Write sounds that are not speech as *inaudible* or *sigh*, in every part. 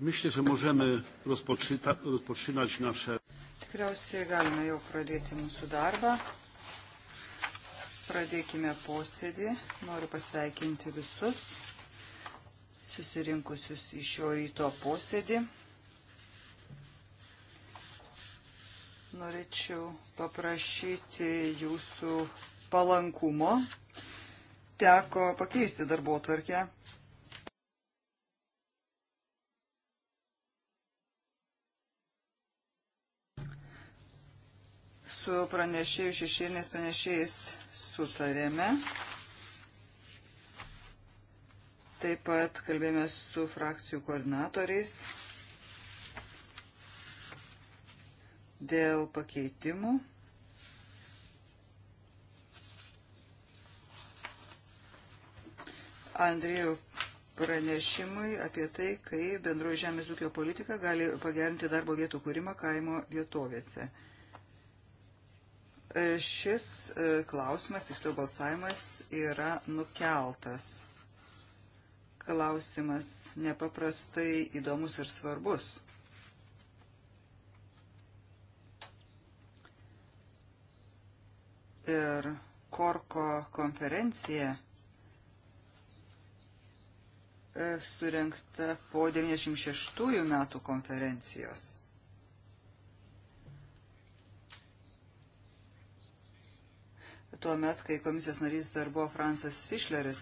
Myślę, że możemy rozpoczynać nasze. Tikriausiai galime jau pradėti mūsų darbą. Pradėkime posėdį. Noriu pasveikinti visus susirinkusius į šio ryto posėdį. Norėčiau paprašyti jūsų palankumo. Teko pakeisti darbo tvarkę su pranešėjų šešėlinės pranešėjais sutarėme. Taip pat kalbėjome su frakcijų koordinatoriais dėl pakeitimų. Andrėjų pranešimui apie tai, kaip bendroji žemės ūkio politika gali pagerinti darbo vietų kūrimą kaimo vietovėse. E, šis e, klausimas, tiksliau balsavimas, yra nukeltas. Klausimas nepaprastai įdomus ir svarbus. ir Korko konferencija e, surinkta po 96 metų konferencijos. tuo met, kai komisijos narys dar buvo Fransas Fischleris.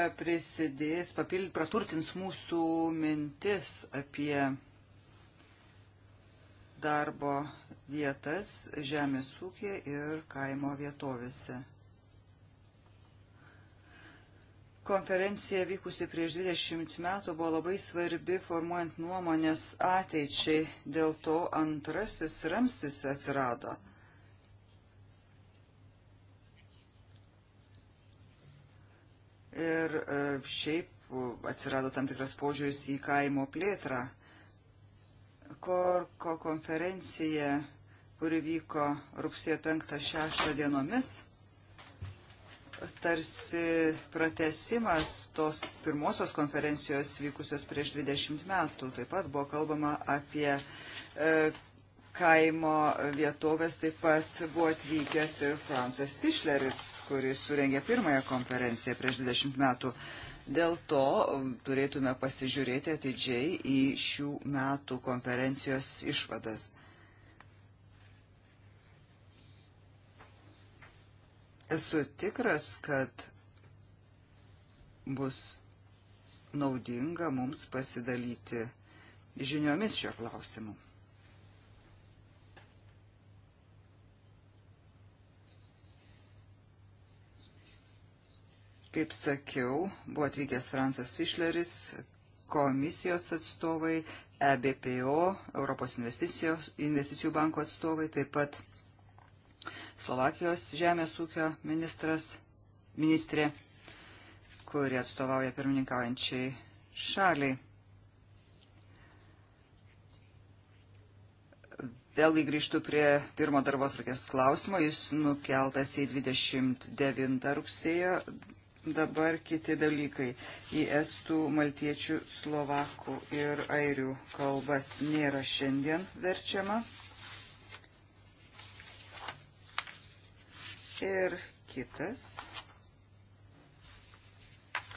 E, prisidės, papild, praturtins mūsų mintis apie darbo vietas žemės ūkė ir kaimo vietovėse. Konferencija vykusi prieš 20 metų buvo labai svarbi formuojant nuomonės ateičiai, dėl to antrasis ramstis atsirado. Ir e, šiaip e, atsirado tam tikras požiūris į kaimo plėtrą. Korko konferencija, kuri vyko rugsėjo 5-6 dienomis tarsi pratesimas tos pirmosios konferencijos vykusios prieš 20 metų. Taip pat buvo kalbama apie e, kaimo vietovės, taip pat buvo atvykęs ir Francas Fischleris, kuris surengė pirmąją konferenciją prieš 20 metų. Dėl to turėtume pasižiūrėti atidžiai į šių metų konferencijos išvadas. Esu tikras, kad bus naudinga mums pasidalyti žiniomis šio klausimu. Kaip sakiau, buvo atvykęs Fransas Fischleris, komisijos atstovai, EBPO, Europos investicijų banko atstovai, taip pat Slovakijos žemės ūkio ministras, ministrė, kuri atstovauja pirmininkaujančiai šaliai. Vėlgi grįžtų prie pirmo darbo atrakės klausimo, jis nukeltas į 29 rugsėjo, dabar kiti dalykai. Į estų, maltiečių, slovakų ir airių kalbas nėra šiandien verčiama. Ir kitas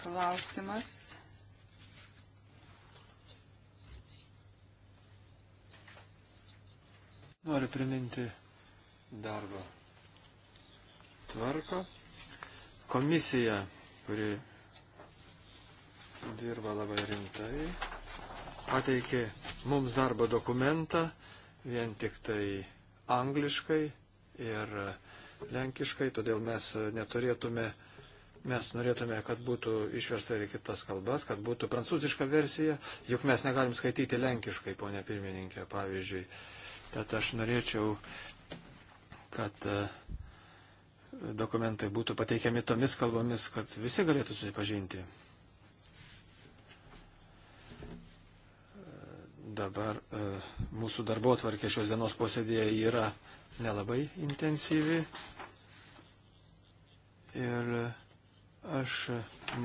klausimas. Noriu priminti darbo tvarką. Komisija, kuri dirba labai rimtai, pateikė mums darbo dokumentą vien tik tai angliškai ir uh, lenkiškai, todėl mes e, neturėtume, mes norėtume, kad būtų išversta ir kitas kalbas, kad būtų prancūziška versija, juk mes negalim skaityti lenkiškai, ponė pirmininkė, pavyzdžiui. Tad aš norėčiau, kad e, dokumentai būtų pateikiami tomis kalbomis, kad visi galėtų susipažinti dabar e, mūsų darbo atvarkė šios dienos posėdėje yra nelabai intensyvi. Ir aš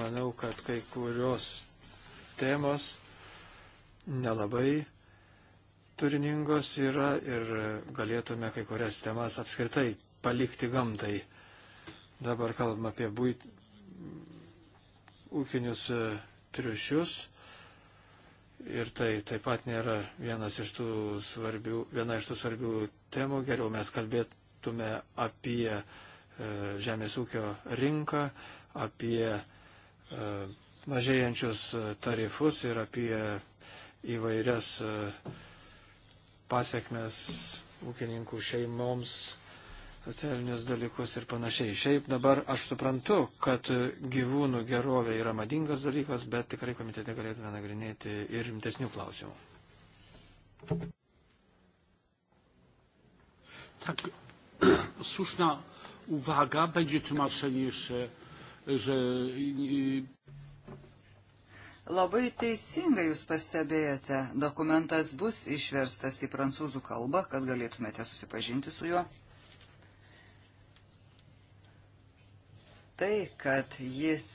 manau, kad kai kurios temos nelabai turiningos yra ir galėtume kai kurias temas apskritai palikti gamtai. Dabar kalbam apie būt... ūkinius e, triušius Ir tai taip pat nėra vienas iš tų svarbių, viena iš tų svarbių temų. Geriau mes kalbėtume apie e, žemės ūkio rinką, apie e, mažėjančius e, tarifus ir apie įvairias e, pasiekmes ūkininkų šeimoms socialinius dalykus ir panašiai. Šiaip dabar aš suprantu, kad gyvūnų gerovė yra madingas dalykas, bet tikrai komitete galėtume nagrinėti ir rimtesnių klausimų. Tak, *clears throat* słuszna uwaga, będzie tłumaczenie jeszcze, że... Labai teisingai jūs pastebėjote, dokumentas bus išverstas į prancūzų kalbą, kad galėtumėte susipažinti su juo. tai, kad jis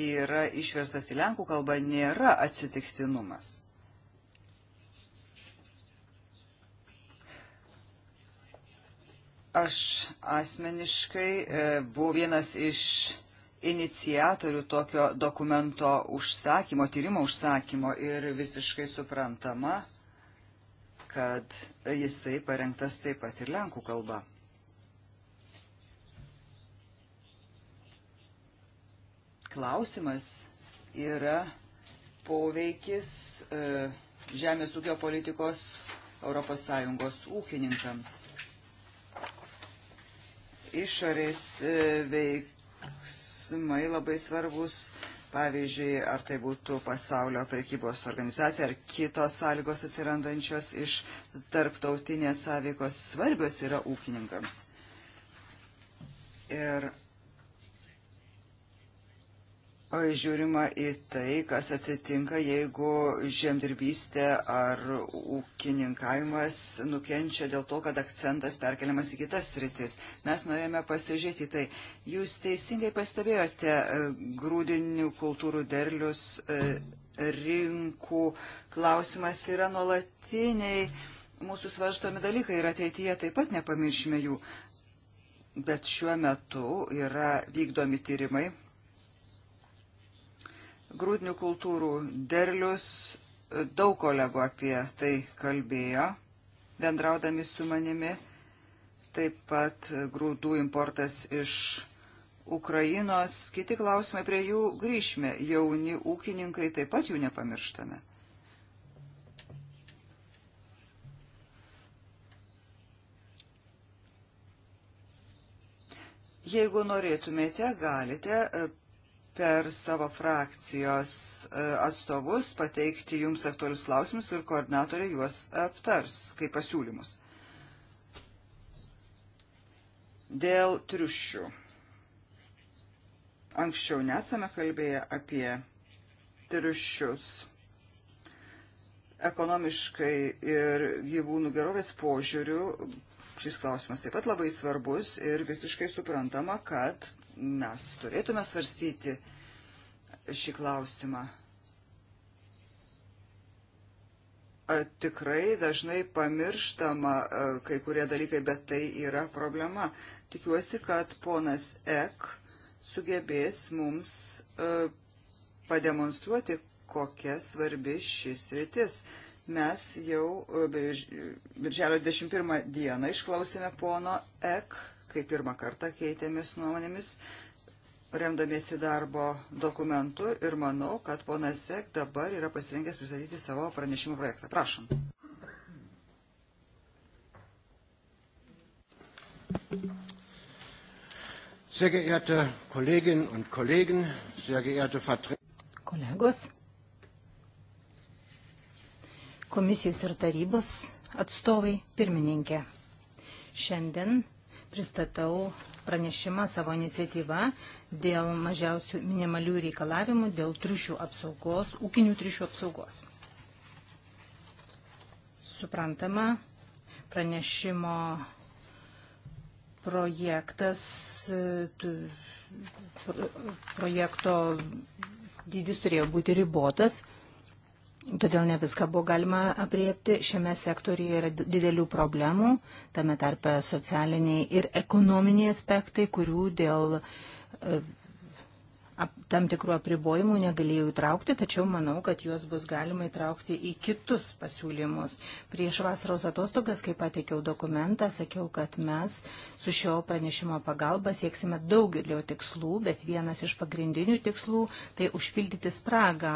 yra išverstas į lenkų kalbą, nėra atsitiktinumas. Aš asmeniškai e, buvau vienas iš iniciatorių tokio dokumento užsakymo, tyrimo užsakymo ir visiškai suprantama, kad jisai parengtas taip pat ir lenkų kalba. klausimas yra poveikis e, žemės ūkio politikos ES ūkininkams. Išorės e, veiksmai labai svarbus, pavyzdžiui, ar tai būtų pasaulio prekybos organizacija, ar kitos sąlygos atsirandančios iš tarptautinės sąveikos svarbios yra ūkininkams. Ir žiūrima į tai, kas atsitinka, jeigu žemdirbystė ar ūkininkavimas nukenčia dėl to, kad akcentas perkeliamas į kitas rytis. Mes norėjome pasižiūrėti tai. Jūs teisingai pastebėjote e, grūdinių kultūrų derlius e, rinkų klausimas yra nuolatiniai mūsų svarstomi dalykai ir ateityje taip pat nepamiršime jų. Bet šiuo metu yra vykdomi tyrimai grūdinių kultūrų derlius, e, daug kolegų apie tai kalbėjo, bendraudami su manimi, taip pat e, grūdų importas iš Ukrainos, kiti klausimai prie jų grįžime, jauni ūkininkai taip pat jų nepamirštame. Jeigu norėtumėte, galite e, per savo frakcijos e, atstovus pateikti jums aktualius klausimus ir koordinatoriai juos aptars kaip pasiūlymus. Dėl triušių. Anksčiau nesame kalbėję apie triušius ekonomiškai ir gyvūnų gerovės požiūrių šis klausimas taip pat labai svarbus ir visiškai suprantama, kad mes turėtume svarstyti šį klausimą. Tikrai dažnai pamirštama kai kurie dalykai, bet tai yra problema. Tikiuosi, kad ponas Ek sugebės mums pademonstruoti, kokia svarbi šis rytis mes jau birželio 21 dieną išklausėme pono Ek kai pirmą kartą keitėmis nuomonėmis, remdamiesi darbo dokumentu ir manau, kad ponas Zek dabar yra pasirengęs pristatyti savo pranešimo projektą. Prašom. Sehr geehrte Kolleginnen und Kollegen, sehr geehrte Vertreter. Kolegos, komisijos ir tarybos atstovai, pirmininkė. Šiandien pristatau pranešimą savo iniciatyvą dėl mažiausių minimalių reikalavimų dėl triušių apsaugos, ūkinių triušių apsaugos. Suprantama, pranešimo projektas, e, projekto dydis turėjo būti ribotas Todėl ne viską buvo galima apriepti. Šiame sektoriuje yra didelių problemų, tame tarpe socialiniai ir ekonominiai aspektai, kurių dėl e, tam tikrų apribojimų negalėjau įtraukti, tačiau manau, kad juos bus galima įtraukti į kitus pasiūlymus. Prieš vasaros atostogas, kai pateikiau dokumentą, sakiau, kad mes su šio pranešimo pagalba sieksime daugelio tikslų, bet vienas iš pagrindinių tikslų - tai užpildyti spragą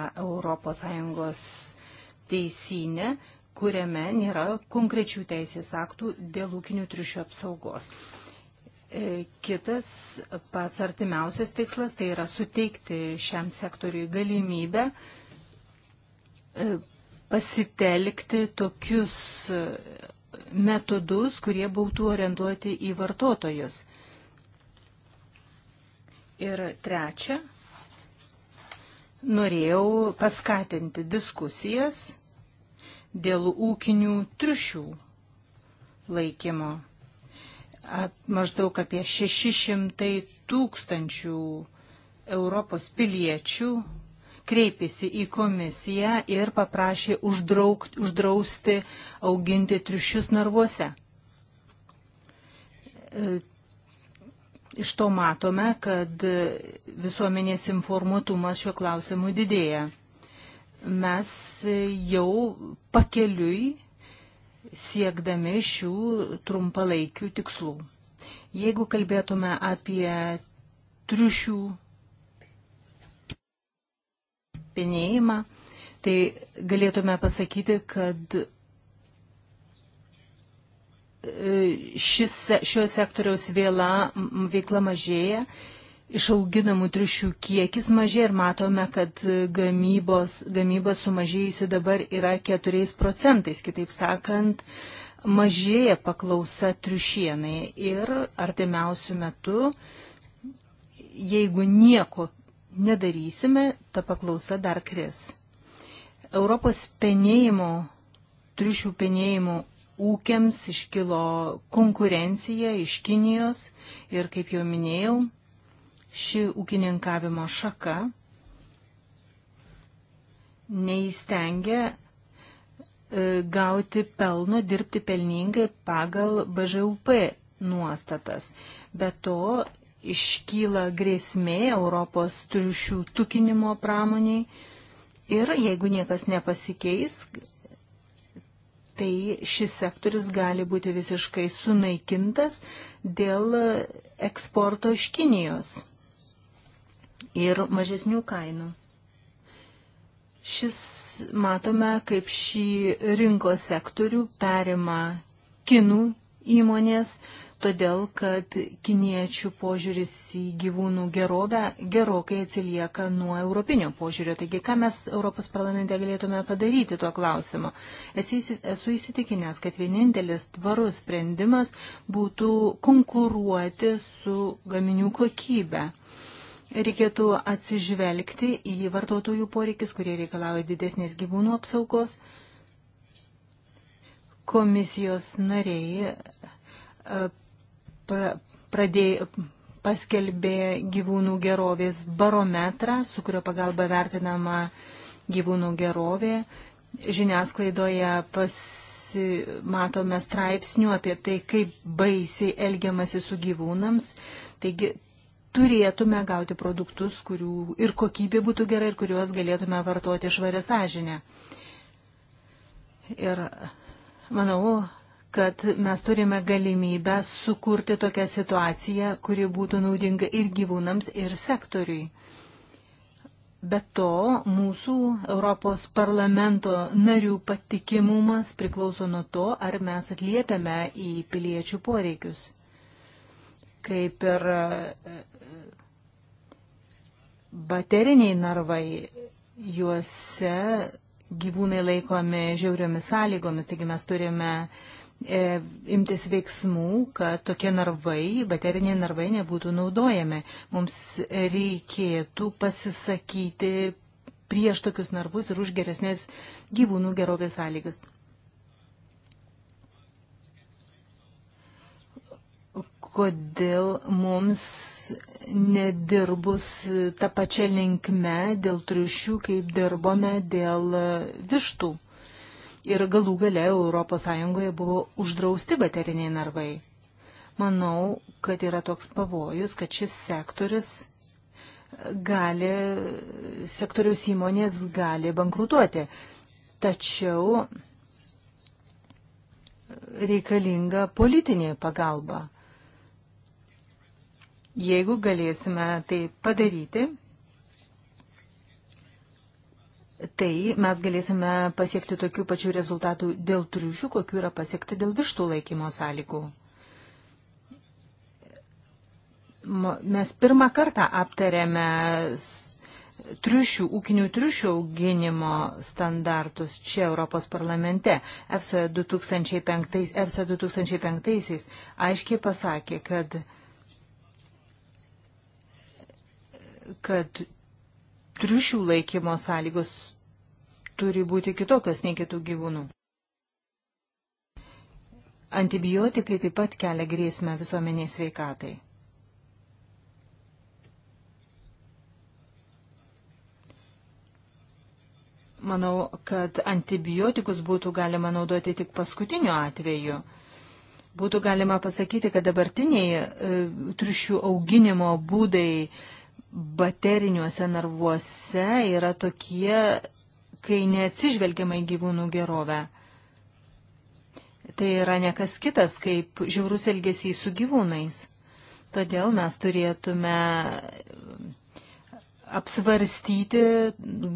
ES teisinę kuriame nėra konkrečių teisės aktų dėl ūkinių triušių apsaugos. E, kitas pats artimiausias tikslas tai yra suteikti šiam sektoriui galimybę e, pasitelkti tokius e, metodus, kurie būtų orientuoti į vartotojus. Ir trečia, norėjau paskatinti diskusijas dėl ūkinių triušių laikymo maždaug apie 600 tūkstančių Europos piliečių kreipėsi į komisiją ir paprašė uždrauk, uždrausti auginti triušius narvuose. E, iš to matome, kad visuomenės informuotumas šiuo klausimu didėja. Mes jau pakeliui siekdami šių trumpalaikių tikslų. Jeigu kalbėtume apie triušių penėjimą, tai galėtume pasakyti, kad e, šis, šio sektoriaus vėla, veikla mažėja išauginamų triušių kiekis mažėja ir matome, kad gamybos, gamyba sumažėjusi dabar yra 4 procentais. Kitaip sakant, mažėja paklausa triušienai ir artimiausių metų, jeigu nieko nedarysime, ta paklausa dar kris. Europos penėjimo, triušių penėjimo ūkiams iškilo konkurencija iš Kinijos ir, kaip jau minėjau, ši ūkininkavimo šaka neįstengia e, gauti pelno, dirbti pelningai pagal BŽUP nuostatas. Be to iškyla grėsmė Europos triušių tukinimo pramoniai ir jeigu niekas nepasikeis, tai šis sektorius gali būti visiškai sunaikintas dėl eksporto iš Kinijos ir mažesnių kainų. Šis matome, kaip šį rinkos sektorių perima kinų įmonės, todėl kad kiniečių požiūris į gyvūnų gerovę gerokai atsilieka nuo europinio požiūrio. Taigi, ką mes Europos parlamente galėtume padaryti tuo klausimu? Esu įsitikinęs, kad vienintelis tvarus sprendimas būtų konkuruoti su gaminių kokybe reikėtų atsižvelgti į vartotojų poreikis, kurie reikalauja didesnės gyvūnų apsaugos. Komisijos nariai e, pradėjo paskelbė gyvūnų gerovės barometrą, su kurio pagalba vertinama gyvūnų gerovė. Žiniasklaidoje pasimatome straipsnių apie tai, kaip baisiai elgiamasi su gyvūnams. Taigi turėtume gauti produktus, kurių ir kokybė būtų gera ir kuriuos galėtume vartoti švarę sąžinę. Ir manau, kad mes turime galimybę sukurti tokią situaciją, kuri būtų naudinga ir gyvūnams, ir sektoriui. Be to, mūsų Europos parlamento narių patikimumas priklauso nuo to, ar mes atliepiame į piliečių poreikius kaip ir e, e, bateriniai narvai, juose gyvūnai laikomi žiauriomis sąlygomis, taigi mes turime e, imtis veiksmų, kad tokie narvai, bateriniai narvai nebūtų naudojami. Mums reikėtų pasisakyti prieš tokius narvus ir už geresnės gyvūnų gerovės sąlygas. kodėl mums nedirbus tą pačią linkme dėl triušių, kaip dirbome dėl vištų. Ir galų gale ES buvo uždrausti bateriniai narvai. Manau, kad yra toks pavojus, kad šis sektorius gali, sektoriaus įmonės gali bankrutuoti. Tačiau reikalinga politinė pagalba Jeigu galėsime tai padaryti, tai mes galėsime pasiekti tokių pačių rezultatų dėl triušių, kokių yra pasiekta dėl vištų laikymo sąlygų. Mes pirmą kartą aptarėme triušių, ūkinių triušių auginimo standartus čia Europos parlamente. EFSA 2005, EFSA 2005 aiškiai pasakė, kad kad triušių laikymo sąlygos turi būti kitokios nei kitų gyvūnų. Antibiotikai taip pat kelia grėsmę visuomeniai sveikatai. Manau, kad antibiotikus būtų galima naudoti tik paskutiniu atveju. Būtų galima pasakyti, kad dabartiniai e, triušių auginimo būdai e, bateriniuose narvuose yra tokie, kai neatsižvelgiama į gyvūnų gerovę. Tai yra nekas kitas, kaip žiaurus elgesys su gyvūnais. Todėl mes turėtume apsvarstyti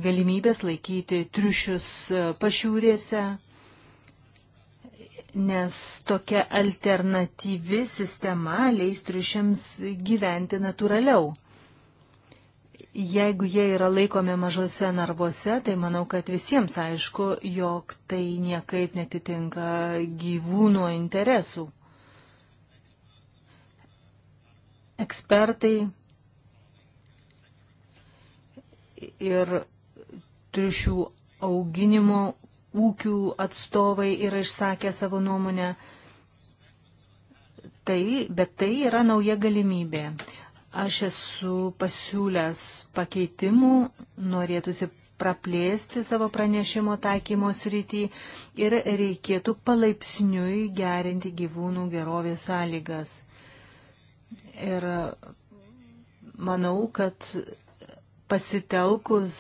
galimybės laikyti triušius pašiūrėse, nes tokia alternatyvi sistema leis triušiams gyventi natūraliau. Jeigu jie yra laikomi mažose narvuose, tai manau, kad visiems aišku, jog tai niekaip netitinka gyvūnų interesų. Ekspertai ir triušių auginimo ūkių atstovai yra išsakę savo nuomonę. Tai, bet tai yra nauja galimybė. Aš esu pasiūlęs pakeitimų, norėtųsi praplėsti savo pranešimo taikymo srity ir reikėtų palaipsniui gerinti gyvūnų gerovės sąlygas. Ir manau, kad pasitelkus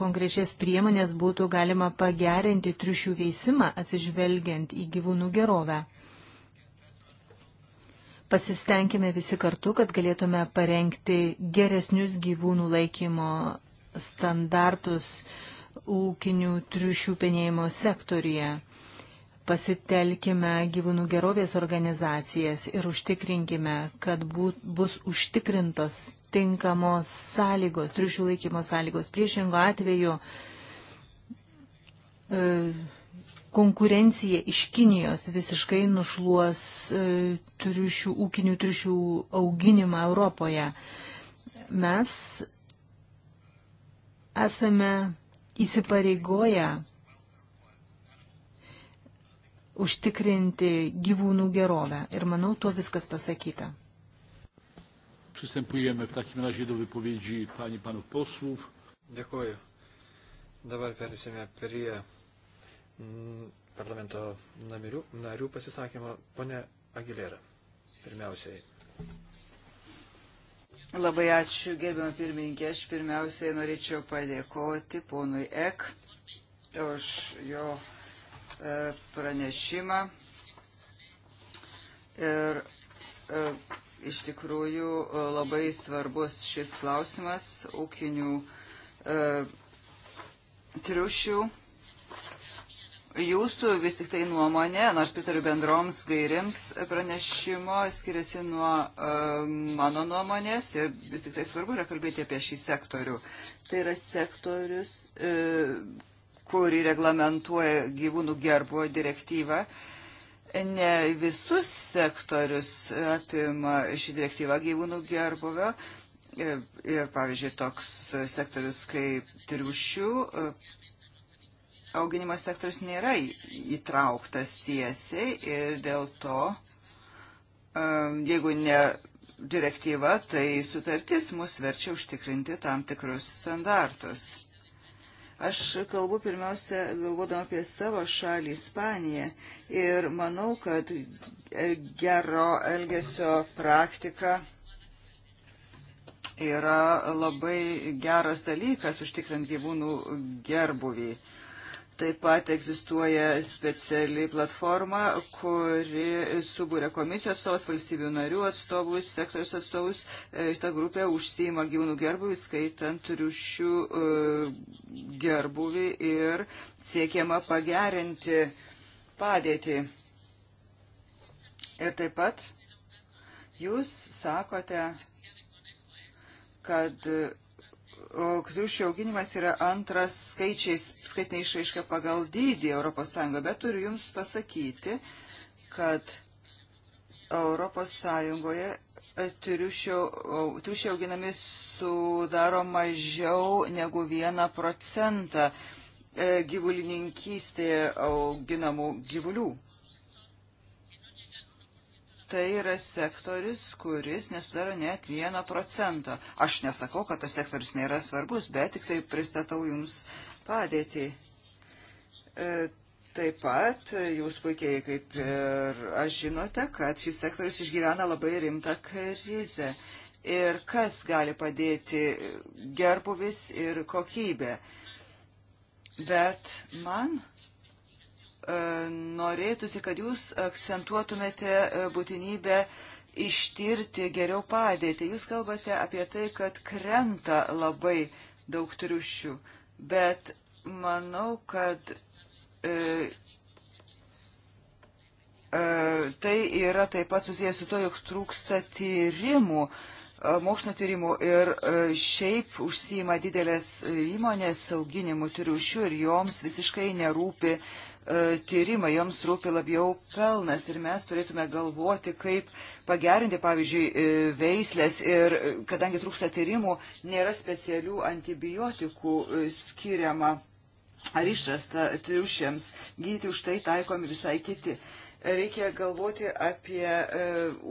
konkrečias priemonės būtų galima pagerinti triušių veisimą atsižvelgiant į gyvūnų gerovę pasistengėme visi kartu, kad galėtume parengti geresnius gyvūnų laikymo standartus ūkinių triušių penėjimo sektoriuje. Pasitelkime gyvūnų gerovės organizacijas ir užtikrinkime, kad būt, bus užtikrintos tinkamos sąlygos, triušių laikymo sąlygos. Priešingo atveju e, konkurencija iš Kinijos visiškai nušluos e, triušių, ūkinių triušių auginimą Europoje. Mes esame įsipareigoję užtikrinti gyvūnų gerovę. Ir manau, tuo viskas pasakyta. Przystępujemy w takim razie do wypowiedzi pani panów posłów. Dziękuję. Dabar persime prie Mm, parlamento namirių, narių pasisakymą. Pone Agilera, pirmiausiai. Labai ačiū, gerbiamą pirmininkę. Aš pirmiausiai norėčiau padėkoti ponui Ek už jo e, pranešimą. Ir e, iš tikrųjų e, labai svarbus šis klausimas ūkinių triušių Jūsų vis tik tai nuomonė, nors pritariu bendroms gairiams pranešimo, skiriasi nuo uh, mano nuomonės ir vis tik tai svarbu yra kalbėti apie šį sektorių. Tai yra sektorius, uh, e, kurį reglamentuoja gyvūnų gerbo direktyva. Ne visus sektorius apima šį direktyvą gyvūnų gerbovio. Ir, e, ir pavyzdžiui, toks sektorius kaip triušių auginimo sektorius nėra įtrauktas tiesiai ir dėl to, um, jeigu ne direktyva, tai sutartis mus verčia užtikrinti tam tikrus standartus. Aš kalbu pirmiausia, galvodama apie savo šalį Ispaniją ir manau, kad gero elgesio praktika yra labai geras dalykas užtikrint gyvūnų gerbuvį. Taip pat egzistuoja speciali platforma, kuri subūrė komisijos atstovus, valstybių narių atstovus, sektorius atstovus. E, Ta grupė užsima gyvūnų gerbuvį, skaitant triušių e, gerbuvį ir siekiama pagerinti padėtį. Ir taip pat jūs sakote, kad Triušių auginimas yra antras skaičiais, skaitinė išaiška pagal dydį ES, bet turiu Jums pasakyti, kad ES e, triušiai auginami sudaro mažiau negu 1 procentą e, gyvulininkystėje auginamų gyvulių tai yra sektoris, kuris nesudaro net vieno procento. Aš nesakau, kad tas sektoris nėra svarbus, bet tik tai pristatau jums padėtį. E, taip pat e, jūs puikiai, kaip ir aš žinote, kad šis sektorius išgyvena labai rimtą krizę. Ir kas gali padėti gerbuvis ir kokybė. Bet man E, norėtųsi, kad jūs akcentuotumėte e, būtinybę ištirti geriau padėtį. Jūs kalbate apie tai, kad krenta labai daug triušių, bet manau, kad e, e, tai yra taip pat susijęs su to, jog trūksta tyrimų, e, mokslo tyrimų ir e, šiaip užsima didelės e, įmonės sauginimu triušių ir joms visiškai nerūpi e, E, tyrimą, joms rūpi labiau pelnas ir mes turėtume galvoti, kaip pagerinti, pavyzdžiui, e, veislės ir e, kadangi trūksta tyrimų, nėra specialių antibiotikų skiriama ar išrasta triušiams, gydyti už tai taikomi visai kiti. Reikia galvoti apie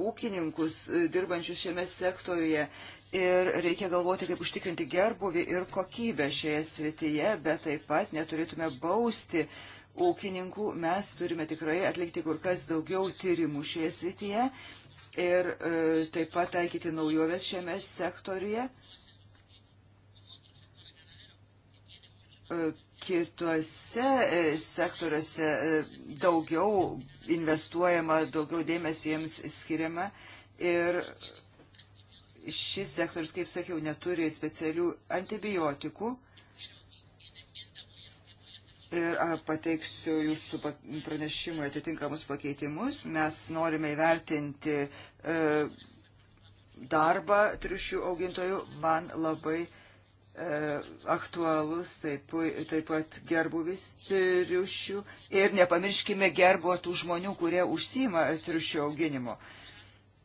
ūkininkus dirbančius šiame sektoriuje ir reikia galvoti, kaip užtikrinti gerbuvį ir kokybę šioje srityje, bet taip pat neturėtume bausti uh, ūkininkų, mes turime tikrai atlikti kur kas daugiau tyrimų šioje srityje ir e, taip pat taikyti naujoves šiame sektoriuje. E, kitose e, sektoriuose e, daugiau investuojama, daugiau dėmesio jiems skiriama ir šis sektorius, kaip sakiau, neturi specialių antibiotikų. E, ir pateiksiu jūsų pranešimui atitinkamus pakeitimus. Mes norime įvertinti e, darbą triušių augintojų. Man labai e, aktualus taip, taip pat gerbuvis triušių ir nepamirškime gerbo tų žmonių, kurie užsima triušių auginimo.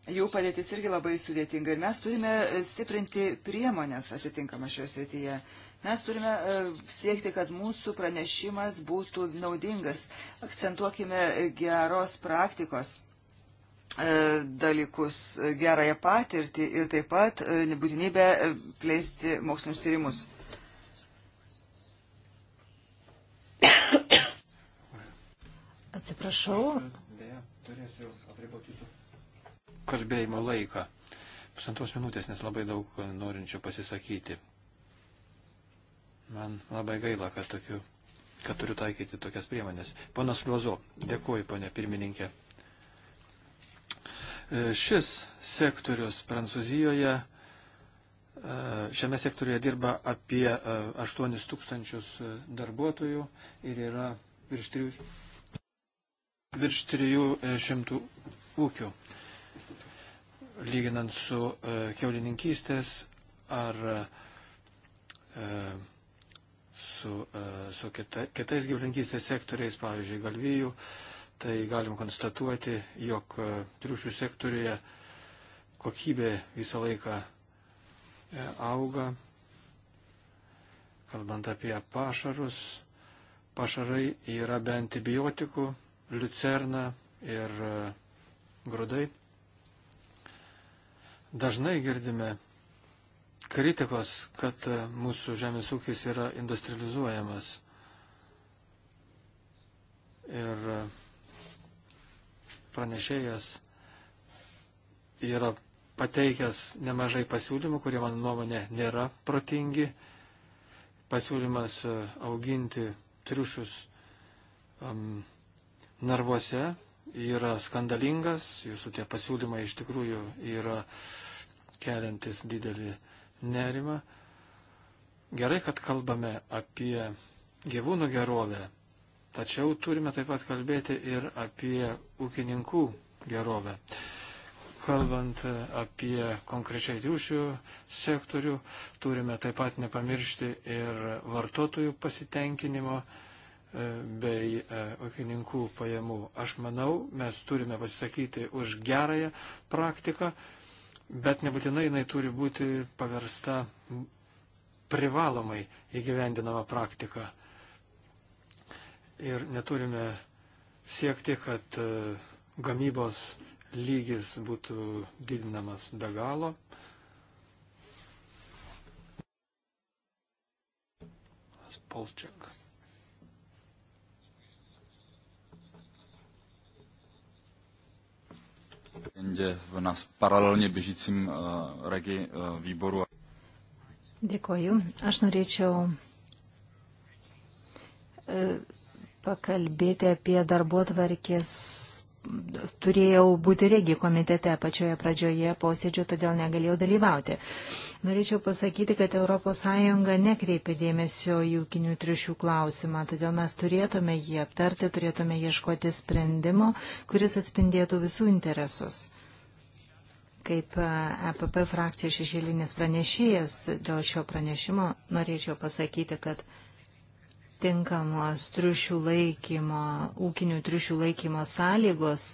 Jų padėtis irgi labai sudėtinga ir mes turime stiprinti priemonės atitinkamą šioje srityje. Mes turime e, siekti, kad mūsų pranešimas būtų naudingas. Akcentuokime geros praktikos e, dalykus, e, gerąją patirtį ir taip pat nebūtinybę plėsti mokslinius tyrimus. Atsiprašau. Dėja, turėsiu apriboti jūsų kalbėjimo laiką. Pusantos minutės, nes labai daug norinčių pasisakyti. Man labai gaila, kad, tokiu, kad turiu taikyti tokias priemonės. Ponas Liuozo, dėkuoju, ponė pirmininkė. E, šis sektorius Prancūzijoje, e, šiame sektoriuje dirba apie 8 e, tūkstančius darbuotojų ir yra virš 3, virš 300 ūkių. Lyginant su keulininkystės ar e, su, e, su kita, kitais gyvulinkystės sektoriais, pavyzdžiui, galvijų, tai galim konstatuoti, jog e, triušių sektorija kokybė visą laiką e, auga. Kalbant apie pašarus, pašarai yra be antibiotikų, liucerna ir grūdai. Dažnai girdime kritikos, kad mūsų žemės ūkis yra industrializuojamas. Ir pranešėjas yra pateikęs nemažai pasiūlymų, kurie, mano nuomonė, nėra protingi. Pasiūlymas auginti triušius um, narvuose yra skandalingas, jūsų tie pasiūlymai iš tikrųjų yra keliantis didelį nerimą. Gerai, kad kalbame apie gyvūnų gerovę, tačiau turime taip pat kalbėti ir apie ūkininkų gerovę. Kalbant apie konkrečiai triušių sektorių, turime taip pat nepamiršti ir vartotojų pasitenkinimo e, bei e, ūkininkų pajamų. Aš manau, mes turime pasisakyti už gerąją praktiką, bet nebūtinai jinai turi būti paversta privalomai įgyvendinama praktika. Ir neturime siekti, kad e, gamybos lygis būtų didinamas be galo. Polčiakas. V nás paralelně bėžycim eh, regi eh, výboru. Dėkoju. Aš norėčiau eh, pakalbėti apie darbo tvarkės. Turėjau būti regi komitete pačioje pradžioje posėdžio, todėl negalėjau dalyvauti. Norėčiau pasakyti, kad ES nekreipia dėmesio į ūkinių triušių klausimą, todėl mes turėtume jį aptarti, turėtume ieškoti sprendimo, kuris atspindėtų visų interesus. Kaip EPP e frakcijos šešėlinis pranešėjas dėl šio pranešimo norėčiau pasakyti, kad tinkamos triušių laikymo, ūkinių triušių laikymo sąlygos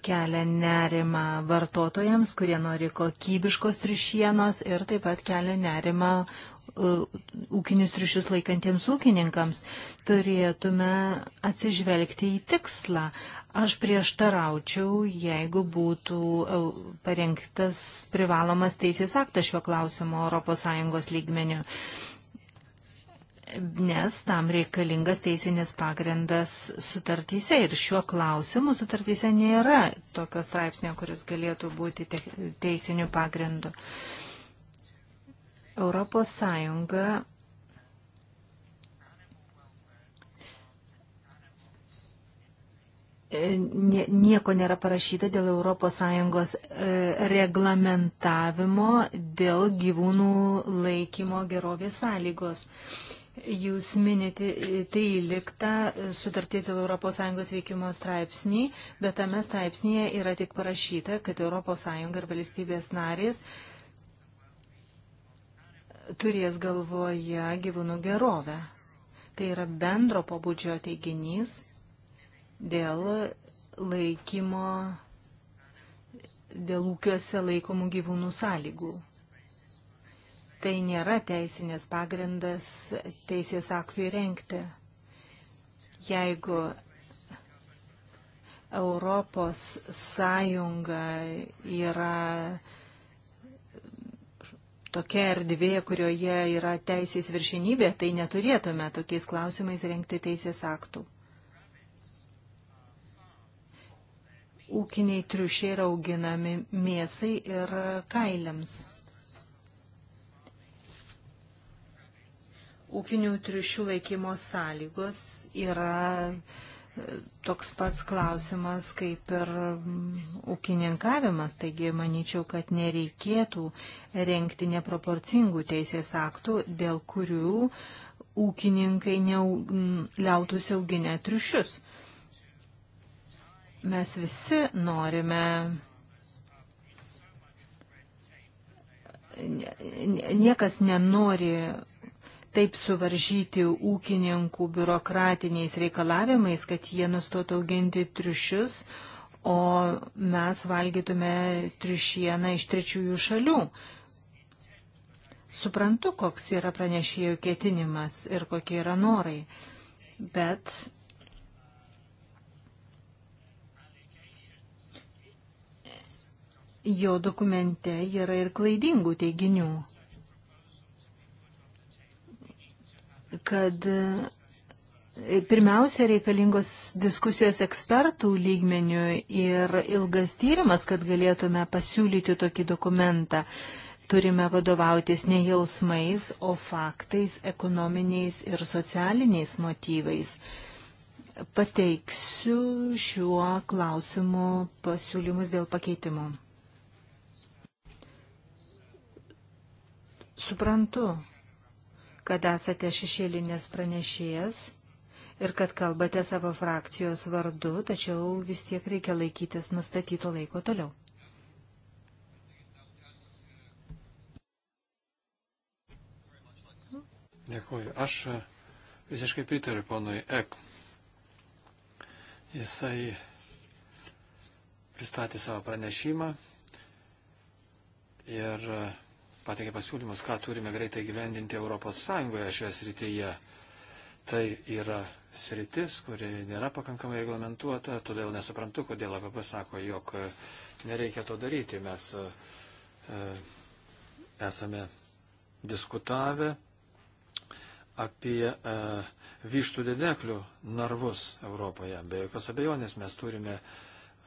kelia nerima vartotojams, kurie nori kokybiškos triušienos ir taip pat kelia nerima ūkinius triušius laikantiems ūkininkams. Turėtume atsižvelgti į tikslą. Aš prieštaraučiau, jeigu būtų e, parengtas privalomas teisės aktas šiuo klausimu ES lygmeniu nes tam reikalingas teisinis pagrindas sutartyse ir šiuo klausimu sutartyse nėra tokio straipsnio, kuris galėtų būti teisiniu pagrindu. Europos Sąjunga nieko nėra parašyta dėl ES e, reglamentavimo dėl gyvūnų laikymo gerovės sąlygos. Jūs minite 13 sutarties dėl ES veikimo straipsnį, bet tame straipsnėje yra tik parašyta, kad ES ir valstybės narės turės galvoje gyvūnų gerovę. Tai yra bendro pobūdžio teiginys dėl laikymo, dėl ūkiuose laikomų gyvūnų sąlygų tai nėra teisinės pagrindas teisės aktui renkti. Jeigu Europos sąjunga yra tokia erdvė, kurioje yra teisės viršinybė, tai neturėtume tokiais klausimais renkti teisės aktų. Ūkiniai triušiai yra auginami mėsai ir kailiams. ūkinių triušių laikymo sąlygos yra e, toks pats klausimas kaip ir mm, ūkininkavimas, taigi manyčiau, kad nereikėtų renkti neproporcingų teisės aktų, dėl kurių ūkininkai liautųsi auginę triušius. Mes visi norime niekas nenori taip suvaržyti ūkininkų biurokratiniais reikalavimais, kad jie nustotų auginti triušius, o mes valgytume triušieną iš trečiųjų šalių. Suprantu, koks yra pranešėjų ketinimas ir kokie yra norai, bet jo dokumente yra ir klaidingų teiginių. kad e, pirmiausia reikalingos diskusijos ekspertų lygmenių ir ilgas tyrimas, kad galėtume pasiūlyti tokį dokumentą. Turime vadovautis ne jausmais, o faktais, ekonominiais ir socialiniais motyvais. Pateiksiu šiuo klausimu pasiūlymus dėl pakeitimų. Suprantu, kad esate šešėlinės pranešėjas ir kad kalbate savo frakcijos vardu, tačiau vis tiek reikia laikytis nustatyto laiko toliau. Dėkuoju. Aš e, visiškai pritariu ponui Ek. Jisai pristatė savo pranešimą ir e, pateikė pasiūlymus, ką turime greitai gyvendinti ES šioje srityje. Tai yra sritis, kuri nėra pakankamai reglamentuota, todėl nesuprantu, kodėl AVP sako, jog e, nereikia to daryti. Mes e, e, esame diskutavę apie e, vištų dedeklių narvus Europoje. Be jokios abejonės mes turime e,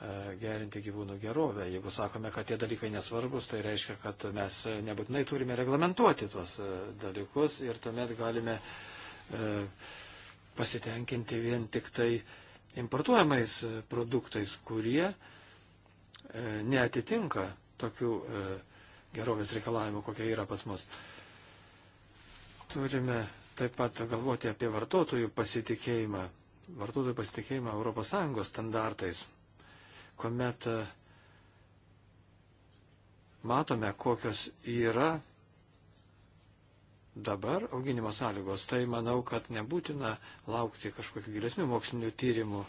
E, gerinti gyvūnų gerovę. Jeigu sakome, kad tie dalykai nesvarbus, tai reiškia, kad mes nebūtinai turime reglamentuoti tuos e, dalykus ir tuomet galime e, pasitenkinti vien tik tai importuojamais produktais, kurie neatitinka tokių gerovės reikalavimų, kokie yra pas mus. Turime taip pat galvoti apie vartotojų pasitikėjimą, vartotojų pasitikėjimą ES standartais kuomet e, matome, kokios yra dabar auginimo sąlygos, tai manau, kad nebūtina laukti kažkokių gilesnių mokslinių tyrimų.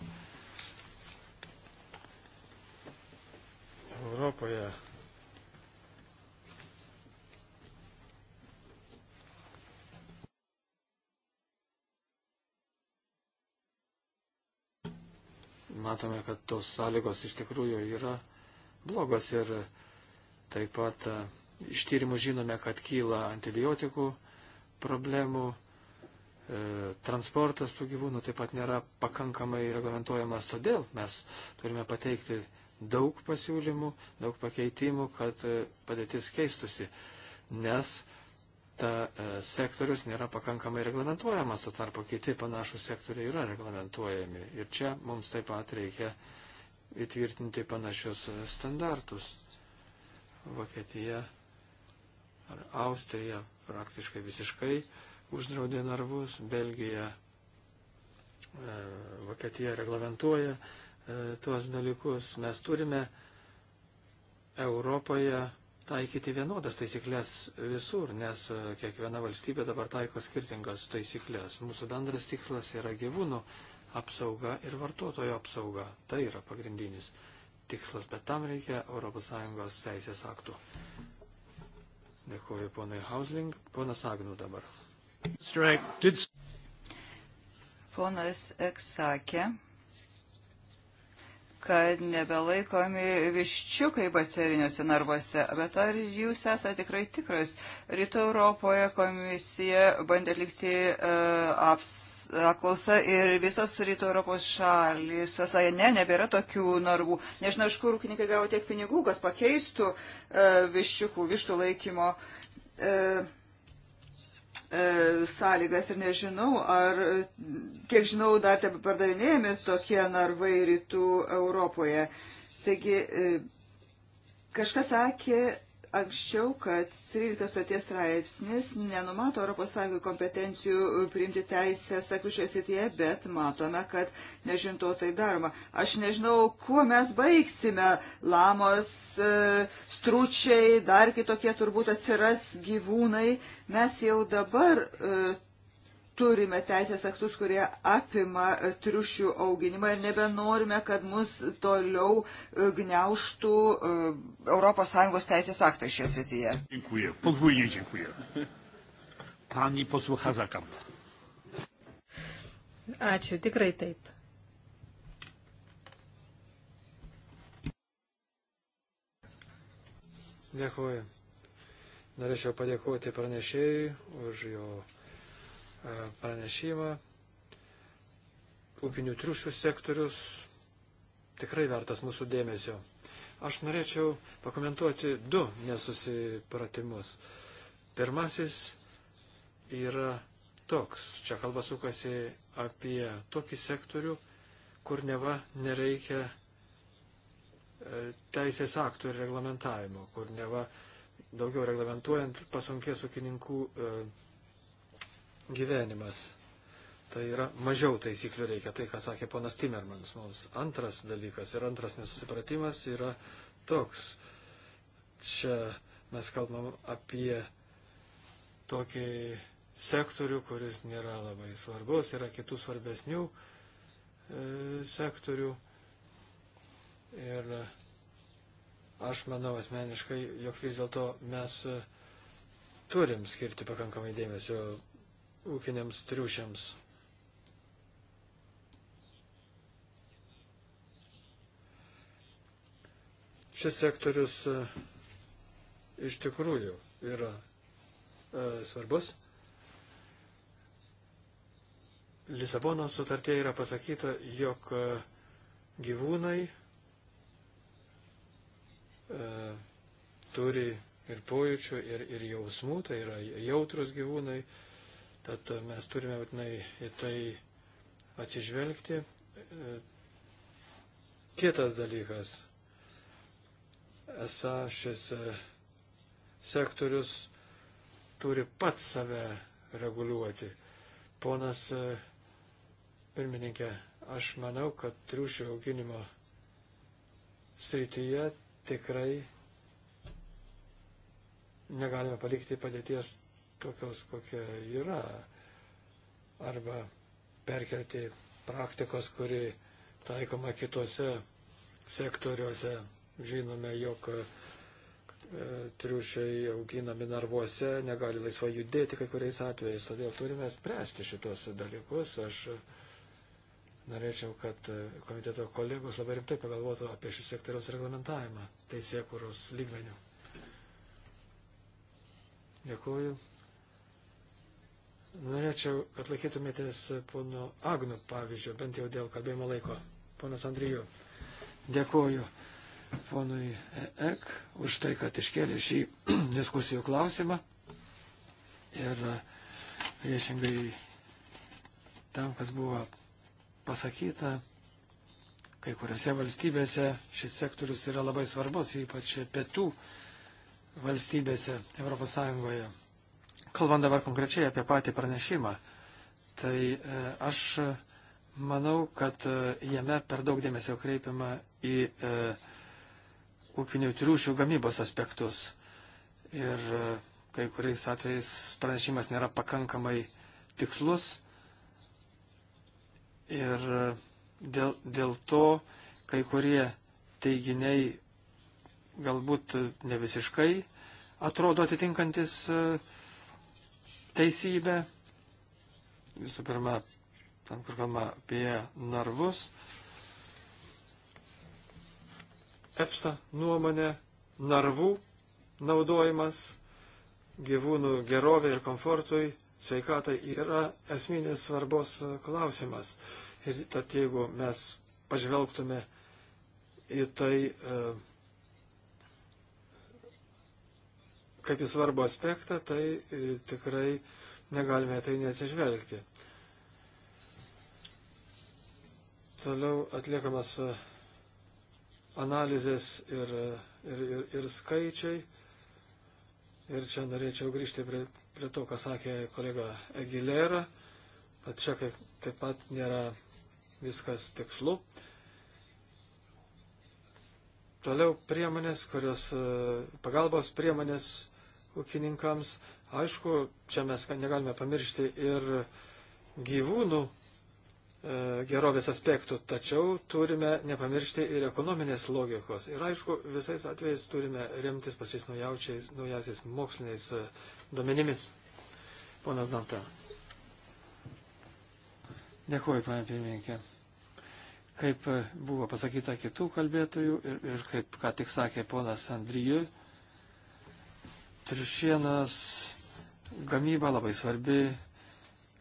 Europoje matome, kad tos sąlygos iš tikrųjų yra blogos ir taip pat e, iš tyrimų žinome, kad kyla antibiotikų problemų, e, transportas tų gyvūnų taip pat nėra pakankamai reglamentojamas, todėl mes turime pateikti daug pasiūlymų, daug pakeitimų, kad e, padėtis keistusi, nes E, sektorius nėra pakankamai reglamentuojamas, tuo tarpu kiti panašus sektoriai yra reglamentuojami. Ir čia mums taip pat reikia įtvirtinti panašius e, standartus. Vokietija ar Austrija praktiškai visiškai uždraudė narvus, Belgija, e, Vokietija reglamentuoja tuos dalykus. Mes turime Europoje taikyti vienodas taisyklės visur, nes e, kiekviena valstybė dabar taiko skirtingas taisyklės. Mūsų bendras tikslas yra gyvūnų apsauga ir vartotojo apsauga. Tai yra pagrindinis tikslas, bet tam reikia ES teisės aktų. Dėkuoju ponai Hausling, ponas Agnų dabar. Ponas Ek sakė, kad nebelaikomi viščiukai bateriniuose narvuose. Bet ar jūs esate tikrai tikras? Rytų Europoje komisija bandė atlikti uh, aps apklausa ir visos rytų Europos šalis sakė, ne, nebėra tokių narvų. Nežinau, iš kur ūkininkai gavo tiek pinigų, kad pakeistų uh, viščiukų, vištų laikymo uh, E, sąlygas ir nežinau, ar, kiek žinau, dar tebe pardavinėjami tokie narvai rytų Europoje. Taigi, e, kažkas sakė anksčiau, kad 13 stoties straipsnis nenumato ES kompetencijų priimti teisės aktų šioje srityje, bet matome, kad nežinto tai daroma. Aš nežinau, kuo mes baigsime. Lamos, e, stručiai, dar kitokie turbūt atsiras gyvūnai. Mes jau dabar e, turime teisės aktus, kurie apima e, triušių auginimą ir nebenorime, kad mus toliau e, gniauštų ES teisės aktai šioje srityje. Dziękuję, podvojnie dziękuję. Pani posłuch Hazakam. Ačiū, tikrai taip. Dėkuoju. Norėčiau padėkoti pranešėjui už jo e, pranešimą. Upinių triušių sektorius tikrai vertas mūsų dėmesio. Aš norėčiau pakomentuoti du nesusipratimus. Pirmasis yra toks. Čia kalba sukasi apie tokį sektorių, kur neva nereikia e, teisės aktų ir reglamentavimo, kur neva e, daugiau reglamentuojant pasunkės ūkininkų e, gyvenimas. Tai yra mažiau taisyklių reikia, tai ką sakė ponas Timermans mums. Antras dalykas ir antras nesusipratimas yra toks. Čia mes kalbam apie tokį sektorių, kuris nėra labai svarbus, yra kitų svarbesnių e, sektorių. Ir e, Aš manau asmeniškai, jog vis dėlto mes e, turim skirti pakankamai dėmesio ūkiniams triušiams. Šis sektorius e, iš tikrųjų yra e, svarbus. Lisabonos sutartėje yra pasakyta, jog e, gyvūnai E, turi ir pojūčių, ir, ir jausmų, tai yra jautrus gyvūnai, tad mes turime būtinai į tai atsižvelgti. E, kitas dalykas, esą šis e, sektorius turi pats save reguliuoti. Ponas pirmininkė, aš manau, kad triušių auginimo srityje tikrai negalime palikti padėties tokios, kokia yra. Arba perkelti praktikos, kuri taikoma kitose sektoriuose. Žinome, jog e, triušiai auginami narvuose, negali laisvai judėti kai kuriais atvejais, todėl turime spręsti šitos dalykus. Aš norėčiau, kad e, komiteto kolegos labai rimtai pagalvotų apie šių sektoriaus reglamentavimą teisėkūros lygmenių. Dėkuoju. Norėčiau, kad laikytumėtės pono Agnų pavyzdžio, bent jau dėl kalbėjimo laiko. Ponas Andrijų, dėkuoju ponui Ek už tai, kad iškėlė šį *clears throat* diskusijų klausimą. Ir e, priešingai tam, kas buvo pasakyta, kai kuriuose valstybėse šis sektorius yra labai svarbus, ypač pietų valstybėse ES. Kalbant dabar konkrečiai apie patį pranešimą, tai e, aš manau, kad e, jame per daug dėmesio kreipiama į e, ūkinių triušių gamybos aspektus. Ir e, kai kuriais atvejais pranešimas nėra pakankamai tikslus Ir e, dėl, dėl to kai kurie teiginiai galbūt ne visiškai atrodo atitinkantis e, teisybę. Visų pirma, ten kur kalba apie narvus. EFSA nuomonė, narvų naudojimas gyvūnų gerovė ir komfortui sveikatai yra esminės svarbos klausimas. Ir tad jeigu mes pažvelgtume į tai e, kaip į svarbų aspektą, tai e, tikrai negalime tai neatsižvelgti. Toliau atliekamas e, analizės ir, ir, ir, ir skaičiai. Ir čia norėčiau grįžti prie prie to, ką sakė kolega Aguilera, kad čia kaip, taip pat nėra viskas tikslu. Toliau priemonės, kurios e, pagalbos priemonės ūkininkams. Aišku, čia mes negalime pamiršti ir gyvūnų E, gerovės aspektų, tačiau turime nepamiršti ir ekonominės logikos. Ir aišku, visais atvejais turime remtis pačiais naujausiais moksliniais e, duomenimis. Ponas Danta. Dėkuoju, pane pirmininkė. Kaip e, buvo pasakyta kitų kalbėtojų ir, ir kaip ką tik sakė ponas Andrijui, triušienas gamyba labai svarbi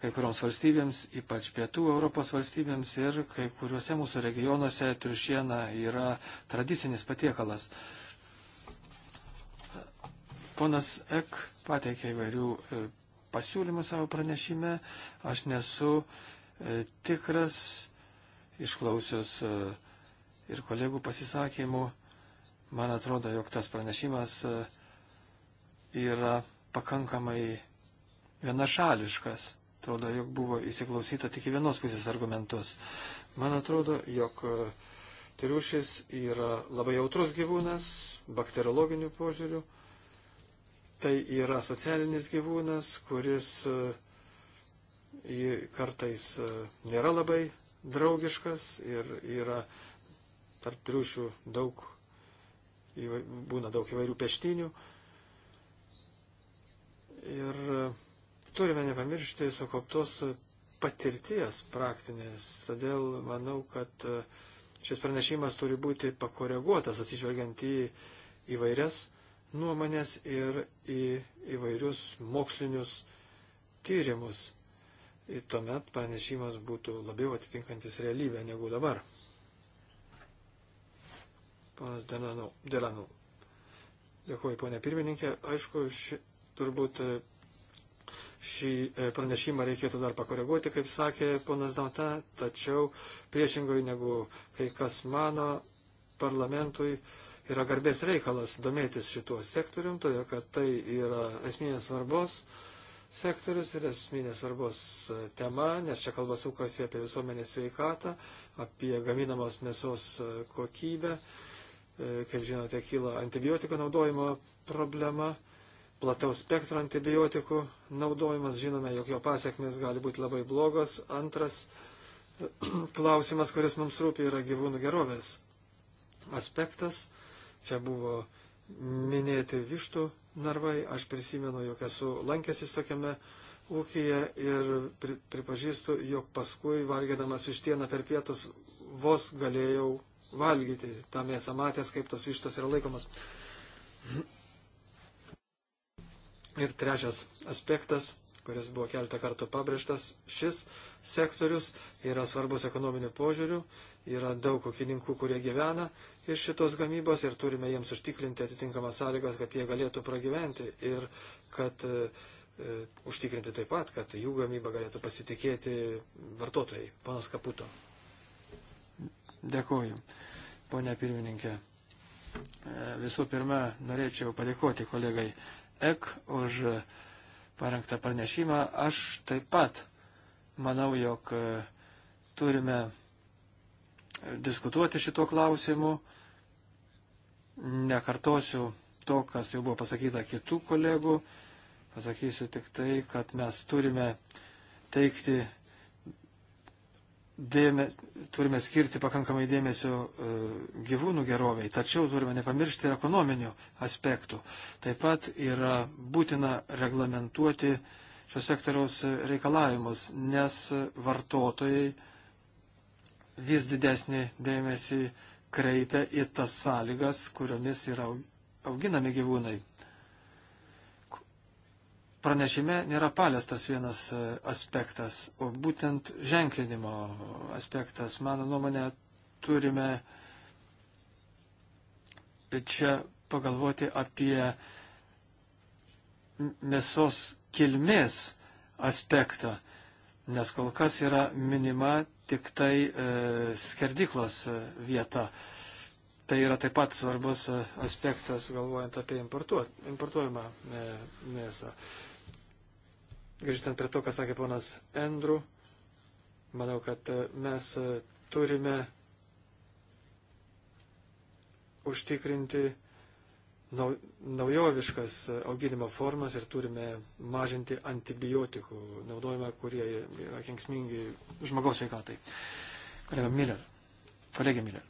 kai kurioms valstybėms, ypač pietų Europos valstybėms ir kai kuriuose mūsų regionuose triušiena yra tradicinis patiekalas. Ponas Ek pateikė įvairių e, pasiūlymų savo pranešime. Aš nesu e, tikras, išklausius e, ir kolegų pasisakymų, man atrodo, jog tas pranešimas yra pakankamai vienašališkas. Atrodo, jog buvo įsiklausyta tik į vienos pusės argumentus. Man atrodo, jog e, triušis yra labai jautrus gyvūnas, bakteriologiniu požiūriu. Tai yra socialinis gyvūnas, kuris e, kartais e, nėra labai draugiškas ir yra tarp triušių daug, būna daug įvairių peštinių. Ir turime nepamiršti sukauptos patirties praktinės. Todėl manau, kad e, šis pranešimas turi būti pakoreguotas atsižvelgiant į įvairias nuomonės ir į įvairius mokslinius tyrimus. Ir tuomet pranešimas būtų labiau atitinkantis realybę negu dabar. Panas Delanų. Dėkuoju, ponė pirmininkė. Aišku, ši turbūt e, šį e, pranešimą reikėtų dar pakoreguoti, kaip sakė ponas Dauta, tačiau priešingai negu kai kas mano, parlamentui yra garbės reikalas domėtis šituo sektorium, todėl kad tai yra esminės svarbos sektorius ir esminės svarbos e, tema, nes čia kalba sukasi apie visuomenės sveikatą, apie gaminamos mėsos e, kokybę, kaip žinote, kyla antibiotikų naudojimo problema plataus spektro antibiotikų naudojimas. Žinome, jog jo pasiekmes gali būti labai blogos. Antras *clears throat* klausimas, kuris mums rūpi, yra gyvūnų gerovės aspektas. Čia buvo minėti vištų narvai. Aš prisimenu, jog esu lankęsis tokiame ūkyje ir pri, pripažįstu, jog paskui valgydamas vištieną per pietus vos galėjau valgyti tą mėsą, matęs, kaip tos vištos yra laikomas. *clears throat* Ir trečias aspektas, kuris buvo keletą kartų pabrėžtas, šis sektorius yra svarbus ekonominiu požiūriu, yra daug ūkininkų, kurie gyvena iš šitos gamybos ir turime jiems užtikrinti atitinkamas sąlygas, kad jie galėtų pragyventi ir kad e, e užtikrinti taip pat, kad jų gamybą galėtų pasitikėti vartotojai. Panas Kaputo. Dėkuoju, ponia pirmininkė. E, visų pirma, norėčiau padėkoti kolegai Ek už parengtą pranešimą. Aš taip pat manau, jog e, turime diskutuoti šituo klausimu. Nekartosiu to, kas jau buvo pasakyta kitų kolegų. Pasakysiu tik tai, kad mes turime teikti dėme, turime skirti pakankamai dėmesio e, gyvūnų geroviai, tačiau turime nepamiršti ir ekonominių aspektų. Taip pat yra būtina reglamentuoti šios sektoriaus reikalavimus, nes vartotojai vis didesnį dėmesį kreipia į tas sąlygas, kuriomis yra auginami gyvūnai pranešime nėra paliestas vienas e, aspektas, o būtent ženklinimo aspektas. Mano nuomonė, turime čia pagalvoti apie mėsos kilmės aspektą, nes kol kas yra minima tik tai e, skerdiklos e, vieta. Tai yra taip pat svarbus e, aspektas, galvojant apie importuojamą mėsą. E, grįžtant prie to, ką sakė ponas Endru, manau, kad e, mes e, turime užtikrinti naujoviškas e, auginimo formas ir turime mažinti antibiotikų naudojimą, kurie yra kenksmingi žmogaus sveikatai. Kolega Miller. Kolegė Miller.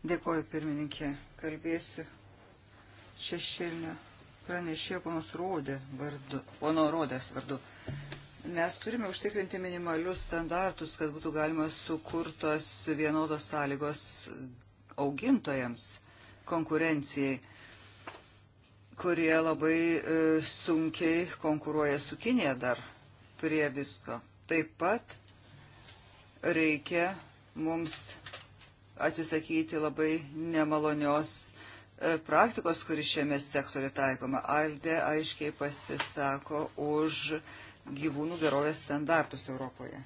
Dėkuoju pirmininkė, kalbėsiu šešėlinio pranešėjo ponos Rodė vardu, pono Rodės vardu. Mes turime užtikrinti minimalius standartus, kad būtų galima sukurtos vienodos sąlygos augintojams, konkurencijai, kurie labai e, sunkiai konkuruoja su Kinėje dar prie visko. Taip pat reikia mums atsisakyti labai nemalonios E, praktikos, kuri šiame sektoriu taikoma. Alde aiškiai pasisako už gyvūnų gerovės standartus Europoje.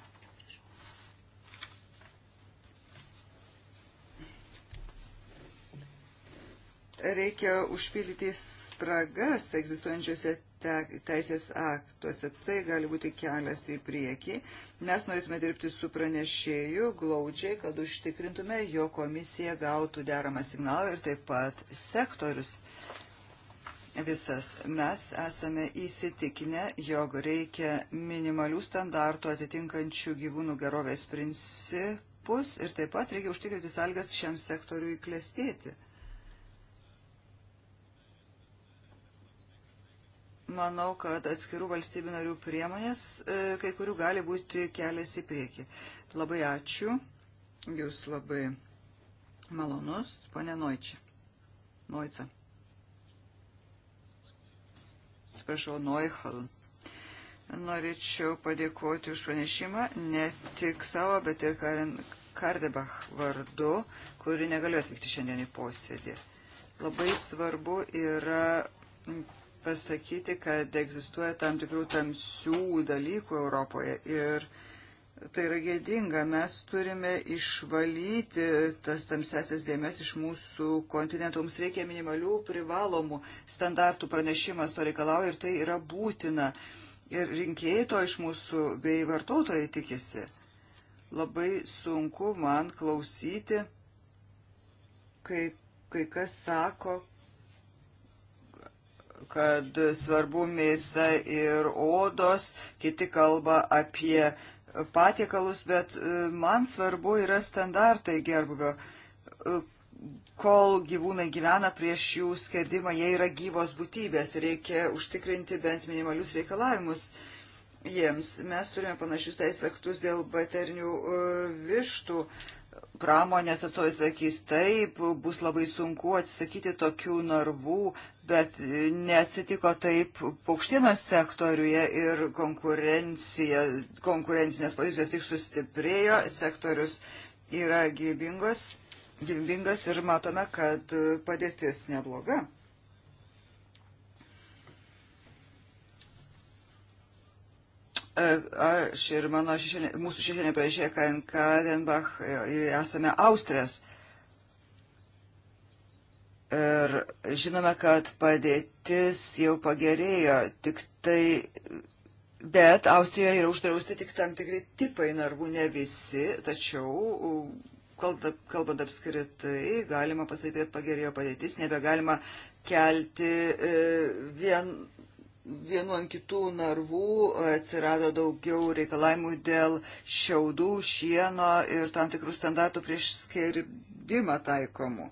Reikia užpildyti spragas egzistuojančiose teisės aktuose. Tai gali būti kelias į priekį. Uh, Mes norėtume dirbti su pranešėju glaudžiai, kad užtikrintume, jo komisija gautų deramą signalą ir taip pat sektorius visas. Mes esame įsitikinę, jog reikia minimalių standartų atitinkančių gyvūnų gerovės principus ir taip pat reikia užtikrinti sąlygas šiam sektoriui klestėti. manau, kad atskirų valstybių narių priemonės, e, kai kurių gali būti kelias į priekį. Labai ačiū, jūs labai malonus, ponė Noičia. Noica. Atsiprašau, Noichal. Norėčiau padėkoti už pranešimą, ne tik savo, bet ir Karin Kardebach vardu, kuri negaliu atvykti šiandien į posėdį. Labai svarbu yra pasakyti, kad egzistuoja tam tikrų tamsių dalykų Europoje ir tai yra gėdinga. Mes turime išvalyti tas tamsesias dėmes iš mūsų kontinentų. Mums reikia minimalių privalomų standartų pranešimas to reikalauja ir tai yra būtina. Ir rinkėjai to iš mūsų bei vartotojai tikisi. Labai sunku man klausyti, kai, kai kas sako, kad svarbu mėsa ir odos, kiti kalba apie patiekalus, bet e, man svarbu yra standartai gerbuvio. E, kol gyvūnai gyvena prieš jų skerdimą, jie yra gyvos būtybės, reikia užtikrinti bent minimalius reikalavimus jiems. Mes turime panašius teisės aktus dėl baternių e, vištų. Pramonės atstovai sakys, taip, bus labai sunku atsisakyti tokių narvų, bet e, neatsitiko taip paukštienos sektoriuje ir konkurencinės pozicijos tik sustiprėjo, sektorius yra gyvybingos, gyvybingas ir matome, kad e, padėtis nebloga. E, Aš ir mano šešėlė, mūsų šešėlė prašė Karin Kadenbach esame Austrės Ir žinome, kad padėtis jau pagerėjo, tik tai, bet Austrijoje yra uždrausti tik tam tikri tipai narvų, ne visi, tačiau, kalbant apskritai, galima pasakyti, kad pagerėjo padėtis, nebegalima kelti e, vien, vienu ant kitų narvų, atsirado daugiau reikalavimų dėl šiaudų, šieno ir tam tikrų standartų prieš skerdimą taikomų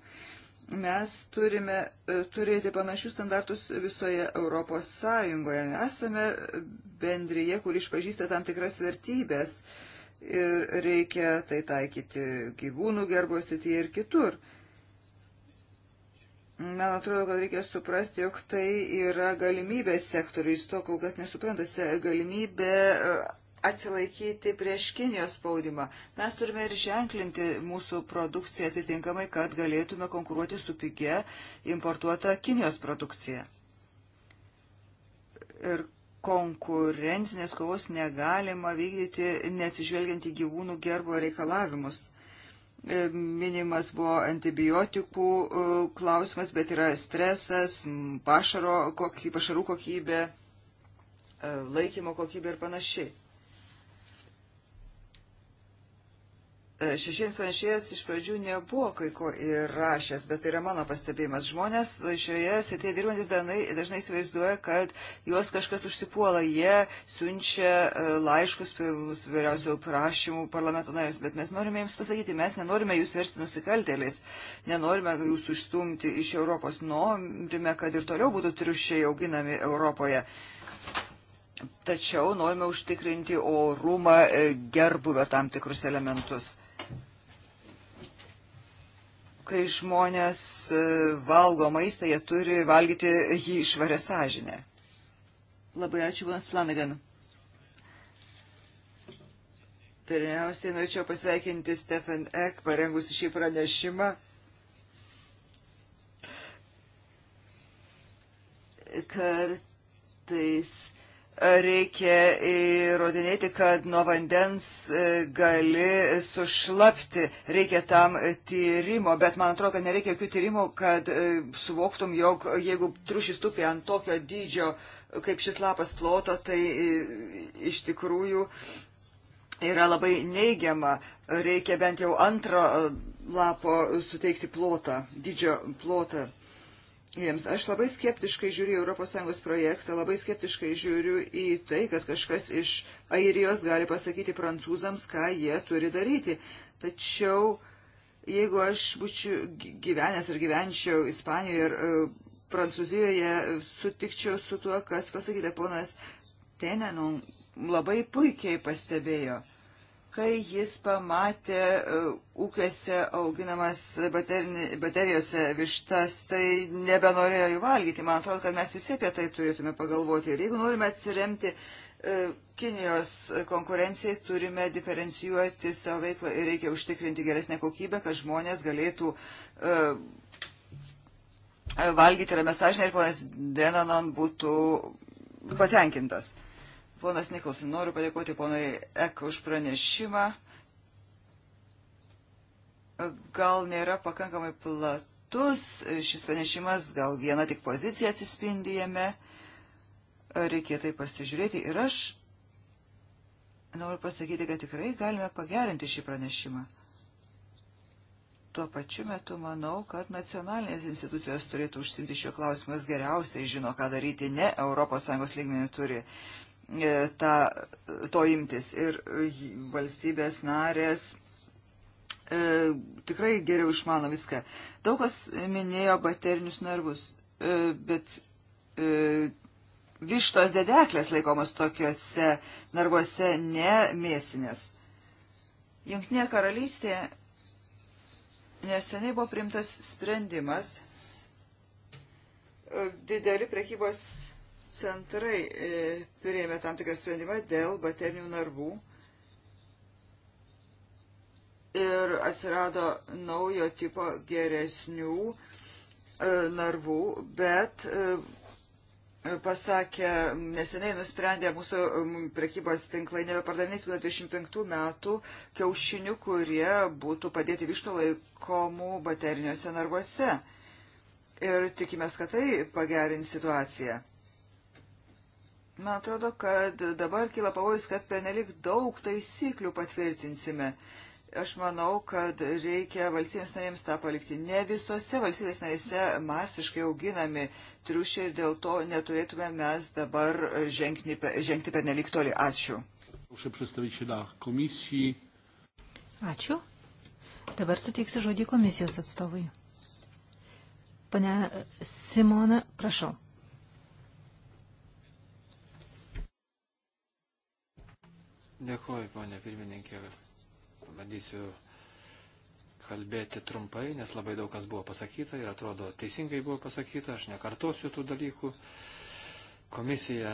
mes turime e, turėti panašius standartus visoje Europos Sąjungoje. Esame bendryje, kur išpažįsta tam tikras vertybės ir reikia tai taikyti gyvūnų gerbos sityje ir kitur. Man atrodo, kad reikia suprasti, jog tai yra galimybė sektoriui, jis to kol kas nesupranta, galimybė e, atsilaikyti prieš Kinijos spaudimą. Mes turime ir ženklinti mūsų produkciją atitinkamai, kad galėtume konkuruoti su pigia importuota Kinijos produkcija. Ir konkurencinės kovos negalima vykdyti, neatsižvelgiant į gyvūnų gerbo reikalavimus. E, minimas buvo antibiotikų e, klausimas, bet yra stresas, pašaro, kokybė, pašarų kokybė, e, laikymo kokybė ir panašiai Šešiems panešėjas iš pradžių nebuvo kai ko įrašęs, bet tai yra mano pastebėjimas. Žmonės šioje srityje dirbantis dažnai, dažnai įsivaizduoja, kad juos kažkas užsipuola, jie siunčia e, laiškus pilnus vyriausių prašymų parlamento narius, bet mes norime jiems pasakyti, mes nenorime jūs versti nusikaltėliais, nenorime jūs užstumti iš Europos, norime, kad ir toliau būtų triušiai auginami Europoje tačiau norime užtikrinti orumą e, gerbuvę tam tikrus elementus kai žmonės e, valgo maistą, jie turi valgyti jį išvarę sąžinę. Labai ačiū, Vanas Flanagan. Pirmiausiai norėčiau pasveikinti Stefan Eck, parengusi šį pranešimą. Kartais reikia įrodinėti, kad nuo vandens e, gali sušlapti, reikia tam tyrimo, bet man atrodo, kad nereikia jokių tyrimų, kad e, suvoktum, jog jeigu triušis tupi ant tokio dydžio, kaip šis lapas ploto, tai e, iš tikrųjų yra labai neigiama, reikia bent jau antro lapo suteikti plotą, didžio plotą jiems. Aš labai skeptiškai žiūriu ES projektą, labai skeptiškai žiūriu į tai, kad kažkas iš Airijos gali pasakyti prancūzams, ką jie turi daryti. Tačiau jeigu aš būčiau gyvenęs ar gyvenčiau Ispanijoje ir uh, Prancūzijoje, sutikčiau su tuo, kas pasakyta ponas Tenenon labai puikiai pastebėjo kai jis pamatė e, ūkiuose auginamas baterijose vištas, tai nebenorėjo jų valgyti. Man atrodo, kad mes visi apie tai turėtume pagalvoti. Ir jeigu norime atsiremti e, Kinijos konkurencijai, turime diferencijuoti savo veiklą ir reikia užtikrinti geresnę kokybę, kad žmonės galėtų e, valgyti ramę sąžinę ir ponas Denanon būtų patenkintas. Ponas Niklausas, noriu padėkoti ponai Ek už pranešimą. Gal nėra pakankamai platus šis pranešimas, gal viena tik pozicija atsispindi jame. Reikėtų tai pasižiūrėti. Ir aš noriu pasakyti, kad tikrai galime pagerinti šį pranešimą. Tuo pačiu metu manau, kad nacionalinės institucijos turėtų užsimti šio klausimas geriausiai žino, ką daryti, ne ES lygmenį turi E, tą, to imtis. Ir valstybės narės e, tikrai geriau išmano viską. Daug kas minėjo baterinius nervus, e, bet e, vištos dedeklės laikomas tokiuose narvuose, ne mėsinės. Junktinė karalystė neseniai buvo primtas sprendimas. E, dideli prekybos centrai e, priėmė tam tikrą sprendimą dėl baterinių narvų ir atsirado naujo tipo geresnių e, narvų, bet e, pasakė, neseniai nusprendė mūsų prekybos tinklai nebepardavinėti nuo 25 metų kiaušinių, kurie būtų padėti vištų laikomų bateriniuose narvuose. Ir tikimės, kad tai pagerins situaciją. Man atrodo, kad dabar kyla pavojus, kad penelik daug taisyklių patvirtinsime. Aš manau, kad reikia valstybės narėms tą palikti. Ne visose valstybės narėse masiškai auginami triušiai ir dėl to neturėtume mes dabar žengti, žengti penelik toli. Ačiū. Ačiū. Dabar suteiksiu žodį komisijos atstovui. Pane Simona, prašau. Dėkuoju, ponė pirmininkė. Pabandysiu kalbėti trumpai, nes labai daug kas buvo pasakyta ir atrodo teisingai buvo pasakyta, aš nekartosiu tų dalykų. Komisija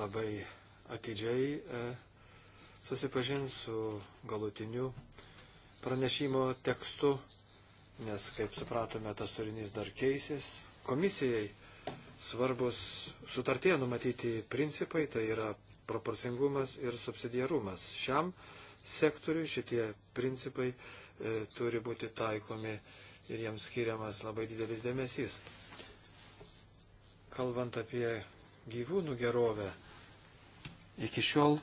labai atidžiai e, susipažins su galutiniu pranešimo tekstu, nes, kaip supratome, tas turinys dar keisis. Komisijai svarbus sutartie numatyti principai, tai yra proporcingumas ir subsidiarumas. Šiam sektoriui šitie principai e, turi būti taikomi ir jiems skiriamas labai didelis dėmesys. Kalbant apie gyvūnų gerovę, iki šiol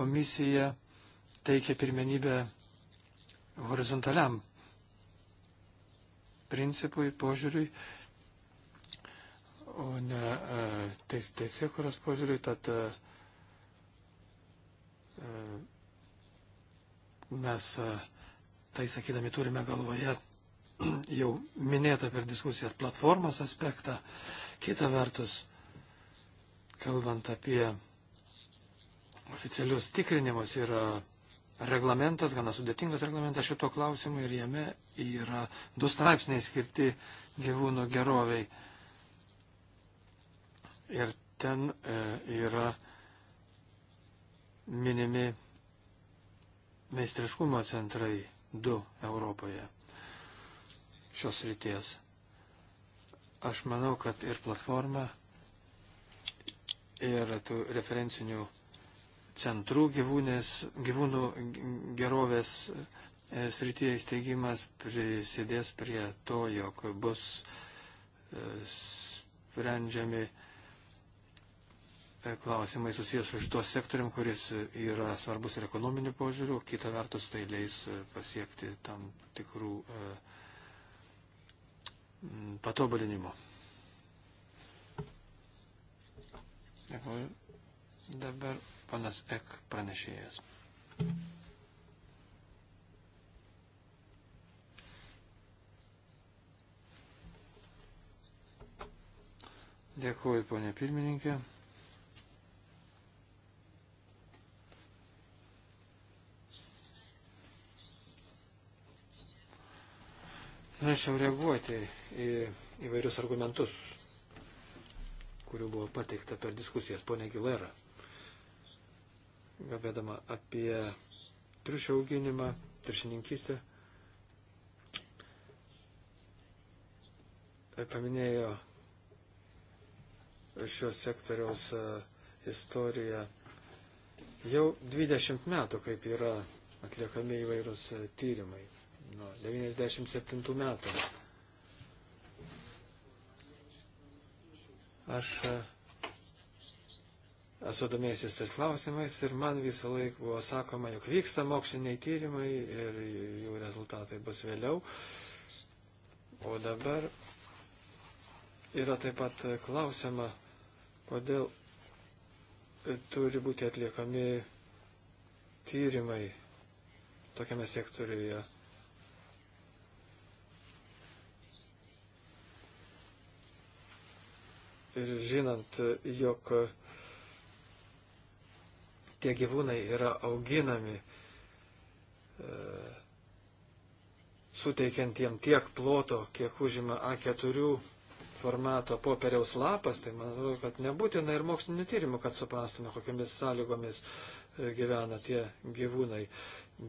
komisija teikia pirmenybę horizontaliam principui, požiūriui, o ne e, teisėkuros požiūriui, tad e, E, mes e, tai sakydami turime galvoje *clears throat* jau minėtą per diskusijas platformos aspektą. Kita vertus, kalbant apie oficialius tikrinimus, yra reglamentas, gana sudėtingas reglamentas šito klausimu ir jame yra du straipsniai skirti gyvūnų geroviai. Ir ten e, yra minimi meistriškumo centrai du Europoje šios ryties. Aš manau, kad ir platforma, ir tų referencinių centrų gyvūnės, gyvūnų gerovės e, srityje įsteigimas prisidės prie to, jog bus e, sprendžiami e, E, klausimai susijęs su šituo sektorium, kuris yra svarbus ir ekonominiu požiūriu, kita vertus tai leis e, pasiekti tam tikrų e, patobulinimo. Dėkuoju. Dabar panas Ek pranešėjas. Dėkuoju, ponė pirmininkė. Norėčiau reaguoti į įvairius argumentus, kurių buvo pateikta per diskusijas ponė Gilera, gabėdama apie triušio auginimą, trišininkystę. Tai paminėjo šios sektoriaus e, istoriją jau 20 metų, kaip yra atliekami įvairūs e, tyrimai nuo 97 metų. Aš e, esu domėjęsis tais klausimais ir man visą laiką buvo sakoma, jog vyksta moksliniai tyrimai ir jų rezultatai bus vėliau. O dabar yra taip pat klausima, kodėl turi būti atliekami tyrimai tokiame sektoriuje. žinant, jog tie gyvūnai yra auginami, e, suteikiant jiem tiek ploto, kiek užima A4 formato popieriaus lapas, tai man atrodo, kad nebūtina ir mokslinių tyrimų, kad suprastume, kokiamis sąlygomis e, gyvena tie gyvūnai.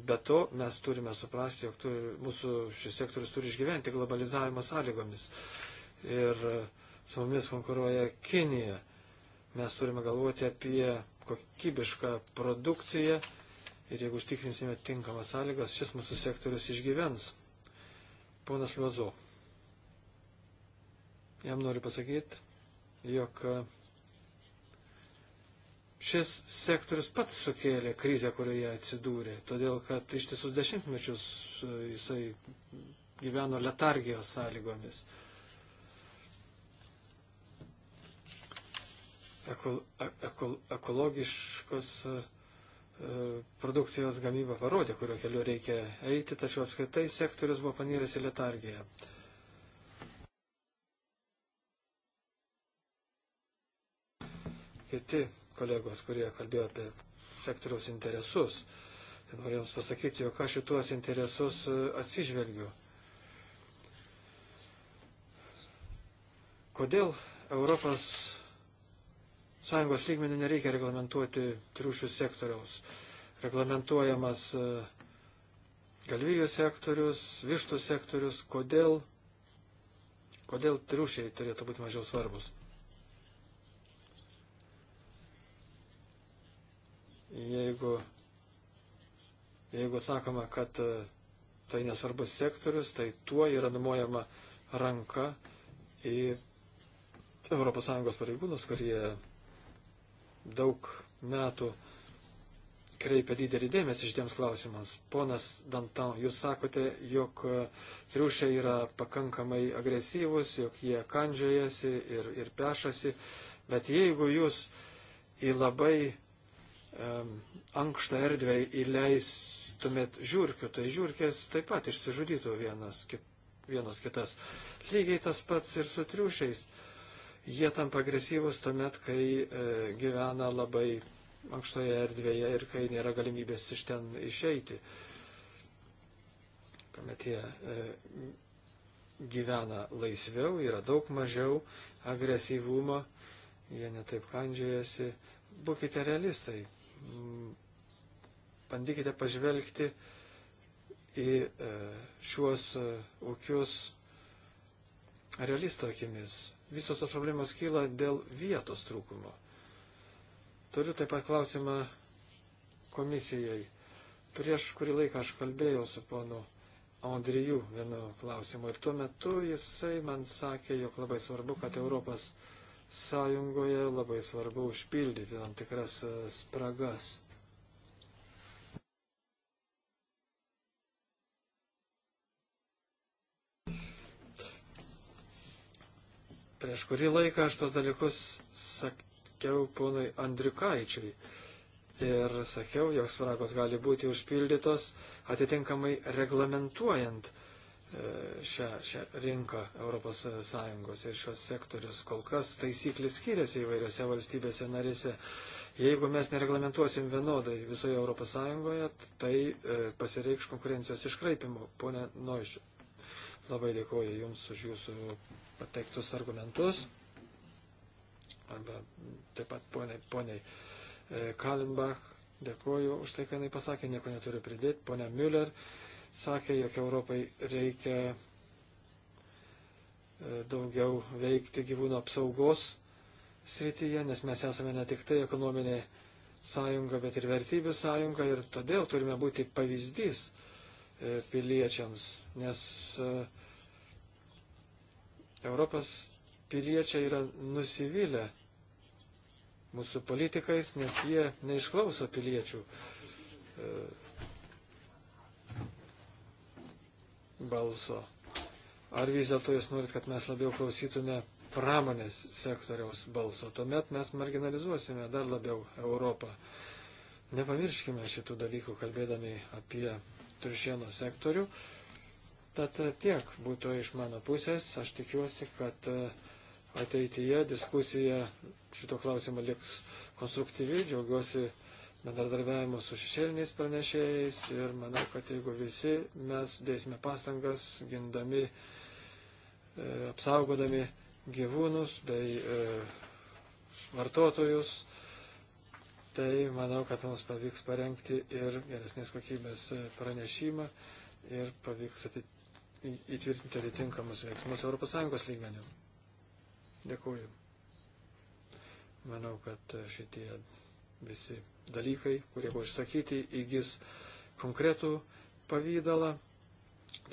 Be to mes turime suprasti, jog turi, mūsų šis sektorius turi išgyventi globalizavimo sąlygomis. Ir uh, su mumis konkuruoja Kinija. Mes turime galvoti apie kokybišką produkciją ir jeigu užtikrinsime tinkamas sąlygas, šis mūsų sektorius išgyvens. Ponas Liuozo, jam noriu pasakyti, jog šis sektorius pats sukėlė krizę, kurioje atsidūrė, todėl kad iš tiesų dešimtmečius jisai gyveno letargijos sąlygomis. ekol, ekol, ekologiškos e, e, produkcijos gamyba parodė, kurio keliu reikia eiti, tačiau apskritai sektorius buvo paniręs į letargiją. Kiti kolegos, kurie kalbėjo apie sektoriaus interesus, tai noriu Jums pasakyti, jog aš šituos interesus e, atsižvelgiu. Kodėl Europos Sąjungos lygmenį nereikia reglamentuoti triušių sektoriaus. Reglamentuojamas e, galvijų sektorius, vištų sektorius. Kodėl, kodėl triušiai turėtų būti mažiau svarbus? Jeigu, jeigu sakoma, kad e, tai nesvarbus sektorius, tai tuo yra numojama ranka į ES pareigūnus, kurie daug metų kreipia didelį dėmesį šitiems klausimams. Ponas Dantan, jūs sakote, jog e, triušiai yra pakankamai agresyvus, jog jie kandžiojasi ir, ir pešasi, bet jeigu jūs į labai um, ankštą erdvę įleistumėt žiūrkių, tai žiūrkės taip pat išsižudytų vienas, kit, vienas kitas. Lygiai tas pats ir su triušiais. Uh, Jie tampa agresyvus tuomet, kai e, gyvena labai ankštoje erdvėje ir kai nėra galimybės iš ten išeiti. Kamet jie e, gyvena laisviau, yra daug mažiau agresyvumo, jie netaip kandžiojasi. Būkite realistai, bandykite pažvelgti į e, šiuos ūkius realisto akimis visos tos problemos kyla dėl vietos trūkumo. Turiu taip pat klausimą komisijai. Prieš kurį laiką aš kalbėjau su ponu Andriju vienu klausimu ir tuo metu jisai man sakė, jog labai svarbu, kad Europos Sąjungoje labai svarbu užpildyti tam tikras e, spragas. Prieš kurį laiką aš tos dalykus sakiau ponui Andriukaičiui. Ir sakiau, jog spragos gali būti užpildytos atitinkamai reglamentuojant e, šią, šią rinką ES ir šios sektorius. Kol kas taisyklės skiriasi įvairiose valstybėse narėse. Jeigu mes nereglamentuosim vienodai visoje ES, tai e, pasireikš konkurencijos iškraipimu, ponė Noišiu. Labai dėkoju Jums už Jūsų pateiktus argumentus. Arba taip pat poniai, poniai e, Kalimbach, dėkoju už tai, ką jinai pasakė, nieko neturiu pridėti. Pone Müller sakė, jog Europai reikia e, daugiau veikti gyvūnų apsaugos srityje, nes mes esame ne tik tai ekonominė sąjunga, bet ir vertybių sąjunga ir todėl turime būti pavyzdys E, piliečiams, nes e, Europos piliečiai yra nusivylę mūsų politikais, nes jie neišklauso piliečių e, balso. Ar vis dėlto jūs norit, kad mes labiau klausytume pramonės sektoriaus balso? Tuomet mes marginalizuosime dar labiau Europą. Nepamirškime šitų dalykų, kalbėdami apie triušieno sektorių. Tad e, tiek būtų iš mano pusės. Aš tikiuosi, kad e, ateityje diskusija šito klausimo liks konstruktyvi. Džiaugiuosi bendradarbiavimu su šešėliniais pranešėjais ir manau, kad jeigu visi mes dėsime pastangas gindami, e, apsaugodami gyvūnus bei vartotojus, tai manau, kad mums pavyks parengti ir geresnės kokybės pranešimą ir pavyks atitikti įtvirtinti atitinkamus veiksmus ES lygmenių. Dėkuoju. Manau, kad šitie visi dalykai, kurie buvo išsakyti, įgis konkretų pavydalą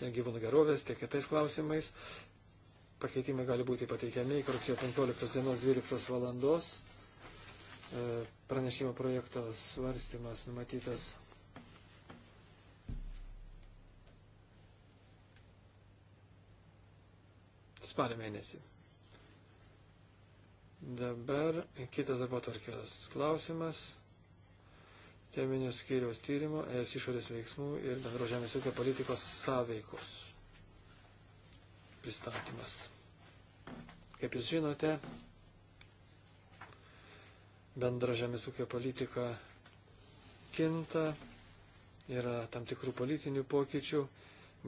tiek gyvūnų gerovės, tiek kitais klausimais. Pakeitimai gali būti pateikiami iki rugsėjo 15 dienos 12 valandos. E, pranešimo projekto svarstymas numatytas. Spalio mėnesį. Dabar kitas darbo tvarkės klausimas. Teminio skyriaus tyrimo, es išorės veiksmų ir bendro žemės ūkio politikos sąveikos pristatymas. Kaip jūs žinote, bendra žemės ūkio politika kinta, yra tam tikrų politinių pokyčių.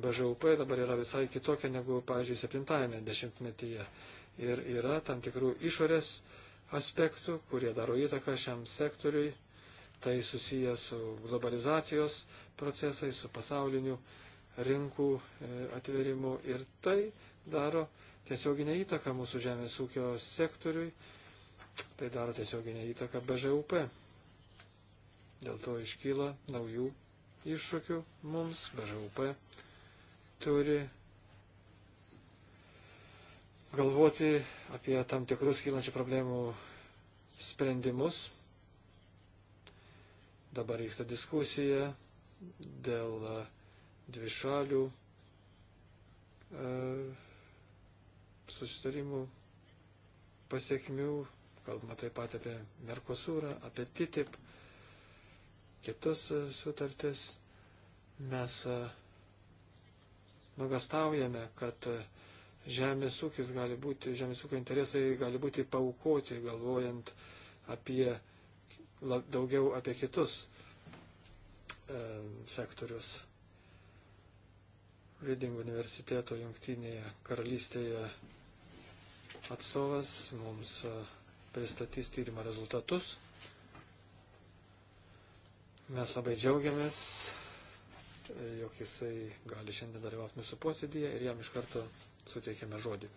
BŽUP dabar yra visai kitokia negu, pavyzdžiui, 70-ame dešimtmetyje. Ir yra tam tikrų išorės aspektų, kurie daro įtaką šiam sektoriui. Tai susiję su globalizacijos procesais, su pasauliniu rinkų e, atverimu. Ir tai daro tiesioginę įtaką mūsų žemės ūkio sektoriui Tai daro tiesioginę įtaką BŽUP. Dėl to iškyla naujų iššūkių mums. BŽUP turi galvoti apie tam tikrus kylančių problemų sprendimus. Dabar vyksta diskusija dėl e, dvišalių e, susitarimų pasiekmių kalbama taip pat apie Merkosūrą, apie TTIP, kitus e, sutartis. Mes e, nugastaujame, kad e, žemės ūkis gali būti, žemės ūkio interesai gali būti paukoti, galvojant apie daugiau apie kitus e, sektorius. Reading universiteto jungtinėje karalystėje atstovas mums e, pristatys tyrimo rezultatus. Mes labai džiaugiamės, e, jog jisai gali šiandien dalyvauti mūsų posėdėje ir jam iš karto suteikėme žodį.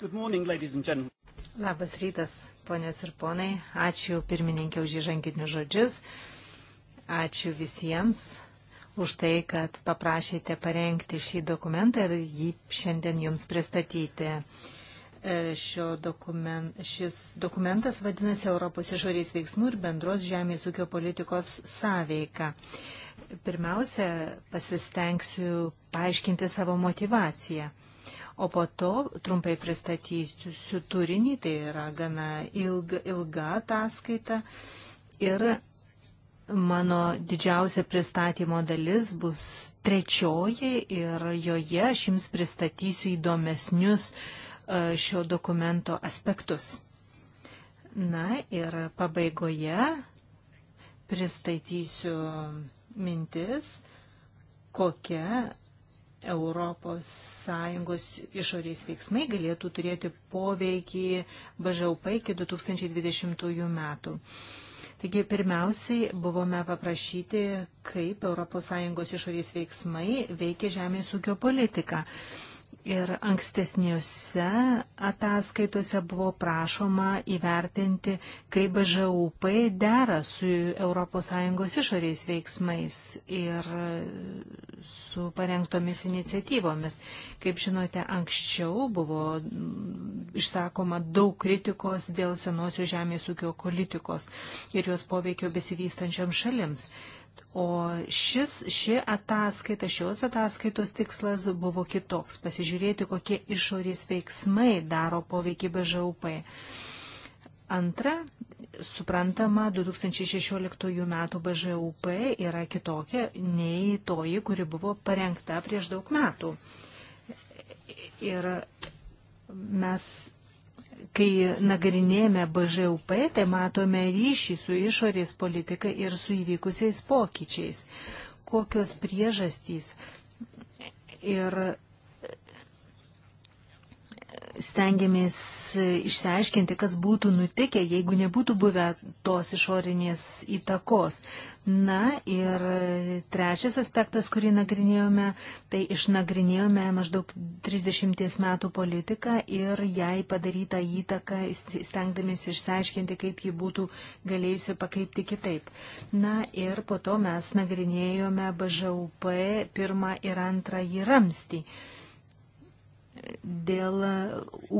Good morning, ladies and gentlemen. Labas rytas, ponės ir ponai. Ačiū pirmininkė už įžanginius žodžius. Ačiū visiems už tai, kad paprašėte parengti šį dokumentą ir jį šiandien jums pristatyti. E, šio dokument, šis dokumentas vadinasi Europos išorės veiksmų ir bendros žemės ūkio politikos sąveika. Pirmiausia, pasistengsiu paaiškinti savo motivaciją O po to trumpai pristatysiu turinį, tai yra gana ilga, ilga ataskaita. Ir Mano didžiausia pristatymo dalis bus trečioji ir joje aš jums pristatysiu įdomesnius e, šio dokumento aspektus. Na ir pabaigoje pristatysiu mintis, kokia ES išorės veiksmai galėtų turėti poveikį BŽUP iki 2020 metų. Taigi pirmiausiai buvome paprašyti, kaip ES išorės veiksmai veikia žemės ūkio politiką ir ankstesniuose ataskaitose buvo prašoma įvertinti, kaip BŽUP dera su ES išorės veiksmais ir su parengtomis iniciatyvomis. Kaip žinote, anksčiau buvo išsakoma daug kritikos dėl senosios žemės ūkio politikos ir jos poveikio besivystančiam šalims. O šis, ši ataskaita, šios ataskaitos tikslas buvo kitoks - pasižiūrėti, kokie išorės veiksmai daro poveikį BŽUP. Antra, suprantama, 2016 m. BŽUP yra kitokia nei toji, kuri buvo parengta prieš daug metų. Ir mes kai nagrinėjame BŽUP, tai matome ryšį su išorės politika ir su įvykusiais pokyčiais. Kokios priežastys ir stengiamės išsiaiškinti, kas būtų nutikę, jeigu nebūtų buvę tos išorinės įtakos. Na ir trečias aspektas, kurį nagrinėjome, tai išnagrinėjome maždaug 30 metų politiką ir jai padarytą įtaką, stengdamės išsiaiškinti, kaip ji būtų galėjusi pakreipti kitaip. Na ir po to mes nagrinėjome BŽUP pirmą ir antrąjį ramstį dėl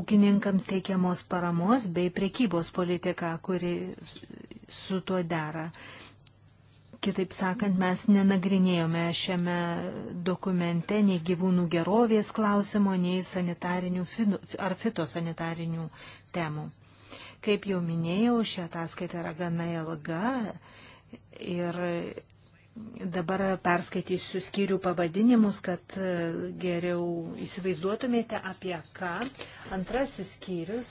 ūkininkams teikiamos paramos bei prekybos politika, kuri su tuo dera. Kitaip sakant, mes nenagrinėjome šiame dokumente nei gyvūnų gerovės klausimo, nei sanitarinių ar fitosanitarinių temų. Kaip jau minėjau, ši ataskaita yra gana ilga ir Dabar perskaitysiu skyrių pavadinimus, kad e, geriau įsivaizduotumėte apie ką. Antrasis skyrius,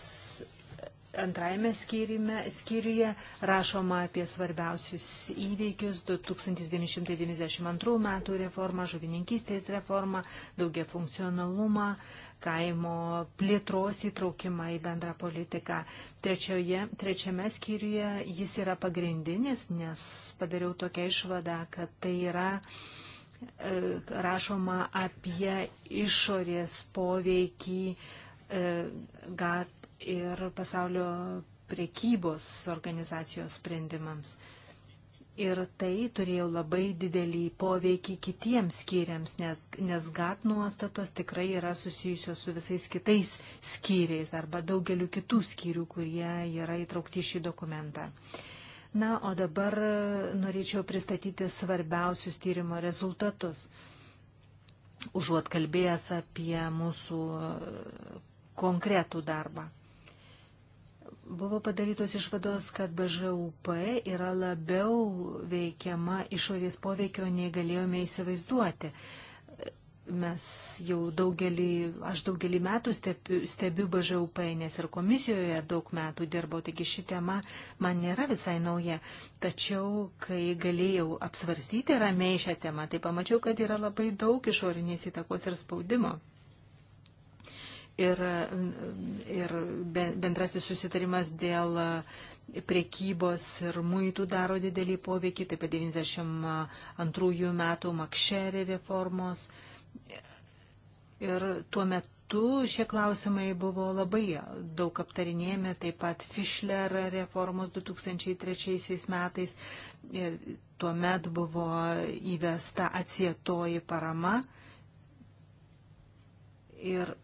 antrajame skyrime, skyriuje rašoma apie svarbiausius įveikius 1992 metų reformą, žuvininkystės reformą, daugia funkcionalumą, kaimo plėtros įtraukimą į bendrą politiką. Trečioje, trečiame skyriuje jis yra pagrindinis, nes padariau tokią išvadą, kad tai yra e, rašoma apie išorės poveikį e, GAT ir pasaulio priekybos organizacijos sprendimams. Ir tai turėjo labai didelį poveikį kitiems skyriams, nes GAT nuostatos tikrai yra susijusios su visais kitais skyriais arba daugeliu kitų skyrių, kurie yra įtraukti šį dokumentą. Na, o dabar norėčiau pristatyti svarbiausius tyrimo rezultatus. Užuot kalbėjęs apie mūsų konkretų darbą. Buvo padarytos išvados, kad BŽUP yra labiau veikiama išorės poveikio, nei galėjome įsivaizduoti. Mes jau daugelį, aš daugelį metų stebiu, stebiu BŽUP, nes ir komisijoje daug metų dirbau, taigi ši tema man nėra visai nauja. Tačiau, kai galėjau apsvarstyti ramiai šią temą, tai pamačiau, kad yra labai daug išorinės įtakos ir spaudimo ir, ir bendrasis susitarimas dėl priekybos ir muitų daro didelį poveikį, taip pat 92 metų Makšerį reformos. Ir tuo metu šie klausimai buvo labai daug aptarinėjami, taip pat Fischler reformos 2003 metais. Tuomet buvo įvesta atsietoji parama. Ir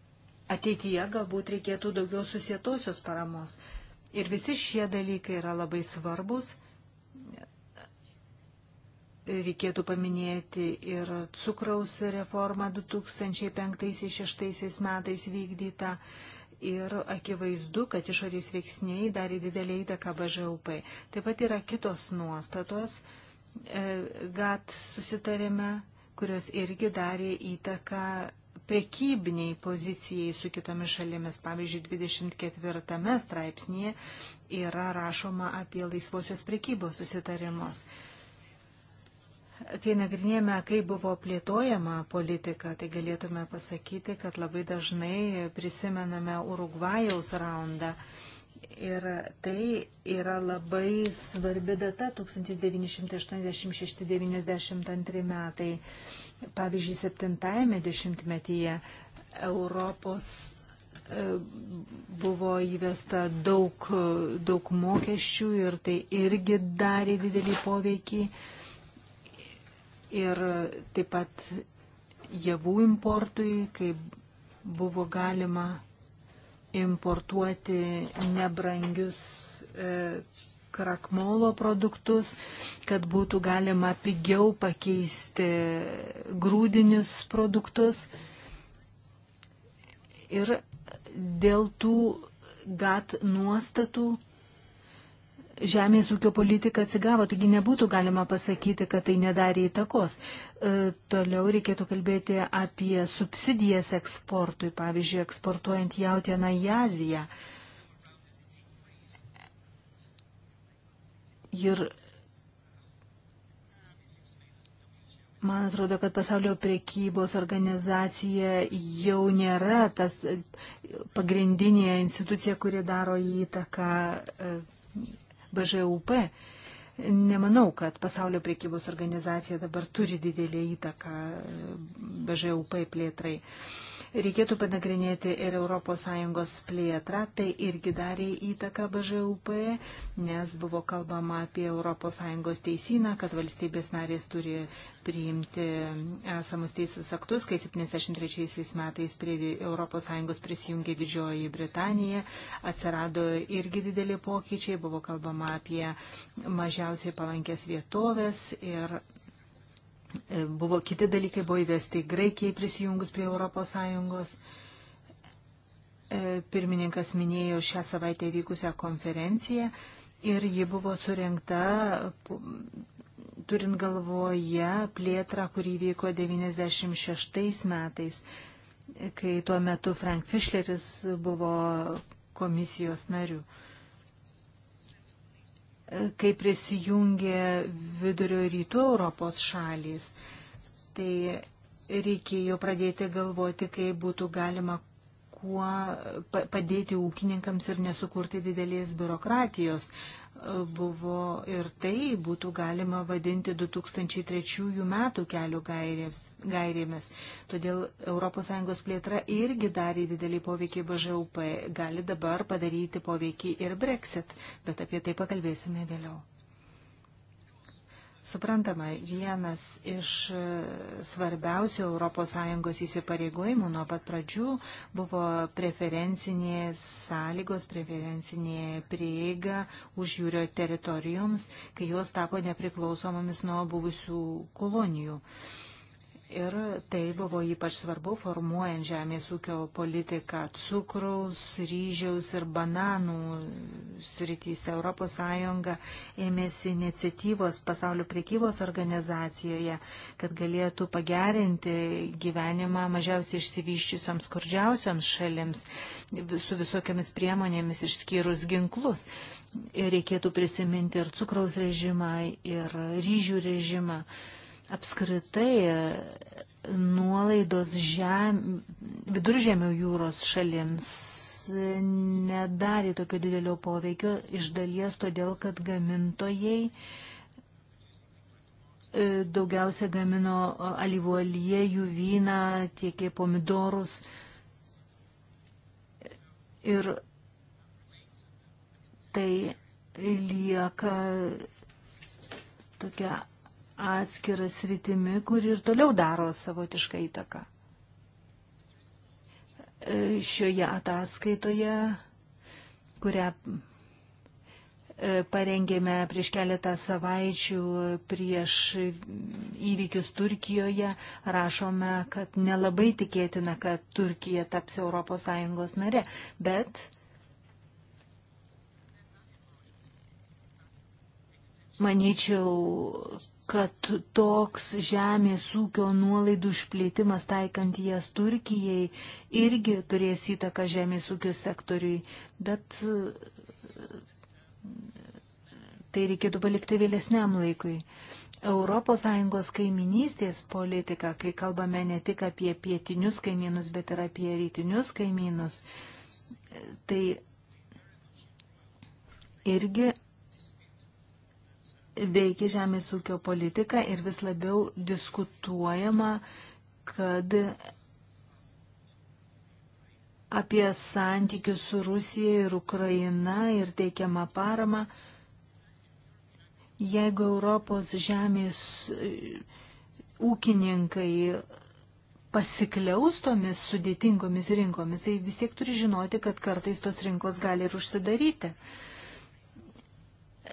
ateityje galbūt reikėtų daugiau susietosios paramos. Ir visi šie dalykai yra labai svarbus. Reikėtų paminėti ir cukraus reformą 2005-2006 metais vykdytą. Ir akivaizdu, kad išorės veiksniai darė didelį įtaką BŽUP. Taip pat yra kitos nuostatos e, GAT susitarime, kurios irgi darė įtaką prekybiniai pozicijai su kitomis šalimis. Pavyzdžiui, 24 straipsnėje yra rašoma apie laisvosios prekybos susitarimus. Kai nagrinėjame, kaip buvo plėtojama politika, tai galėtume pasakyti, kad labai dažnai prisimename Urugvajaus raundą. Ir tai yra labai svarbi data 1986-1992 metai. Pavyzdžiui, septintajame dešimtmetyje Europos e, buvo įvesta daug, daug mokesčių ir tai irgi darė didelį poveikį. Ir taip pat javų importui, kai buvo galima importuoti nebrangius e, krakmolo produktus, kad būtų galima pigiau pakeisti grūdinius produktus. Ir dėl tų GAT nuostatų žemės ūkio politika atsigavo, taigi nebūtų galima pasakyti, kad tai nedarė įtakos. E, toliau reikėtų kalbėti apie subsidijas eksportui, pavyzdžiui, eksportuojant jautieną į Aziją. E, Ir Man atrodo, kad pasaulio priekybos organizacija jau nėra tas e, pagrindinė institucija, kuri daro įtaką e, BŽUP. Nemanau, kad pasaulio priekybos organizacija dabar turi didelį įtaką e, BŽUP plėtrai. Uh, Reikėtų panagrinėti ir ES plėtrą, tai irgi darė įtaką BŽUP, nes buvo kalbama apie ES teisyną, kad valstybės narės turi priimti esamus teisės aktus, kai 73 metais prie ES prisijungė Didžioji Britanija, atsirado irgi dideli pokyčiai, buvo kalbama apie mažiausiai palankės vietovės ir E, buvo kiti dalykai, buvo įvesti Graikijai prisijungus prie ES. E, pirmininkas minėjo šią savaitę vykusią konferenciją ir ji buvo surinkta turint galvoje plėtrą, kurį vyko 96 metais, kai tuo metu Frank Fischleris buvo komisijos nariu kai prisijungė vidurio rytų Europos šalys. Tai reikėjo pradėti galvoti, kaip būtų galima kuo padėti ūkininkams ir nesukurti didelės biurokratijos. E, buvo ir tai būtų galima vadinti 2003 metų kelių gairėms, gairėmis. Todėl ES plėtra irgi darė didelį poveikį BŽUP, gali dabar padaryti poveikį ir Brexit, bet apie tai pakalbėsime vėliau. Suprantama, vienas iš e, svarbiausių ES įsipareigojimų nuo pat pradžių buvo preferencinės sąlygos, preferencinė prieiga už jūrio teritorijoms, kai jos tapo nepriklausomomis nuo buvusių kolonijų. Uh, Ir tai buvo ypač svarbu formuojant žemės ūkio politiką cukraus, ryžiaus ir bananų srityse. Europos Sąjunga ėmėsi iniciatyvos pasaulio priekybos organizacijoje, kad galėtų pagerinti gyvenimą mažiausiai išsivyščiusiams skurdžiausiams šalims su visokiamis priemonėmis išskyrus ginklus. Ir reikėtų prisiminti ir cukraus režimą, ir ryžių režimą apskritai e, nuolaidos žem, viduržėmio jūros šalims nedarė tokio didelio poveikio iš dalies todėl, kad gamintojai e, daugiausia gamino alyvų aliejų, vyną, tiekė pomidorus. Ir tai lieka tokia atskiras rytimi, kur ir toliau daro savotišką įtaką. E, šioje ataskaitoje, kurią e, parengėme prieš keletą savaičių prieš įvykius Turkijoje, rašome, kad nelabai tikėtina, kad Turkija taps ES nare, bet manyčiau, kad toks žemės ūkio nuolaidų išplėtimas taikant jas Turkijai irgi turės įtaką žemės ūkio sektoriui, bet e, tai reikėtų palikti vėlesniam laikui. ES kaiminystės politika, kai kalbame ne tik apie pietinius kaimynus, bet ir apie rytinius kaimynus, e, tai irgi veikia žemės ūkio politika ir vis labiau diskutuojama, kad apie santykius su Rusija ir Ukraina ir teikiamą paramą, jeigu Europos žemės e, ūkininkai pasikliaus tomis sudėtingomis rinkomis, tai vis tiek turi žinoti, kad kartais tos rinkos gali ir užsidaryti. Uh,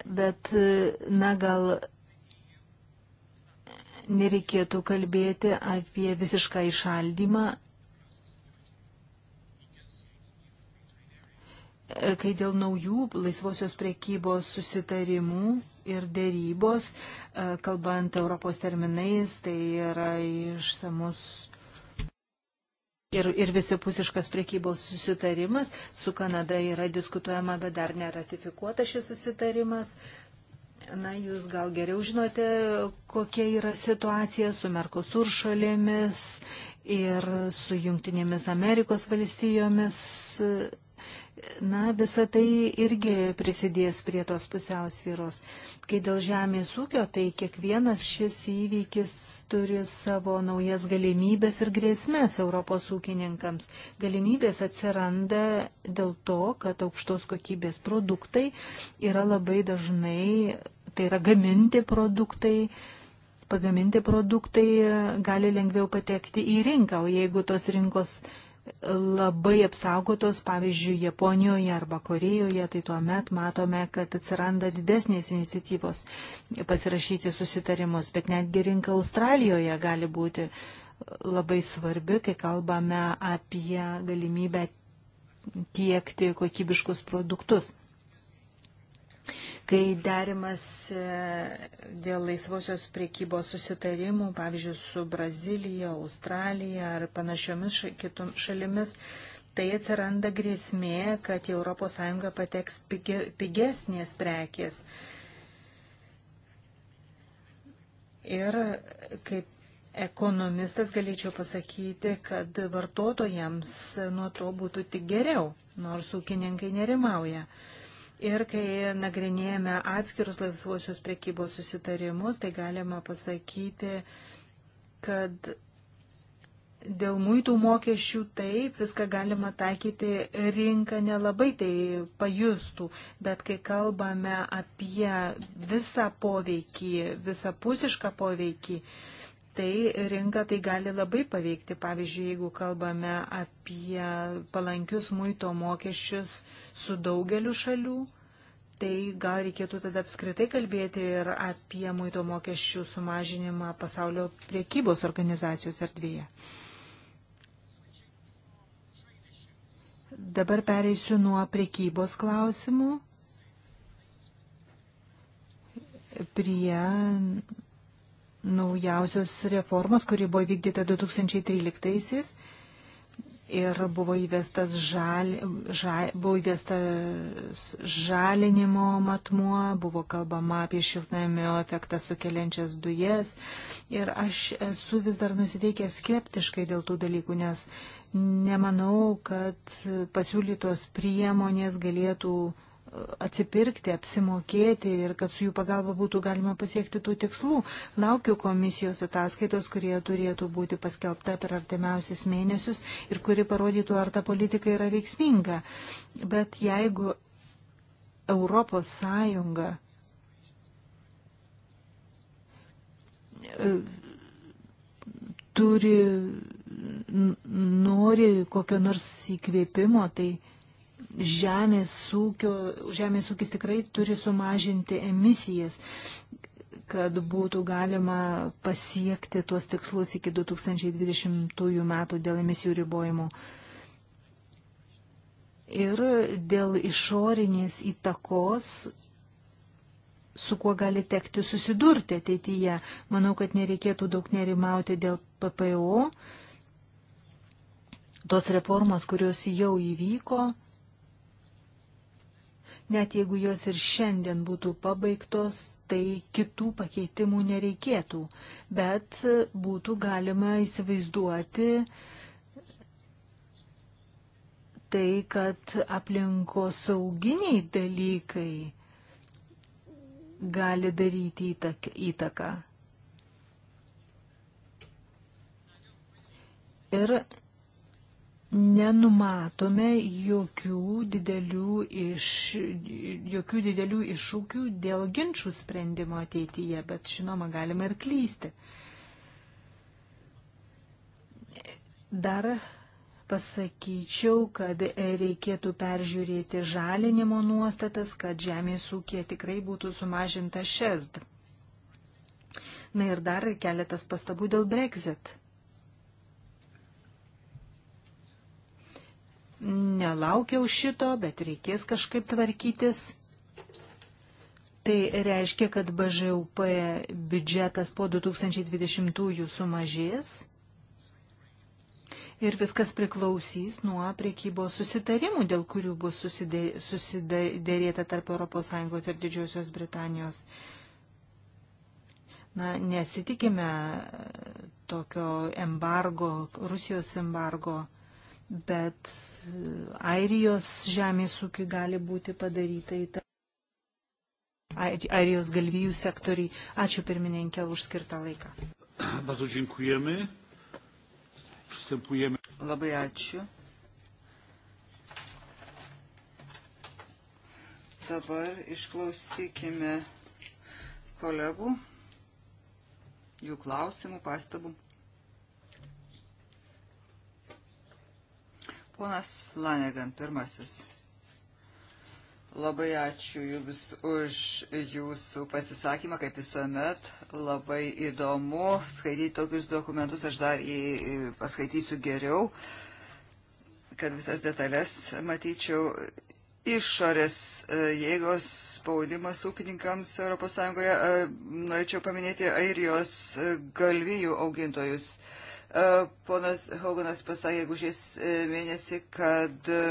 bet, na, gal nereikėtų kalbėti apie visišką išaldymą, kai dėl naujų laisvosios priekybos susitarimų ir dėrybos, kalbant Europos terminais, tai yra išsamus ir, ir visipusiškas priekybos susitarimas. Su Kanada yra diskutuojama, bet dar neratifikuota šis susitarimas. Na, jūs gal geriau žinote, kokia yra situacija su Merkosur šalėmis ir su Junktinėmis Amerikos valstijomis Na, visa tai irgi prisidės prie tos pusiausvyros. Kai dėl žemės ūkio, tai kiekvienas šis įvykis turi savo naujas galimybės ir grėsmės Europos ūkininkams. Galimybės atsiranda dėl to, kad aukštos kokybės produktai yra labai dažnai, tai yra gaminti produktai, pagaminti produktai gali lengviau patekti į rinką, o jeigu tos rinkos labai apsaugotos, pavyzdžiui, Japonijoje arba Korejoje, tai tuomet matome, kad atsiranda didesnės iniciatyvos pasirašyti susitarimus, bet netgi rinka Australijoje gali būti labai svarbi, kai kalbame apie galimybę tiekti kokybiškus produktus. Kai derimas e, dėl laisvosios priekybos susitarimų, pavyzdžiui, su Brazilija, Australija ar panašiomis kitom šalimis, tai atsiranda grėsmė, kad į ES pateks pigesnės prekės. Ir kaip ekonomistas galėčiau pasakyti, kad vartotojams nuo to būtų tik geriau, nors ūkininkai nerimauja. Ir kai nagrinėjame atskirus laisvosios prekybos susitarimus, tai galima pasakyti, kad Dėl muitų mokesčių taip, viską galima taikyti, rinka nelabai tai pajustų, bet kai kalbame apie visą poveikį, visapusišką poveikį, tai rinka tai gali labai paveikti. Pavyzdžiui, jeigu kalbame apie palankius muito mokesčius su daugeliu šalių, tai gal reikėtų tada apskritai kalbėti ir apie muito mokesčių sumažinimą pasaulio priekybos organizacijos erdvėje. Dabar pereisiu nuo priekybos klausimų prie naujausios reformos, kuri buvo vykdyta 2013-aisiais ir buvo, žal, žal, buvo įvestas žalinimo matmuo, buvo kalbama apie šiltnamio efektą sukeliančias dujas. Ir aš esu vis dar nusiteikęs skeptiškai dėl tų dalykų, nes nemanau, kad pasiūlytos priemonės galėtų atsipirkti, apsimokėti ir kad su jų pagalba būtų galima pasiekti tų tikslų. Laukiu komisijos ataskaitos, kurie turėtų būti paskelbta per artimiausius mėnesius ir kuri parodytų, ar ta politika yra veiksminga. Bet jeigu Europos Sąjunga e, turi, nori kokio nors įkvėpimo, tai žemės, ūkio, žemės ūkis tikrai turi sumažinti emisijas kad būtų galima pasiekti tuos tikslus iki 2020 metų dėl emisijų ribojimo. Ir dėl išorinės įtakos, su kuo gali tekti susidurti ateityje. Manau, kad nereikėtų daug nerimauti dėl PPO. Tos reformos, kurios jau įvyko, Net jeigu jos ir šiandien būtų pabaigtos, tai kitų pakeitimų nereikėtų, bet būtų galima įsivaizduoti, tai, kad aplinkos sauginiai dalykai gali daryti įtaką. Ir nenumatome jokių didelių, iš, jokių didelių iššūkių dėl ginčių sprendimo ateityje, bet žinoma, galima ir klysti. Dar pasakyčiau, kad reikėtų peržiūrėti žalinimo nuostatas, kad žemės ūkė tikrai būtų sumažinta šesd. Na ir dar keletas pastabų dėl Brexit. nelaukiau šito, bet reikės kažkaip tvarkytis. Tai reiškia, kad BŽUP biudžetas po 2020-ųjų sumažės ir viskas priklausys nuo priekybos susitarimų, dėl kurių bus susidėrėta tarp ES ir Didžiosios Britanijos. Na, nesitikime tokio embargo, Rusijos embargo bet e, Airijos žemės ūkiui gali būti padaryta įtaka. Airijos galvijų sektoriai. Ačiū pirmininkė už skirtą laiką. *coughs* Bardzo dziękujemy. Przystępujemy. Labai ačiū. Dabar išklausykime kolegų, jų klausimų, pastabų. Ponas Flanagan, pirmasis. Labai ačiū Jums už Jūsų pasisakymą, kaip visuomet. Labai įdomu skaityti tokius dokumentus, aš dar jį paskaitysiu geriau, kad visas detalės matyčiau. Išorės e, jėgos spaudimas ūkininkams ES, e, norėčiau paminėti airijos e, galvijų augintojus. E, E, ponas Hauganas pasakė, jeigu žies e, mėnesį, kad e,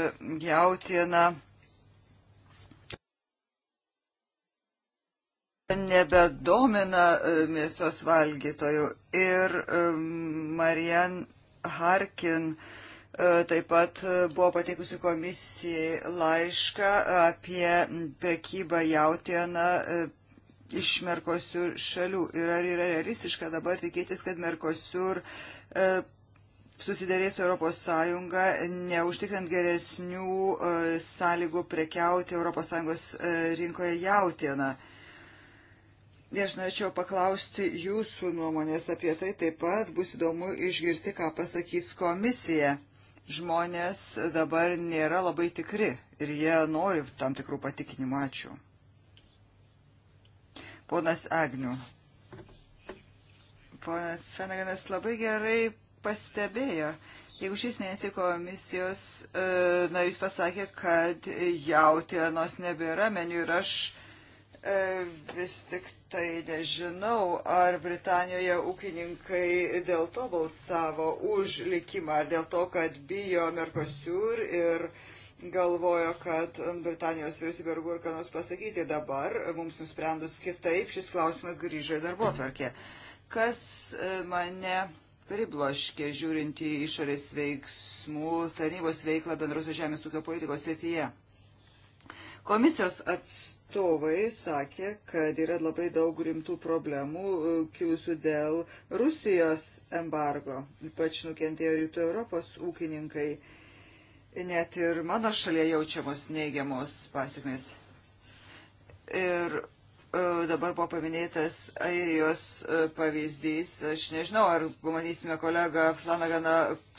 jautiena nebedomina mėsos valgytojų. Ir Marian Harkin taip pat buvo pateikusi komisijai laišką apie prekybą jautieną iš Merkosiur šalių. Ir ar yra realistiška dabar tikėtis, kad Merkosiur E, susidarės su Europos Sąjunga, neužtikrint geresnių e, sąlygų prekiauti Europos Sąjungos e, rinkoje jautieną. Ir aš norėčiau paklausti jūsų nuomonės apie tai, taip pat bus įdomu išgirsti, ką pasakys komisija. Žmonės dabar nėra labai tikri ir jie nori tam tikrų patikinimų. Ačiū. Ponas Agniu, Ponas Fenaganas labai gerai pastebėjo. Jeigu šis mėnesį komisijos e, narys pasakė, kad jautienos nebėra meniu ir aš e, vis tik tai nežinau, ar Britanijoje ūkininkai dėl to balsavo už likimą, ar dėl to, kad bijo Merkosiur ir galvojo, kad Britanijos vyriausybė ir kur ką nors pasakyti dabar, mums nusprendus kitaip, šis klausimas grįžo į darbo tvarkę. Mm. Kas e, mane pribloškė žiūrint į išorės veiksmų tarnybos veiklą bendrosios žemės ūkio politikos srityje? Komisijos atstovai sakė, kad yra labai daug rimtų problemų e, kilusių dėl Rusijos embargo, ypač nukentėjo rytų Europos ūkininkai. Net ir mano šalyje jaučiamos neigiamos pasiekmes. Ir E, dabar buvo paminėtas Airijos e, pavyzdys. Aš nežinau, ar pamatysime kolegą Flanaganą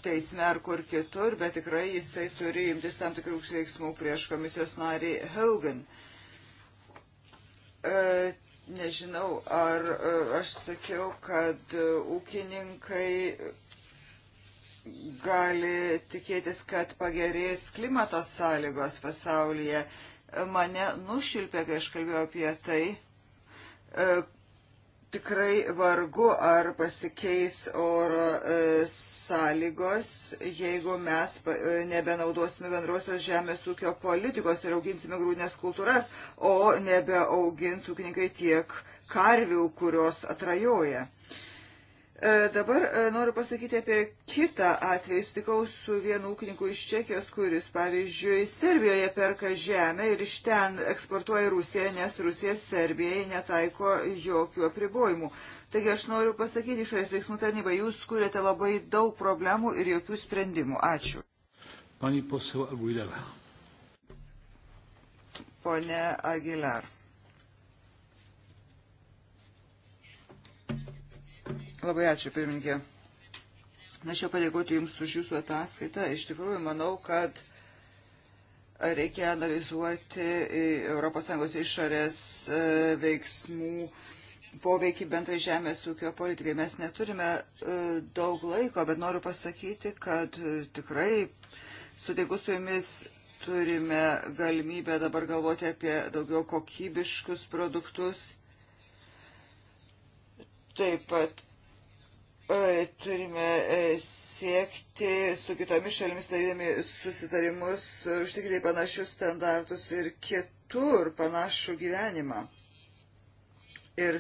teisme ar kur kitur, bet tikrai jisai turi imtis tam tikrų veiksmų prieš komisijos narį Haugen. E, nežinau, ar aš sakiau, kad ūkininkai gali tikėtis, kad pagerės klimato sąlygos pasaulyje mane nušilpė, kai aš kalbėjau apie tai. E, tikrai vargu ar pasikeis oro e, sąlygos, jeigu mes e, nebenaudosime bendrosios žemės ūkio politikos ir auginsime grūdinės kultūras, o nebeaugins ūkininkai tiek karvių, kurios atrajoja. Uh, E, dabar e, noriu pasakyti apie kitą atvejį. Sutikau su vienu ūkininku iš Čekijos, kuris, pavyzdžiui, Serbijoje perka žemę ir iš ten eksportuoja Rusiją, nes Rusija Serbijai netaiko jokių apribojimų. Taigi aš noriu pasakyti išorės veiksmų tarnybai, jūs kuriate labai daug problemų ir jokių sprendimų. Ačiū. Pani posėva Aguilera. Pone Aguilar. Labai ačiū, pirmininkė. Norėčiau padėkoti Jums už Jūsų ataskaitą. Iš tikrųjų, manau, kad reikia analizuoti ES išorės e, veiksmų poveikį bendrai žemės ūkio politikai. Mes neturime e, daug laiko, bet noriu pasakyti, kad e, tikrai sutinku su jumis turime galimybę dabar galvoti apie daugiau kokybiškus produktus. Taip pat E, turime e, siekti su kitomis šalimis, darydami susitarimus, e, užtikrinti panašius standartus ir kitur panašų gyvenimą. Ir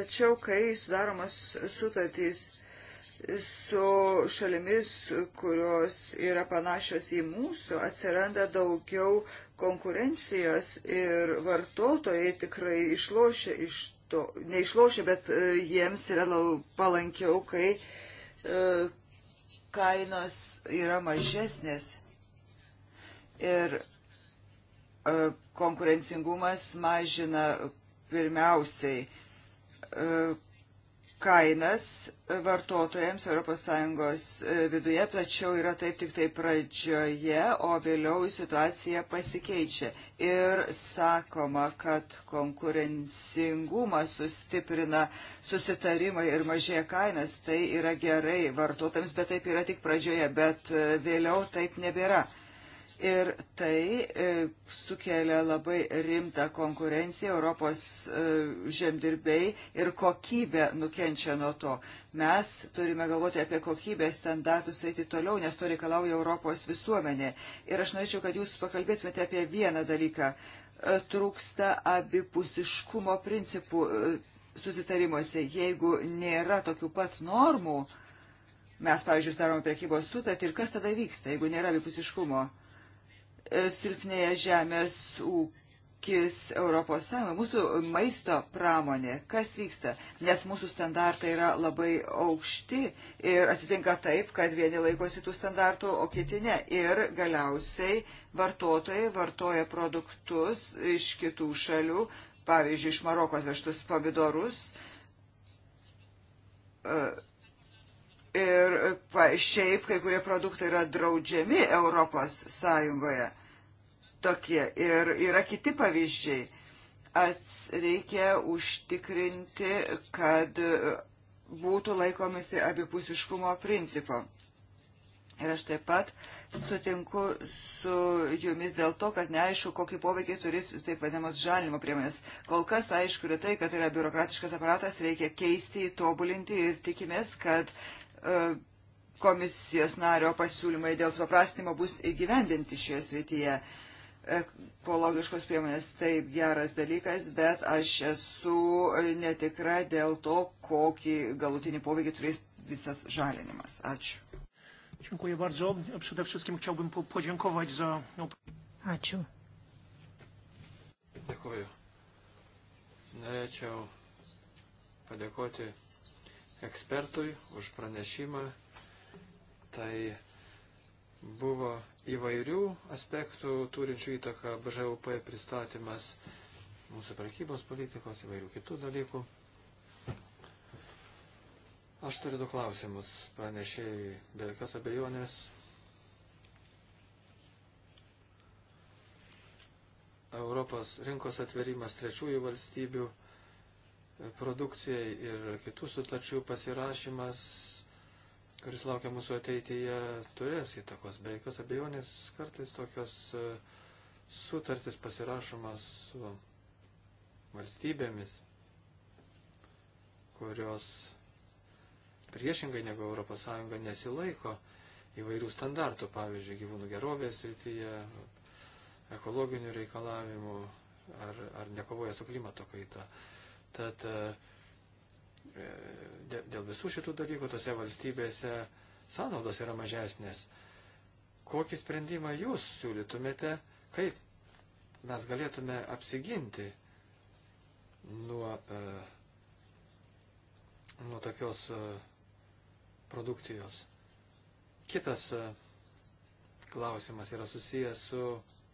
tačiau, kai sudaromas sutartys su šalimis, kurios yra panašios į mūsų, atsiranda daugiau konkurencijos ir vartotojai tikrai išlošia iš to, neišlošia, bet e, jiems yra palankiau, kai e, kainos yra mažesnės. Ir e, konkurencingumas mažina pirmiausiai kainas vartotojams ES e, viduje, tačiau yra taip tik tai pradžioje, o vėliau situacija pasikeičia. Ir sakoma, kad konkurencingumą sustiprina susitarimai ir mažėja kainas, tai yra gerai vartotojams, bet taip yra tik pradžioje, bet e, vėliau taip nebėra ir tai e, sukelia labai rimtą konkurenciją Europos e, žemdirbiai ir kokybė nukenčia nuo to. Mes turime galvoti apie kokybės standartus eiti toliau, nes to reikalauja Europos visuomenė. Ir aš norėčiau, kad jūs pakalbėtumėte apie vieną dalyką. E, trūksta abipusiškumo principų susitarimuose. Jeigu nėra tokių pat normų, mes, pavyzdžiui, darome prekybos sutartį ir kas tada vyksta, jeigu nėra abipusiškumo? E, silpnėja žemės ūkis Europos Sąjunga, mūsų maisto pramonė, kas vyksta, nes mūsų standartai yra labai aukšti ir atsitinka taip, kad vieni laikosi tų standartų, o kiti ne. Ir galiausiai vartotojai vartoja produktus iš kitų šalių, pavyzdžiui, iš Marokos vežtus pomidorus. Uh, ir e, šiaip kai kurie produktai yra draudžiami Europos Sąjungoje. Tokie ir yra kiti pavyzdžiai. Ats reikia užtikrinti, kad e, būtų laikomasi abipusiškumo principo. Ir aš taip pat sutinku su jumis dėl to, kad neaišku, kokį poveikį turės taip vadinamas žalimo priemonės. Kol kas aišku yra tai, kad tai yra biurokratiškas aparatas, reikia keisti, tobulinti ir tikimės, kad E, komisijos nario pasiūlymai dėl supaprastinimo bus įgyvendinti šioje srityje. Ekologiškos priemonės taip geras dalykas, bet aš esu netikra dėl to, kokį galutinį poveikį turės visas žalinimas. Ačiū. Dziękuję bardzo. Przede wszystkim chciałbym podziękować za... Ačiū. Dėkuoju. Norėčiau padėkoti ekspertui už pranešimą. Tai buvo įvairių aspektų turinčių įtaką BŽUP pristatymas, mūsų prekybos politikos, įvairių kitų dalykų. Aš turiu du klausimus pranešėjai, be jokios abejonės. Europos rinkos atverimas trečiųjų valstybių produkcijai ir kitų sutarčių pasirašymas, kuris laukia mūsų ateityje, turės įtakos. Be jokios abejonės kartais tokios e, sutartis pasirašomas su valstybėmis, kurios priešingai negu ES nesilaiko įvairių standartų, pavyzdžiui, gyvūnų gerovės rytyje, ekologinių reikalavimų ar, ar nekovoja su klimato kaita. Uh, Tad e, e, dėl visų šitų dalykų tose valstybėse sąnaudos yra mažesnės. Kokį sprendimą jūs siūlytumėte, kaip mes galėtume apsiginti nuo, e, nuo tokios produkcijos? Kitas klausimas yra susijęs su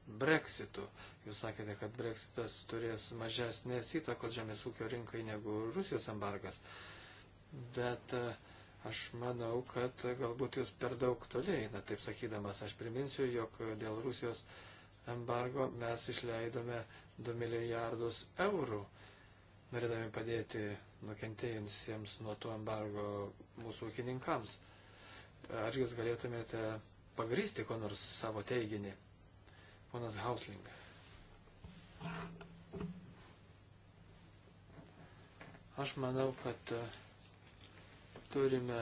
breksitu. Jūs sakėte, kad breksitas turės mažesnės įtakos žemės ūkio rinkai negu Rusijos embargas. Bet e, aš manau, kad galbūt jūs per daug toliai, na taip sakydamas, aš priminsiu, jog dėl Rusijos embargo mes išleidome 2 milijardus eurų, norėdami padėti nukentėjusiems nuo to embargo mūsų ūkininkams. Ar jūs galėtumėte pagrysti ko nors savo teiginį? Ponas Hausling. Aš manau, kad e, turime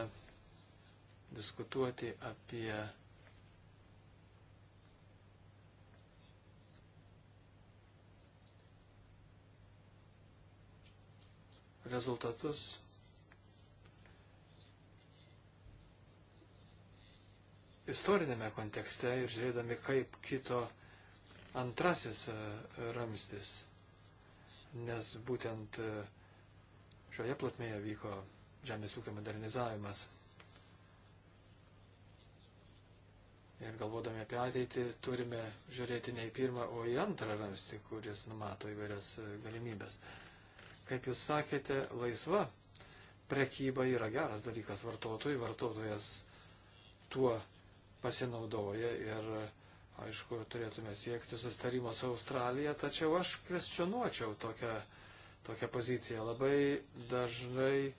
diskutuoti apie rezultatus istorinėme kontekste ir žiūrėdami, kaip kito antrasis e, ramstis, nes būtent e, šioje platmėje vyko žemės ūkio modernizavimas. Ir galvodami apie ateitį turime žiūrėti ne į pirmą, o į antrą ramstį, kuris numato įvairias e, galimybės. Kaip jūs sakėte, laisva prekyba yra geras dalykas vartotojui, vartotojas tuo pasinaudoja ir Aišku, turėtume siekti sustarimo su Australija, tačiau aš kvestionuočiau tokią, tokią poziciją. Labai dažnai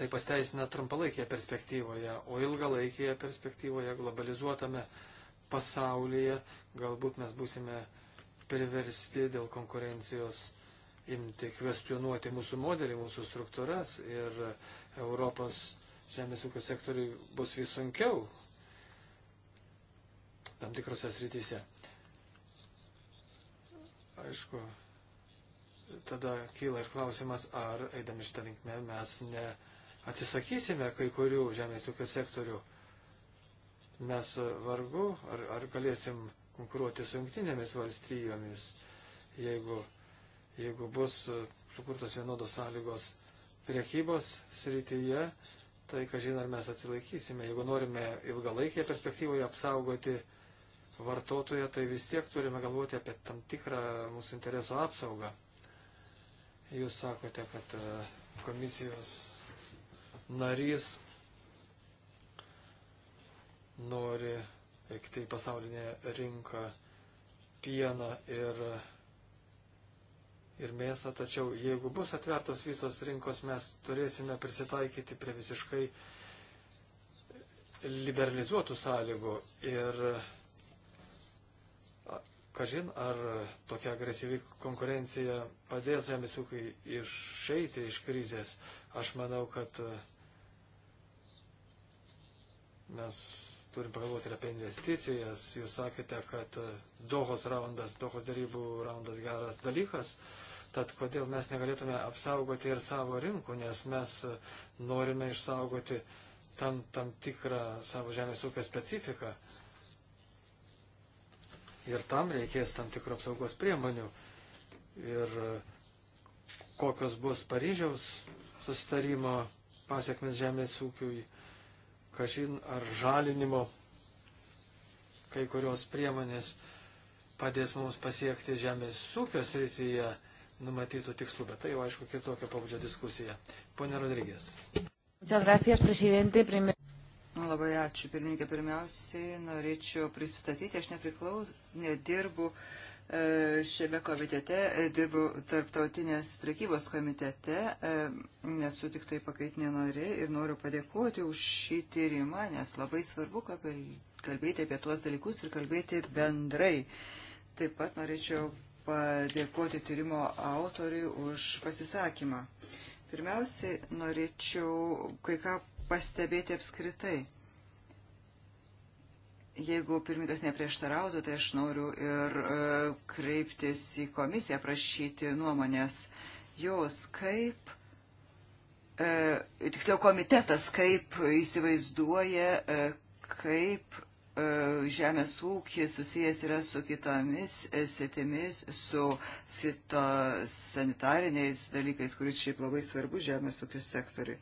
tai pasteisina trumpalaikėje perspektyvoje, o ilgalaikėje perspektyvoje, globalizuotame pasaulyje, galbūt mes būsime priversti dėl konkurencijos imti kvestionuoti mūsų modelį, mūsų struktūras ir Europos žemės ūkio sektoriui bus vis sunkiau tam tikrose srityse. Aišku, tada kyla ir klausimas, ar eidami šitą linkmę mes neatsisakysime kai kurių žemės ūkio sektorių. Mes vargu, ar, ar galėsim konkuruoti su jungtinėmis valstijomis, jeigu, jeigu bus sukurtos vienodos sąlygos priekybos srityje, tai, ką žinai, ar mes atsilaikysime, jeigu norime ilgalaikėje perspektyvoje apsaugoti vartotoją, tai vis tiek turime galvoti apie tam tikrą mūsų interesų apsaugą. Jūs sakote, kad e, komisijos narys nori eikti į pasaulinę rinką pieną ir, ir mėsą, tačiau jeigu bus atvertos visos rinkos, mes turėsime prisitaikyti prie visiškai liberalizuotų sąlygų ir Kažin, ar tokia agresyvi konkurencija padės žemės ūkiai išeiti iš krizės. Aš manau, kad e, mes turim pagalvoti ir apie investicijas. Jūs sakėte, kad e, Dohos raundas, Dohos darybų raundas geras dalykas. Tad kodėl mes negalėtume apsaugoti ir savo rinkų, nes mes e, norime išsaugoti tam, tam tikrą savo žemės ūkio specifiką ir tam reikės tam tikrų apsaugos priemonių. Ir kokios bus Paryžiaus sustarimo pasiekmes žemės ūkiui, kažin ar žalinimo, kai kurios priemonės padės mums pasiekti žemės ūkio srityje numatytų tikslų, bet tai jau aišku kitokio pabudžio diskusija. Pone Rodrygės. Labai ačiū, pirmininkė. Pirmiausiai norėčiau prisistatyti, aš nepriklausau dirbu e, šiame komitete, e, dirbu tarptautinės prekybos komitete, e, nesu tik tai pakaitinė nori ir noriu padėkoti už šį tyrimą, nes labai svarbu kalbėti apie tuos dalykus ir kalbėti bendrai. Taip pat norėčiau padėkoti tyrimo autoriui už pasisakymą. Pirmiausiai norėčiau kai ką pastebėti apskritai. Jeigu pirmininkas neprieštarautų, tai aš noriu ir e, kreiptis į komisiją, prašyti nuomonės jos, kaip, e, tiksliau komitetas, kaip įsivaizduoja, e, kaip e, žemės ūkis susijęs yra su kitomis e, sėtimis, su fitosanitariniais dalykais, kuris šiaip labai svarbu žemės ūkio sektoriui.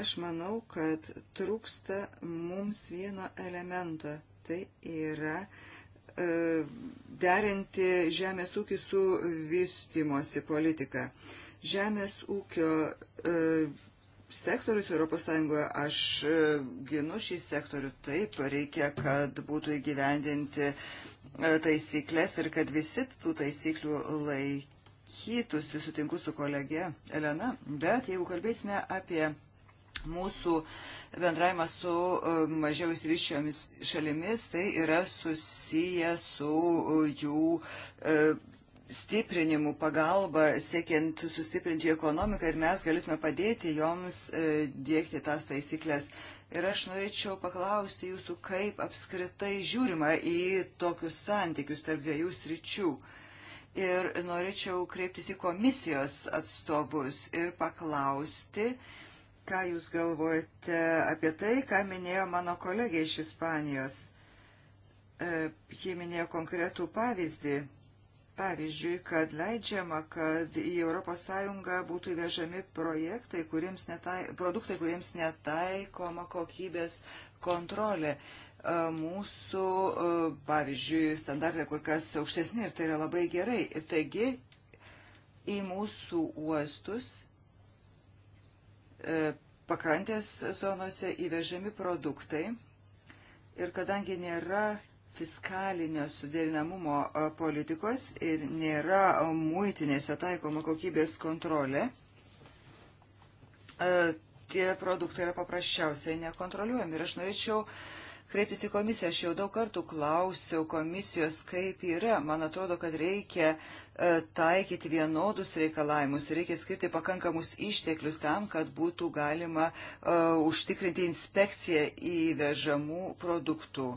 Aš manau, kad trūksta mums vieno elemento. Tai yra e, derinti žemės ūkį su vystimosi politika. Žemės ūkio e, sektorius ES, aš e, ginu šį sektorių taip, reikia, kad būtų įgyvendinti e, taisyklės ir kad visi tų taisyklių laikytųsi, sutinku su kolege Elena. Bet jeigu kalbėsime apie mūsų bendravimas su e, mažiau įsivyščiomis šalimis, tai yra susiję su e, jų e, stiprinimu, pagalba, siekiant sustiprinti jų ekonomiką ir mes galėtume padėti joms dėkti tas taisyklės. Ir aš norėčiau paklausti jūsų, kaip apskritai žiūrima į tokius santykius tarp dviejų sričių. Ir norėčiau kreiptis į komisijos atstovus ir paklausti, Ką Jūs galvojate apie tai, ką minėjo mano kolegė iš Ispanijos? E, ji minėjo konkretų pavyzdį. Pavyzdžiui, kad leidžiama, kad į ES būtų įvežami projektai, kuriems netai, produktai, kuriems netaikoma kokybės kontrolė e, mūsų, e, pavyzdžiui, standartai kur kas aukštesni ir tai yra labai gerai. Ir taigi į mūsų uostus E, pakrantės zonose įvežami produktai ir kadangi nėra fiskalinio suderinamumo e, politikos ir nėra muitinėse taikoma kokybės kontrolė, e, tie produktai yra paprasčiausiai nekontroliuojami. Ir aš norėčiau kreiptis į komisiją. Aš jau daug kartų klausiau komisijos, kaip yra. Man atrodo, kad reikia E, taikyti vienodus reikalavimus, reikia skirti pakankamus išteklius tam, kad būtų galima uh, užtikrinti inspekciją įvežamų produktų.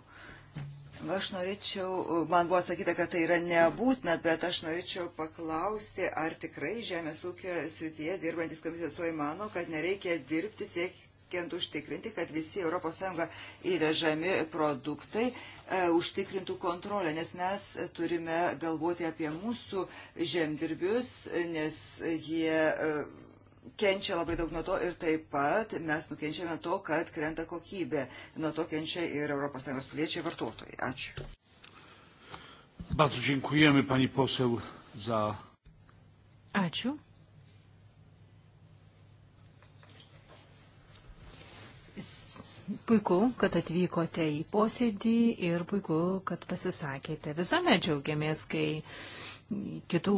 Aš norėčiau, e, man buvo atsakyta, kad tai yra nebūtina, bet aš norėčiau paklausti, ar tikrai Žemės ūkio srityje dirbantis komisijos suoj mano, kad nereikia dirbti siekiant užtikrinti, kad visi ES įvežami produktai uh, E, užtikrintų kontrolę, nes mes turime galvoti apie mūsų žemdirbius, nes jie e, kenčia labai daug nuo to ir taip pat mes nukenčiame to, kad krenta kokybė. Nuo to kenčia ir ES piliečiai vartotojai. Ačiū. Bardzo dziękujemy pani poseł za. Ačiū. Puiku, kad atvykote į posėdį ir puiku, kad pasisakėte. Visuomet džiaugiamės, kai kitų,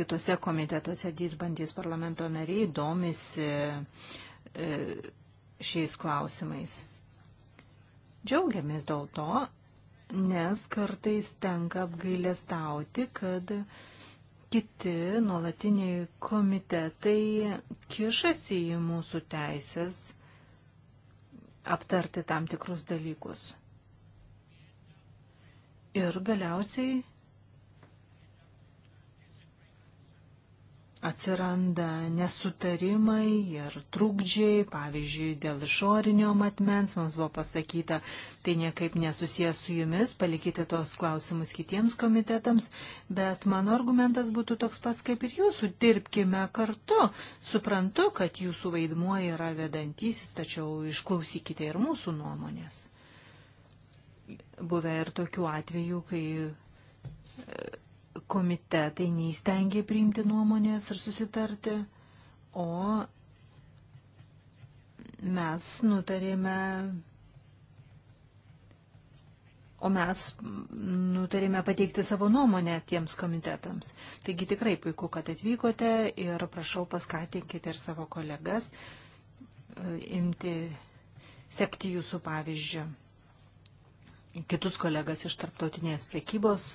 kitose komitetuose dirbantis parlamento nariai domisi e, šiais klausimais. Džiaugiamės dėl to, nes kartais tenka apgailestauti, kad kiti nuolatiniai komitetai kišasi į mūsų teisės aptarti tam tikrus dalykus. Ir galiausiai atsiranda nesutarimai ir trukdžiai, pavyzdžiui, dėl išorinio matmens, mums buvo pasakyta, tai niekaip nesusijęs su jumis, palikite tos klausimus kitiems komitetams, bet mano argumentas būtų toks pats kaip ir jūsų, dirbkime kartu. Suprantu, kad jūsų vaidmuo yra vedantysis, tačiau išklausykite ir mūsų nuomonės. Buvę ir tokių atvejų, kai komitetai neįstengė priimti nuomonės ir susitarti, o mes nutarėme, o mes nutarėme pateikti savo nuomonę tiems komitetams. Taigi tikrai puiku, kad atvykote ir prašau paskatinkite ir savo kolegas e, imti, sekti jūsų pavyzdžių. Kitus kolegas iš tarptautinės prekybos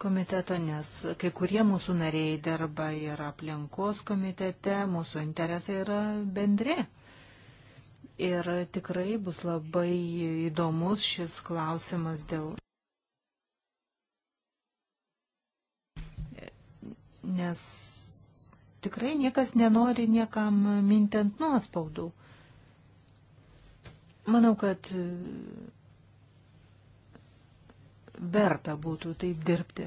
komiteto, nes kai kurie mūsų nariai dirba ir aplinkos komitete, mūsų interesai yra bendri. Ir tikrai bus labai įdomus šis klausimas dėl. Nes tikrai niekas nenori niekam mintent nuospaudų. Manau, kad verta būtų taip dirbti.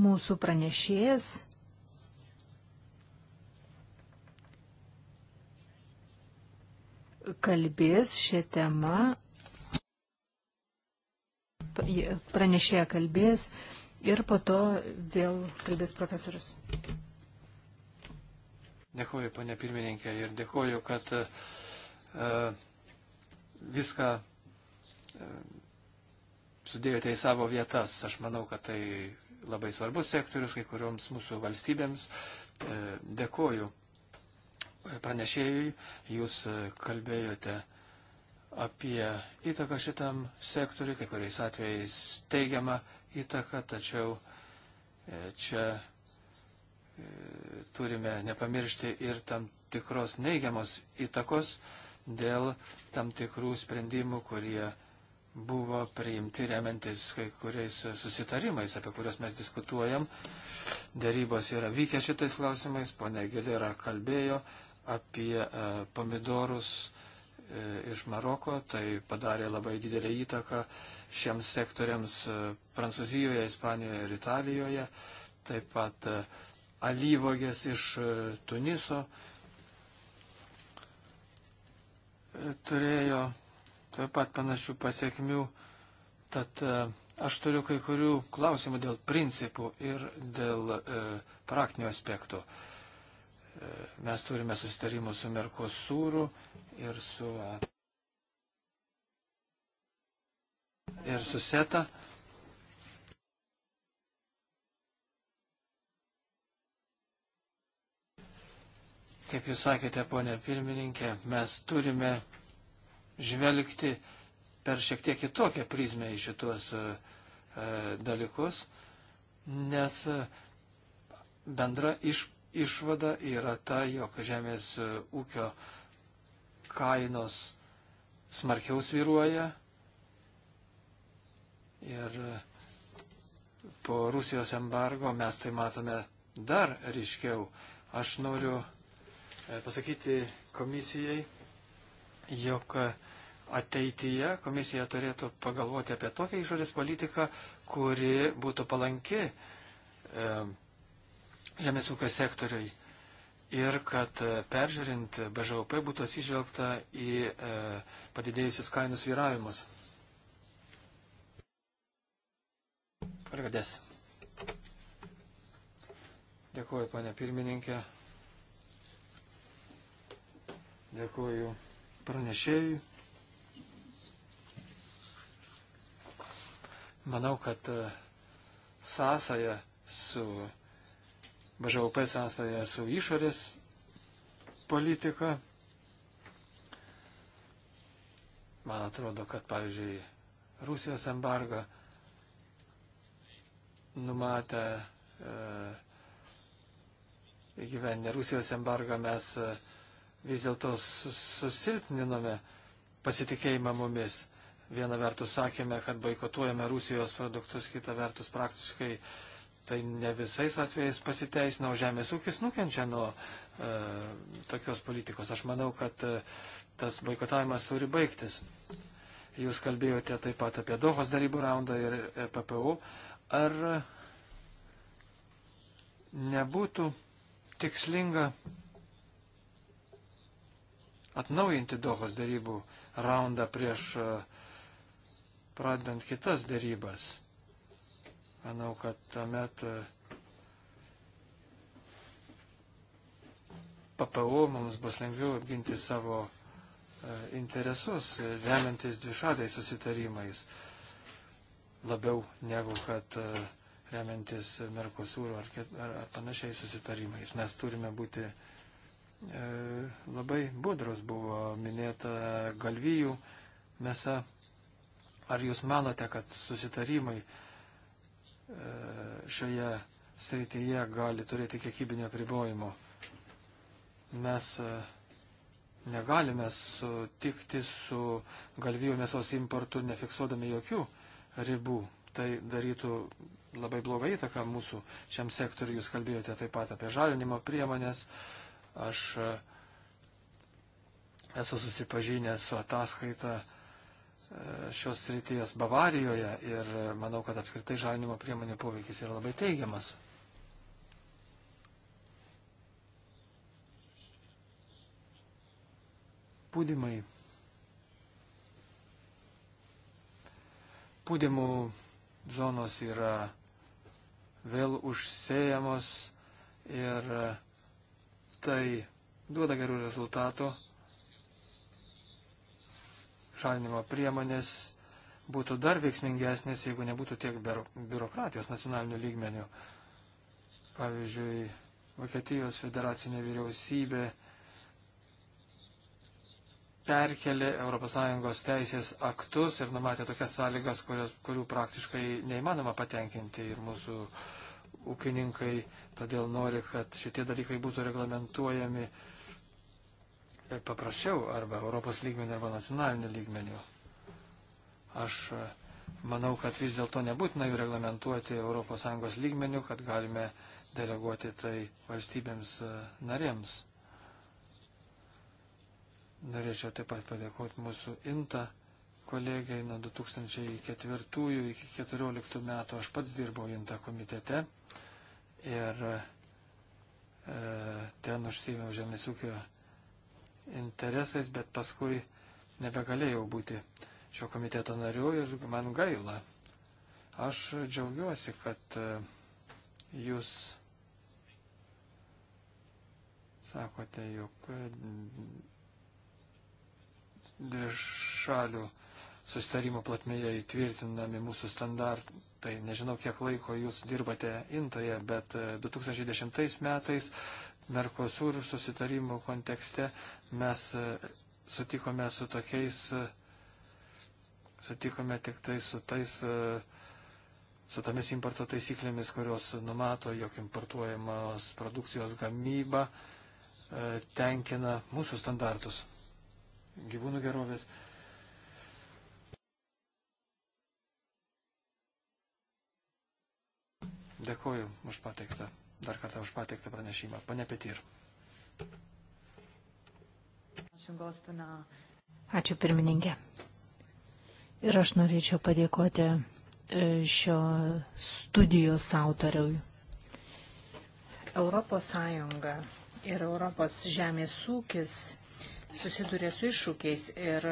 Mūsų pranešėjas kalbės šią temą, pranešėja kalbės ir po to vėl kalbės profesorius. Dėkuoju, ponė pirmininkė, ir dėkuoju, kad uh, viską sudėjote į savo vietas. Aš manau, kad tai labai svarbus sektorius kai kurioms mūsų valstybėms. E, dėkoju pranešėjui, jūs kalbėjote apie įtaką šitam sektoriui, kai kuriais atvejais teigiamą įtaką, tačiau e, čia e, turime nepamiršti ir tam tikros neigiamos įtakos dėl tam tikrų sprendimų, kurie buvo priimti remiantis kai kuriais susitarimais, apie kuriuos mes diskutuojam. Darybos yra vykę šitais klausimais, ponė Gilera kalbėjo apie e, pomidorus e, iš Maroko, tai padarė labai didelę įtaką šiems sektoriams e, Prancūzijoje, Ispanijoje ir Italijoje, taip pat alyvogės iš Tuniso turėjo taip pat panašių pasiekmių. Tad e, aš turiu kai kurių klausimų dėl principų ir dėl e, praktinių aspektų. E, mes turime susitarimų su Merkosūru ir su, ir su SETA. Kaip jūs sakėte, ponė pirmininkė, mes turime žvelgti per šiek tiek kitokią prizmę į šitos e, e, dalykus, nes e, bendra iš, išvada yra ta, jog žemės ūkio kainos smarkiau sviruoja ir po Rusijos embargo mes tai matome dar ryškiau. Aš noriu pasakyti komisijai, jog ateityje komisija turėtų pagalvoti apie tokią išorės politiką, kuri būtų palanki e, žemės ūkio sektoriui ir kad e, peržiūrint BŽOP būtų atsižvelgta į e, padidėjusius kainų sviravimus. Argadės. Dėkuoju, panė pirmininkė. Dėkuoju pranešėjui. Manau, kad e, sąsaja su BŽUP sąsaja su išorės politika. Man atrodo, kad pavyzdžiui Rusijos embargą numatę e, įgyvenę Rusijos embargą mes e, vis dėlto susilpninome pasitikėjimą mumis. Viena vertus sakėme, kad boikotuojame Rusijos produktus, kita vertus praktiškai tai ne visais atvejais pasiteisina, o žemės ūkis nukenčia nuo e, tokios politikos. Aš manau, kad e, tas boikotavimas turi baigtis. Jūs kalbėjote taip pat apie Dohos darybų raundą ir e PPU. Ar nebūtų tikslinga atnaujinti Dohos darybų raundą prieš e, pradant kitas dėrybas. Manau, kad tuomet e, PPO mums bus lengviau apginti savo e, interesus, remiantis dvišaliais susitarimais, labiau negu kad e, remiantis Merkosūro ar, ar, ar panašiai susitarimais. Mes turime būti e, labai budrus, buvo minėta galvijų mėsa Ar jūs manote, kad susitarimai e, šioje srityje gali turėti kiekybinio pribojimo? Mes e, negalime sutikti su galvijų mėsos importu, nefiksuodami jokių ribų. Tai darytų labai blogą įtaką mūsų šiam sektoriu. Jūs kalbėjote taip pat apie žalinimo priemonės. Aš e, esu susipažinęs su ataskaita šios ryties Bavarijoje ir manau, kad apskritai žalinimo priemonių poveikis yra labai teigiamas. Pūdymai. Pūdymų zonos yra vėl užsėjamos ir tai duoda gerų rezultatų šalinimo priemonės būtų dar veiksmingesnės, jeigu nebūtų tiek biurokratijos nacionalinių lygmenių. Pavyzdžiui, Vokietijos federacinė vyriausybė perkelė ES teisės aktus ir numatė tokias sąlygas, kurios, kurių praktiškai neįmanoma patenkinti ir mūsų ūkininkai todėl nori, kad šitie dalykai būtų reglamentuojami uh, paprasčiau arba Europos lygmenių arba nacionalinių lygmenių. Aš e, manau, kad vis dėlto nebūtina jų reglamentuoti ES lygmenių, kad galime deleguoti tai valstybėms e, narėms. Norėčiau taip pat padėkoti mūsų INTA kolegai nuo 2004 iki 2014 metų. Aš pats dirbau INTA komitete ir e, ten užsėmiau žemės ūkio interesais, bet paskui nebegalėjau būti šio komiteto nariu ir man gaila. Aš džiaugiuosi, kad e, jūs sakote, jog e, dvišalių sustarimo platmėje įtvirtinami mūsų standartai. Nežinau, kiek laiko jūs dirbate Intoje, bet 2010 e, metais Merkosur susitarimų kontekste mes e, sutikome su tokiais, e, sutikome tik tai su tais, e, su tomis importo taisyklėmis, kurios numato, jog importuojamos produkcijos gamyba tenkina mūsų standartus gyvūnų gerovės. Dėkuoju už pateiktą dar kartą už pateiktą pranešimą. Pane Petir. Ačiū pirmininkė. Ir aš norėčiau padėkoti e, šio studijos autoriui. Europos Sąjunga ir Europos žemės ūkis susiduria su iššūkiais ir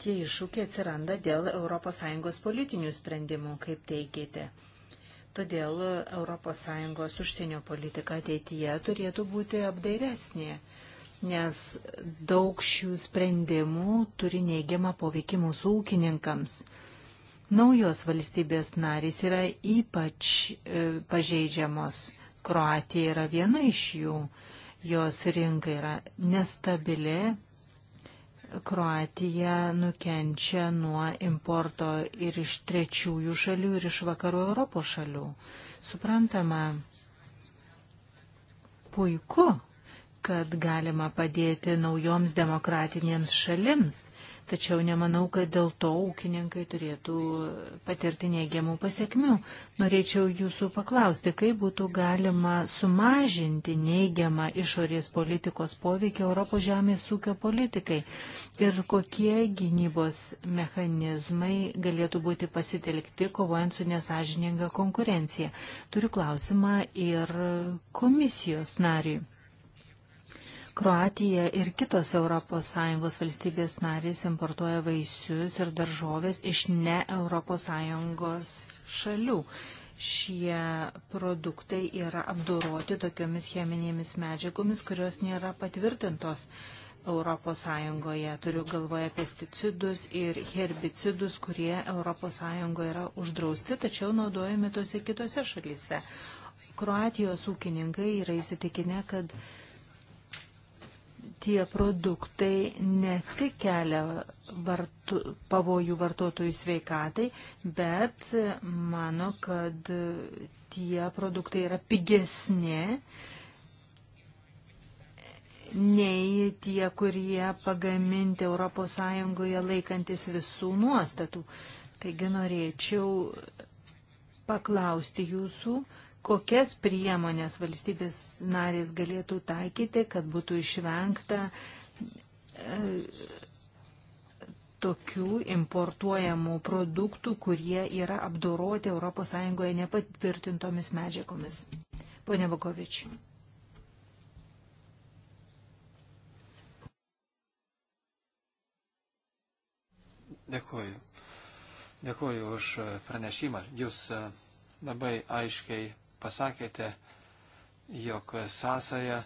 tie iššūkiai atsiranda dėl ES politinių sprendimų, kaip teikėte. Todėl ES užsienio politika ateityje turėtų būti apdairesnė, nes daug šių sprendimų turi neigiamą poveikį mūsų ūkininkams. Naujos valstybės narys yra ypač e, pažeidžiamos. Kroatija yra viena iš jų. Jos rinka yra nestabili, Kroatija nukenčia nuo importo ir iš trečiųjų šalių, ir iš vakarų Europos šalių. Suprantama, puiku, kad galima padėti naujoms demokratinėms šalims Tačiau nemanau, kad dėl to ūkininkai turėtų patirti neigiamų pasiekmių. Norėčiau jūsų paklausti, kaip būtų galima sumažinti neigiamą išorės politikos poveikį Europos žemės ūkio politikai ir kokie gynybos mechanizmai galėtų būti pasitelkti kovojant su nesažininga konkurencija. Turiu klausimą ir komisijos nariui. Kroatija ir kitos ES valstybės narys importuoja vaisius ir daržovės iš ne ES šalių. Šie produktai yra apdoroti tokiomis cheminėmis medžiagomis, kurios nėra patvirtintos ES. Turiu galvoje pesticidus ir herbicidus, kurie ES yra uždrausti, tačiau naudojami tose kitose šalyse. Kroatijos ūkininkai yra įsitikinę, kad tie produktai ne tik kelia vartu, pavojų vartotojų sveikatai, bet mano, kad tie produktai yra pigesni nei tie, kurie pagaminti ES laikantis visų nuostatų. Taigi norėčiau paklausti jūsų, kokias priemonės valstybės narės galėtų taikyti, kad būtų išvengta e, tokių importuojamų produktų, kurie yra apdoroti ES nepatvirtintomis medžiagomis. Pone Bakovič. Dėkuoju. Dėkuoju už pranešimą. Jūs e, labai aiškiai pasakėte, jog sąsaja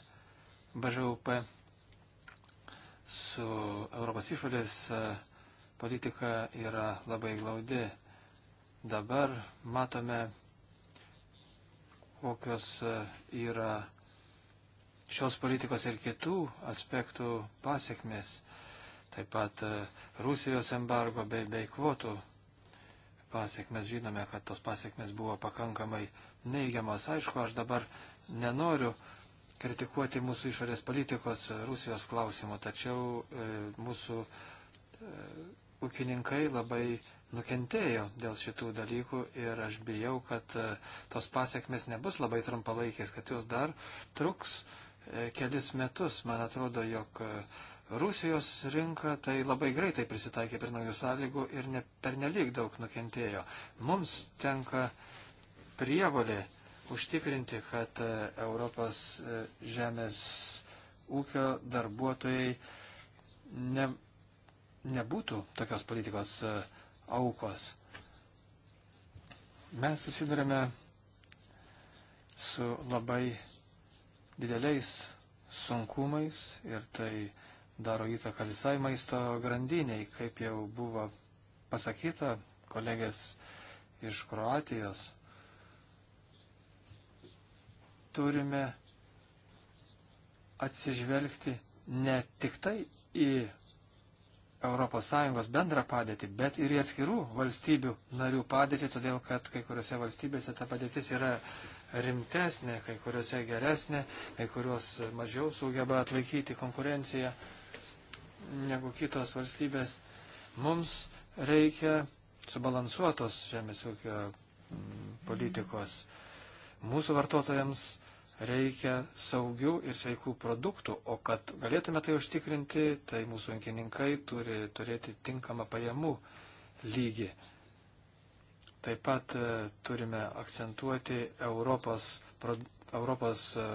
BŽUP su Europos išorės e, politika yra labai glaudi. Dabar matome, kokios e, yra šios politikos ir kitų aspektų pasiekmes. Taip pat e, Rusijos embargo bei, bei kvotų pasiekmes žinome, kad tos pasiekmes buvo pakankamai uh, neigiamos. Aišku, aš dabar nenoriu kritikuoti mūsų išorės politikos e, Rusijos klausimų, tačiau e, mūsų e, ūkininkai labai nukentėjo dėl šitų dalykų ir aš bijau, kad e, tos pasiekmes nebus labai trumpalaikės, kad jos dar truks e, kelis metus. Man atrodo, jog Rusijos rinka tai labai greitai prisitaikė prie naujų sąlygų ir ne, per nelik daug nukentėjo. Mums tenka uh, prievolė užtikrinti, kad e, Europos e, žemės ūkio darbuotojai ne, nebūtų tokios politikos e, aukos. Mes susidurime su labai dideliais sunkumais ir tai daro įtaką visai maisto grandiniai, kaip jau buvo pasakyta kolegės iš Kroatijos turime atsižvelgti ne tik tai į ES bendrą padėtį, bet ir į atskirų valstybių narių padėtį, todėl kad kai kuriuose valstybėse ta padėtis yra rimtesnė, kai kuriuose geresnė, kai kurios mažiau sugeba atlaikyti konkurenciją negu kitos valstybės. Mums reikia subalansuotos žemės ūkio mm, politikos. Mūsų vartotojams reikia saugių ir sveikų produktų, o kad galėtume tai užtikrinti, tai mūsų ūkininkai turi turėti tinkamą pajamų lygį. Taip pat e, turime akcentuoti Europos, Europos e,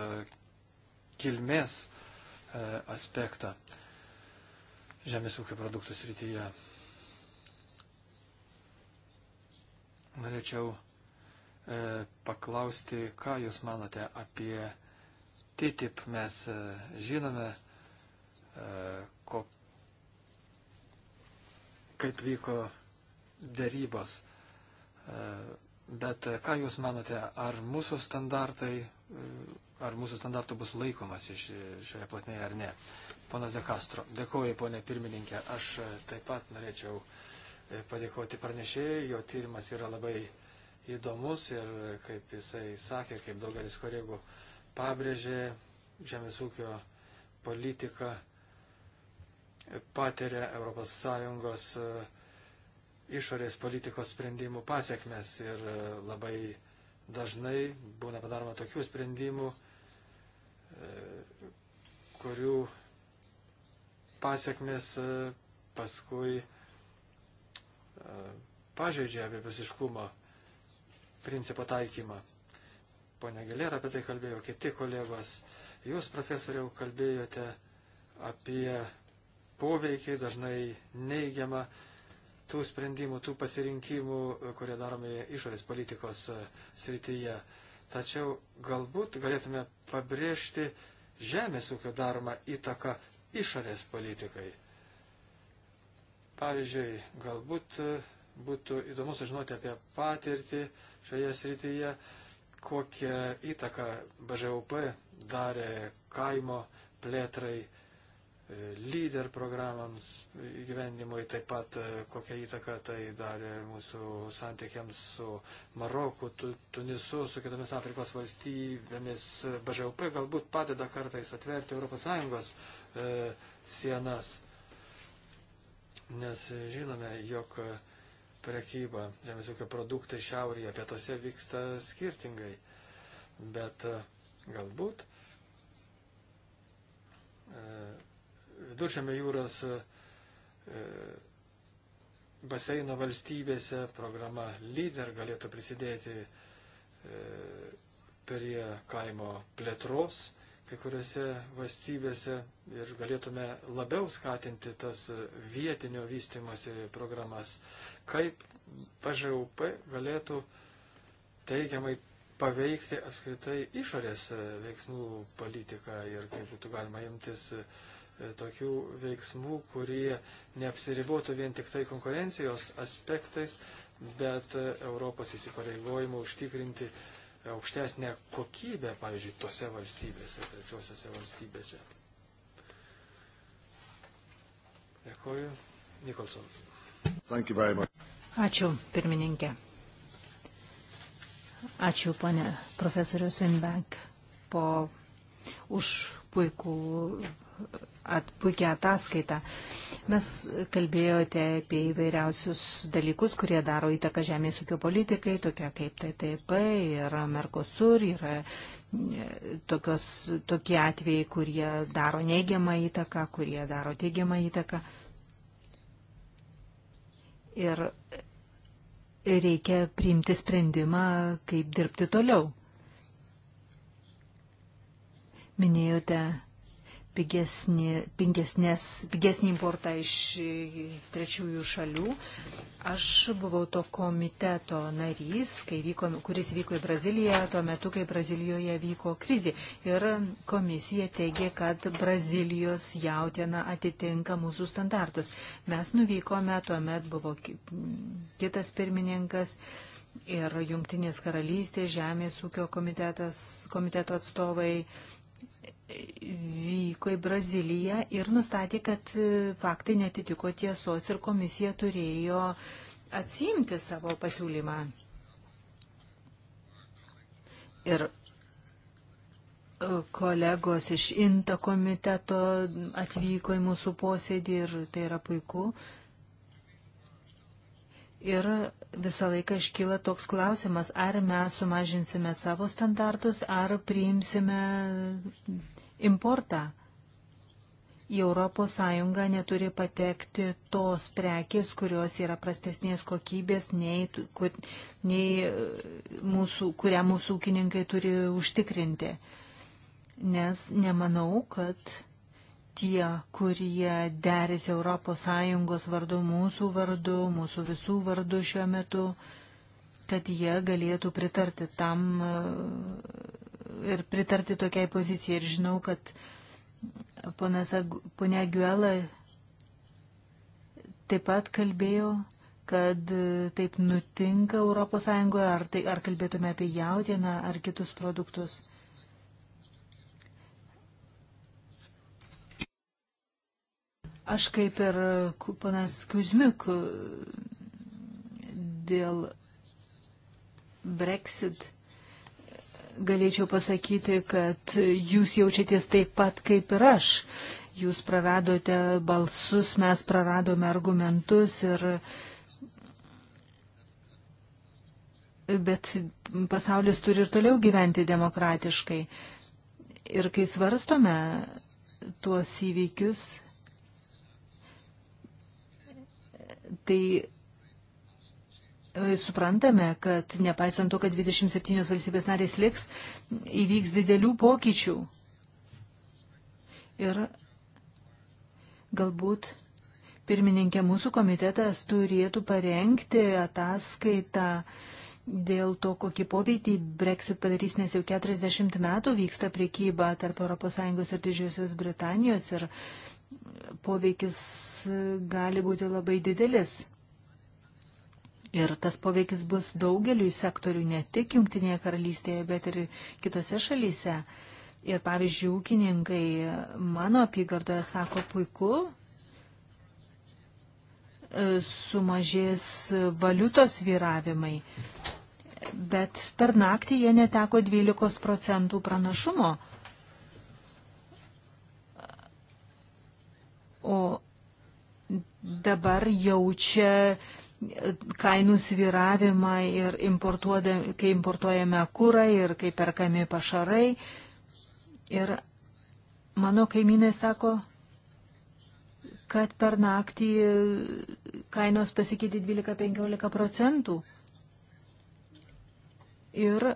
kilmės e, aspektą žemės ūkio produktų srityje. Norėčiau E, paklausti, ką Jūs manote apie TTIP. Mes e, žinome, e, ko, kaip vyko darybos. Bet ką Jūs manote, ar mūsų standartai, ar mūsų standartų bus laikomas iš šioje platmėje ar ne? Ponas De Castro, dėkuoju, ponė pirmininkė. Aš taip pat norėčiau padėkoti pranešėjai, jo tyrimas yra labai uh, įdomus ir kaip jisai sakė, kaip daugelis kolegų pabrėžė, žemės ūkio politika patiria ES e, išorės politikos sprendimų pasiekmes ir e, labai dažnai būna padaroma tokių sprendimų, e, kurių pasiekmes paskui pažeidžia abipusiškumo principo taikymą. Pone Galera apie tai kalbėjo, kiti kolegos. Jūs, profesoriau, kalbėjote apie poveikį, dažnai neigiamą tų sprendimų, tų pasirinkimų, kurie daromi išorės politikos e, srityje. Tačiau galbūt galėtume pabrėžti žemės ūkio daromą įtaką išorės politikai. Pavyzdžiui, galbūt e, Būtų įdomu sužinoti apie patirtį šioje srityje, kokią įtaką BŽUP darė kaimo plėtrai, e, lyder programams įgyvendimui, taip pat e, kokią įtaką tai darė mūsų santykiams su Maroku, Tunisu, su kitomis Afrikos valstybėmis. BŽUP galbūt padeda kartais atverti ES e, sienas, nes žinome, jog prekyba žemės ūkio produktai šiaurėje, pietose vyksta skirtingai. Bet e, galbūt e, viduržėme jūros e, baseino valstybėse programa lyder galėtų prisidėti prie kaimo plėtros kai kuriuose valstybėse ir galėtume labiau skatinti tas vietinio vystimosi programas, kaip PŽUP galėtų teigiamai paveikti apskritai išorės veiksmų politiką ir kaip būtų galima imtis e, tokių veiksmų, kurie neapsiribotų vien tik tai konkurencijos aspektais, bet e, Europos įsipareigojimų užtikrinti aukštesnę kokybę, pavyzdžiui, tose valstybėse, trečiosiose valstybėse. Dėkoju. Nikolson. Ačiū, pirmininkė. Ačiū, pane profesorius Winbank, po, už puikų at, puikia ataskaita. Mes kalbėjote apie įvairiausius dalykus, kurie daro įtaką žemės ūkio politikai, tokia kaip TTP ir Mercosur, yra e, tokios, tokie atvejai, kurie daro neigiamą įtaką, kurie daro teigiamą įtaką. Ir reikia priimti sprendimą, kaip dirbti toliau. Minėjote pigesnį, pigesnės, pigesnį importą iš trečiųjų šalių. Aš buvau to komiteto narys, vyko, kuris vyko į Braziliją tuo metu, kai Brazilijoje vyko krizė. Ir komisija teigė, kad Brazilijos jautiena atitinka mūsų standartus. Mes nuvykome, tuo metu buvo kitas pirmininkas ir Junktinės karalystės žemės ūkio komiteto atstovai vyko į Braziliją ir nustatė, kad e, faktai netitiko tiesos ir komisija turėjo atsiimti savo pasiūlymą. Ir e, kolegos iš INTA komiteto atvyko į mūsų posėdį ir tai yra puiku. Ir visą laiką iškyla toks klausimas, ar mes sumažinsime savo standartus, ar priimsime importą. Į ES neturi patekti tos prekės, kurios yra prastesnės kokybės, nei, kur, nei e, mūsų, kurią mūsų ūkininkai turi užtikrinti. Nes nemanau, kad tie, kurie derisi ES vardu, mūsų vardu, mūsų visų vardu šiuo metu, kad jie galėtų pritarti tam e, ir pritarti tokiai pozicijai. Ir žinau, kad ponas, ponia Guela taip pat kalbėjo, kad taip nutinka ES, ar, tai, ar kalbėtume apie jautieną ar kitus produktus. Aš kaip ir panas Kuzmiuk dėl Brexit galėčiau pasakyti, kad jūs jaučiatės taip pat kaip ir aš. Jūs praradote balsus, mes praradome argumentus ir. Bet pasaulis turi ir toliau gyventi demokratiškai. Ir kai svarstome tuos įvykius, tai E, suprantame, kad nepaisant to, kad 27 valstybės narės liks, įvyks didelių pokyčių. Ir galbūt pirmininkė mūsų komitetas turėtų parengti ataskaitą dėl to, kokį poveikį Brexit padarys, nes jau 40 metų vyksta priekyba tarp ES ir Didžiosios Britanijos ir poveikis gali būti labai didelis. Ir tas poveikis bus daugeliu sektorių, ne tik Junktinėje karalystėje, bet ir kitose šalyse. Ir pavyzdžiui, ūkininkai mano apygardoje sako puiku, sumažės valiutos vyravimai, bet per naktį jie neteko 12 procentų pranašumo. O dabar jaučia kainų sviravimą ir kai importuojame kūrą ir kai perkami pašarai. Ir mano kaimynai sako, kad per naktį kainos pasikeitė 12-15 procentų. Ir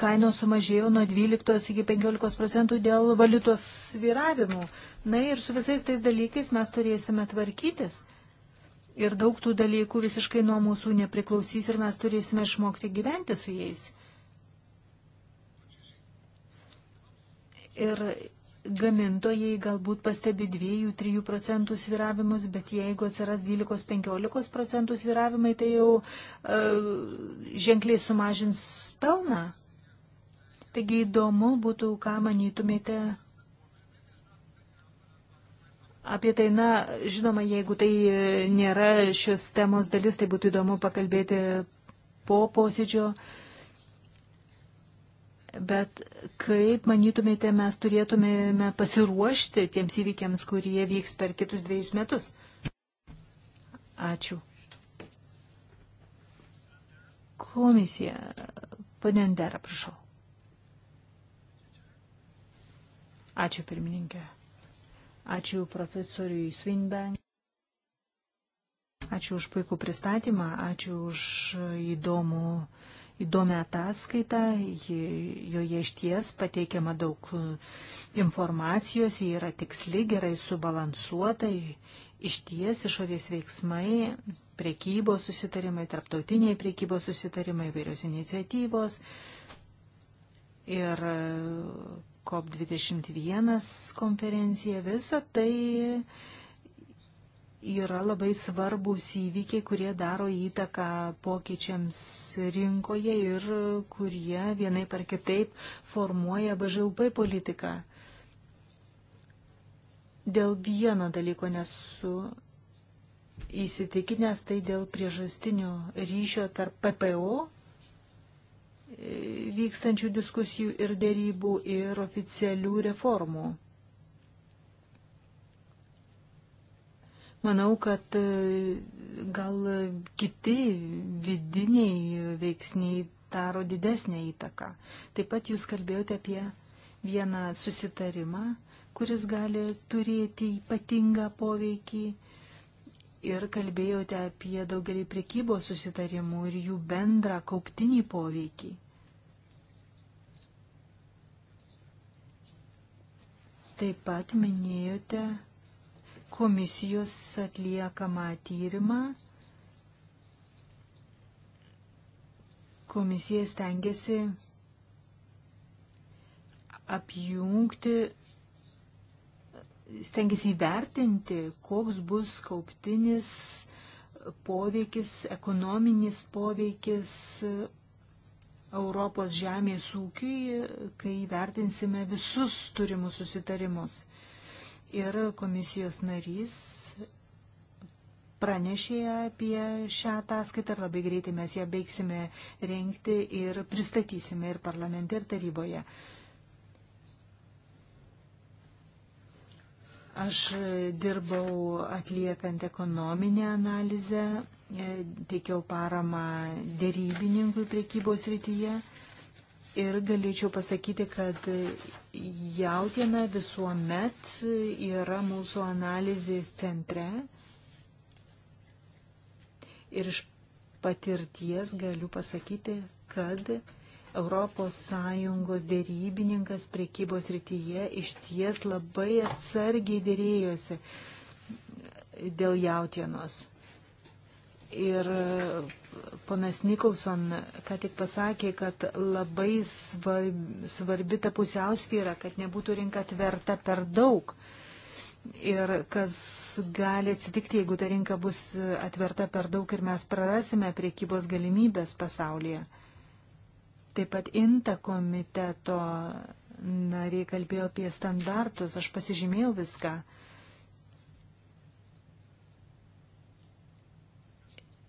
kainos sumažėjo nuo 12 iki 15 procentų dėl valiutos sviravimų. Na ir su visais tais dalykais mes turėsime tvarkytis. Ir daug tų dalykų visiškai nuo mūsų nepriklausys ir mes turėsime išmokti gyventi su jais. Ir gamintojai galbūt pastebi 2-3 procentų sviravimus, bet jeigu atsiras 12-15 procentų sviravimai, tai jau e, ženkliai sumažins pelną. Taigi įdomu būtų, ką manytumėte Apie tai, na, žinoma, jeigu tai nėra šios temos dalis, tai būtų įdomu pakalbėti po posėdžio. Bet kaip manytumėte, mes turėtumėme pasiruošti tiems įvykiams, kurie vyks per kitus dviejus metus? Ačiū. Komisija. Pane Endera, prašau. Ačiū, pirmininkė. Ačiū profesoriui Svinbank. Ačiū už puikų pristatymą, ačiū už įdomų, įdomią ataskaitą. Joje iš ties pateikiama daug informacijos, ji yra tiksli, gerai subalansuota. Iš ties išorės veiksmai, priekybos susitarimai, tarptautiniai priekybos susitarimai, vairios iniciatyvos ir COP21 konferencija, visa tai yra labai svarbus įvykiai, kurie daro įtaką pokyčiams rinkoje ir kurie vienai par kitaip formuoja BŽUP politiką. Dėl vieno dalyko nesu įsitikinęs, tai dėl priežastinio ryšio tarp PPO vykstančių diskusijų ir dėrybų ir oficialių reformų. Manau, kad e, gal kiti vidiniai veiksniai daro didesnę įtaką. Taip pat jūs kalbėjote apie vieną susitarimą, kuris gali turėti ypatingą poveikį ir kalbėjote apie daugelį prekybos susitarimų ir jų bendrą kauptinį poveikį. Taip pat minėjote komisijos atliekamą tyrimą. Komisija stengiasi apjungti, stengiasi įvertinti, koks bus kauptinis poveikis, ekonominis poveikis Europos žemės ūkiui, kai vertinsime visus turimus susitarimus. Ir komisijos narys pranešė apie šią ataskaitą ir labai greitai mes ją baigsime renkti ir pristatysime ir parlamente, ir taryboje. Aš dirbau atliekant ekonominę analizę E, teikiau paramą dėrybininkui priekybos rytyje ir galėčiau pasakyti, kad jautiena visuomet yra mūsų analizės centre ir iš patirties galiu pasakyti, kad ES dėrybininkas priekybos rytyje iš ties labai atsargiai dėrėjosi dėl jautienos. Ir e, ponas Nikolson ką tik pasakė, kad labai svarbi, svarbi ta pusiausvyra, kad nebūtų rinka tverta per daug. Ir kas gali atsitikti, jeigu ta rinka bus atverta per daug ir mes prarasime priekybos galimybės pasaulyje. Taip pat INTA komiteto nariai kalbėjo apie standartus, aš pasižymėjau viską. Uh,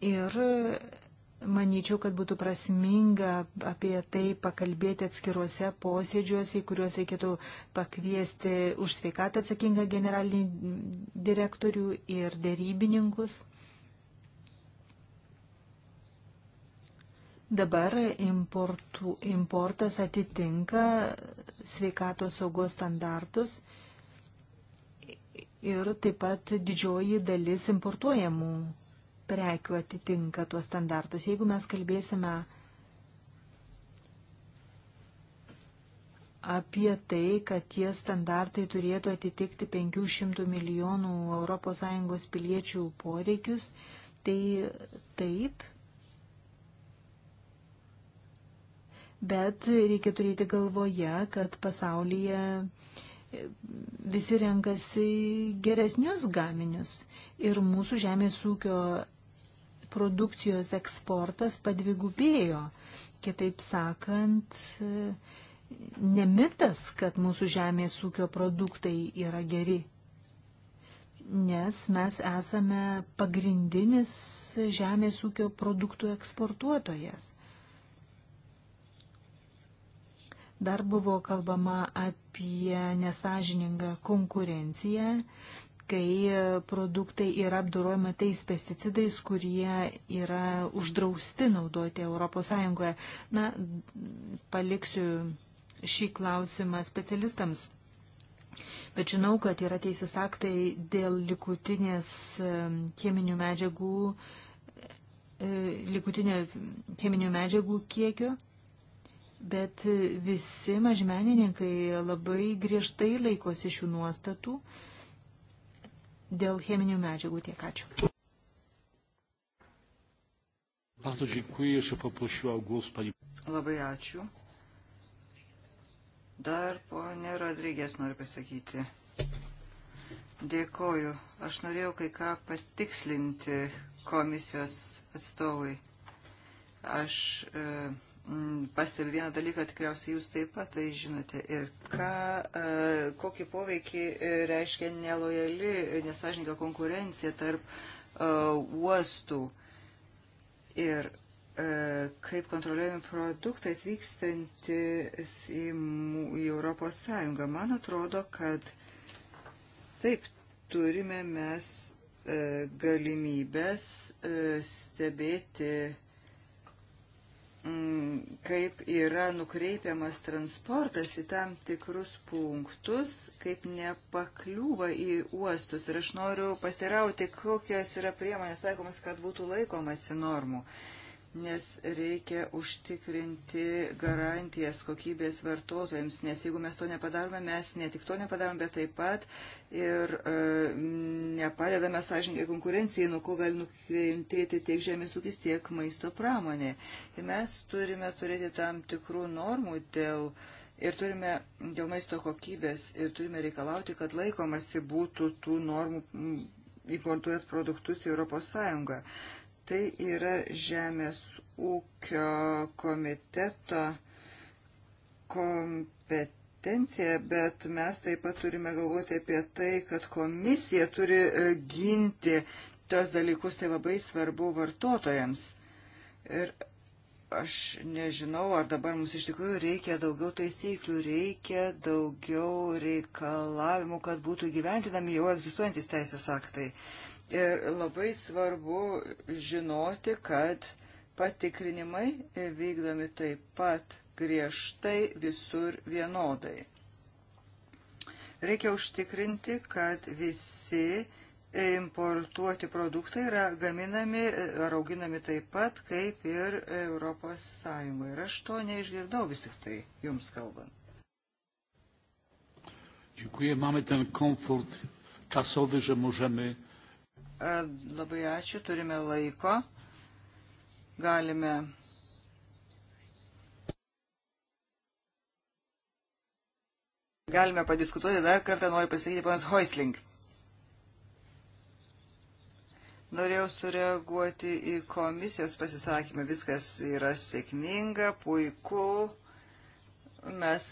Ir manyčiau, kad būtų prasminga apie tai pakalbėti atskiruose posėdžiuose, į kuriuos reikėtų pakviesti už sveikatą atsakingą generalinį direktorių ir dėrybininkus. Dabar importų, importas atitinka sveikatos saugos standartus ir taip pat didžioji dalis importuojamų prekių atitinka tuos standartus. Jeigu mes kalbėsime apie tai, kad tie standartai turėtų atitikti 500 milijonų ES piliečių poreikius, tai taip. Bet reikia turėti galvoje, kad pasaulyje visi renkasi geresnius gaminius. Ir mūsų žemės ūkio produkcijos eksportas padvigubėjo. Kitaip sakant, nemitas, kad mūsų žemės ūkio produktai yra geri, nes mes esame pagrindinis žemės ūkio produktų eksportuotojas. Dar buvo kalbama apie nesažiningą konkurenciją kai e, produktai yra apdorojami tais pesticidais, kurie yra uždrausti naudoti ES. Na, paliksiu šį klausimą specialistams. Bet žinau, kad yra teisės aktai dėl likutinės e, cheminių medžiagų, e, likutinio cheminių medžiagų kiekio. Bet visi mažmenininkai labai griežtai laikosi šių nuostatų. Uh, dėl cheminių medžiagų tiek ačiū. Bardzo dziękuję. Jeszcze poprosiła o głos pani. Labai ačiū. Dar ponė Rodrygės noriu pasakyti. Dėkoju. Aš norėjau kai ką patikslinti komisijos atstovui. Aš e, Mm, pastebi vieną dalyką, tikriausiai jūs taip pat tai žinote. Ir ką, e, kokį poveikį e, reiškia nelojali, nesažininga konkurencija tarp e, uostų ir kaip kontroliuojami produktai atvykstantis į, į Europos Sąjungą. Man atrodo, kad taip turime mes galimybės stebėti Mm, kaip yra nukreipiamas transportas į tam tikrus punktus, kaip nepakliūva į uostus. Ir aš noriu pasirauti, kokios yra priemonės taikomas, kad būtų laikomasi normų. Uh, nes reikia užtikrinti garantijas kokybės vartotojams, nes jeigu mes to nepadarome, mes ne tik to nepadarome, bet taip pat ir e, nepadedame sąžininkai konkurencijai, nuo ko gali nukentėti tiek žemės ūkis, tiek maisto pramonė. Ir mes turime turėti tam tikrų normų dėl. Ir turime dėl maisto kokybės ir turime reikalauti, kad laikomasi būtų tų normų importuojant produktus į Europos Sąjungą. Tai yra Žemės ūkio komiteto kompetencija, bet mes taip pat turime galvoti apie tai, kad komisija turi e, ginti tos dalykus, tai labai svarbu vartotojams. Ir aš nežinau, ar dabar mums iš tikrųjų reikia daugiau taisyklių, reikia daugiau reikalavimų, kad būtų gyventinami jau egzistuojantis teisės aktai. Uh, Ir labai svarbu žinoti, kad patikrinimai vykdomi taip pat griežtai visur vienodai. Reikia užtikrinti, kad visi importuoti produktai yra gaminami ar auginami taip pat, kaip ir Europos Sąjungoje. Ir aš to neišgirdau vis tik tai jums kalbant. Dziękuję. Mamy ten komfort czasowy, że możemy Labai ačiū, turime laiko. Galime. Galime padiskutuoti dar kartą, noriu pasakyti panas Hoisling. Norėjau sureaguoti į komisijos pasisakymą. Viskas yra sėkminga, puiku. Mes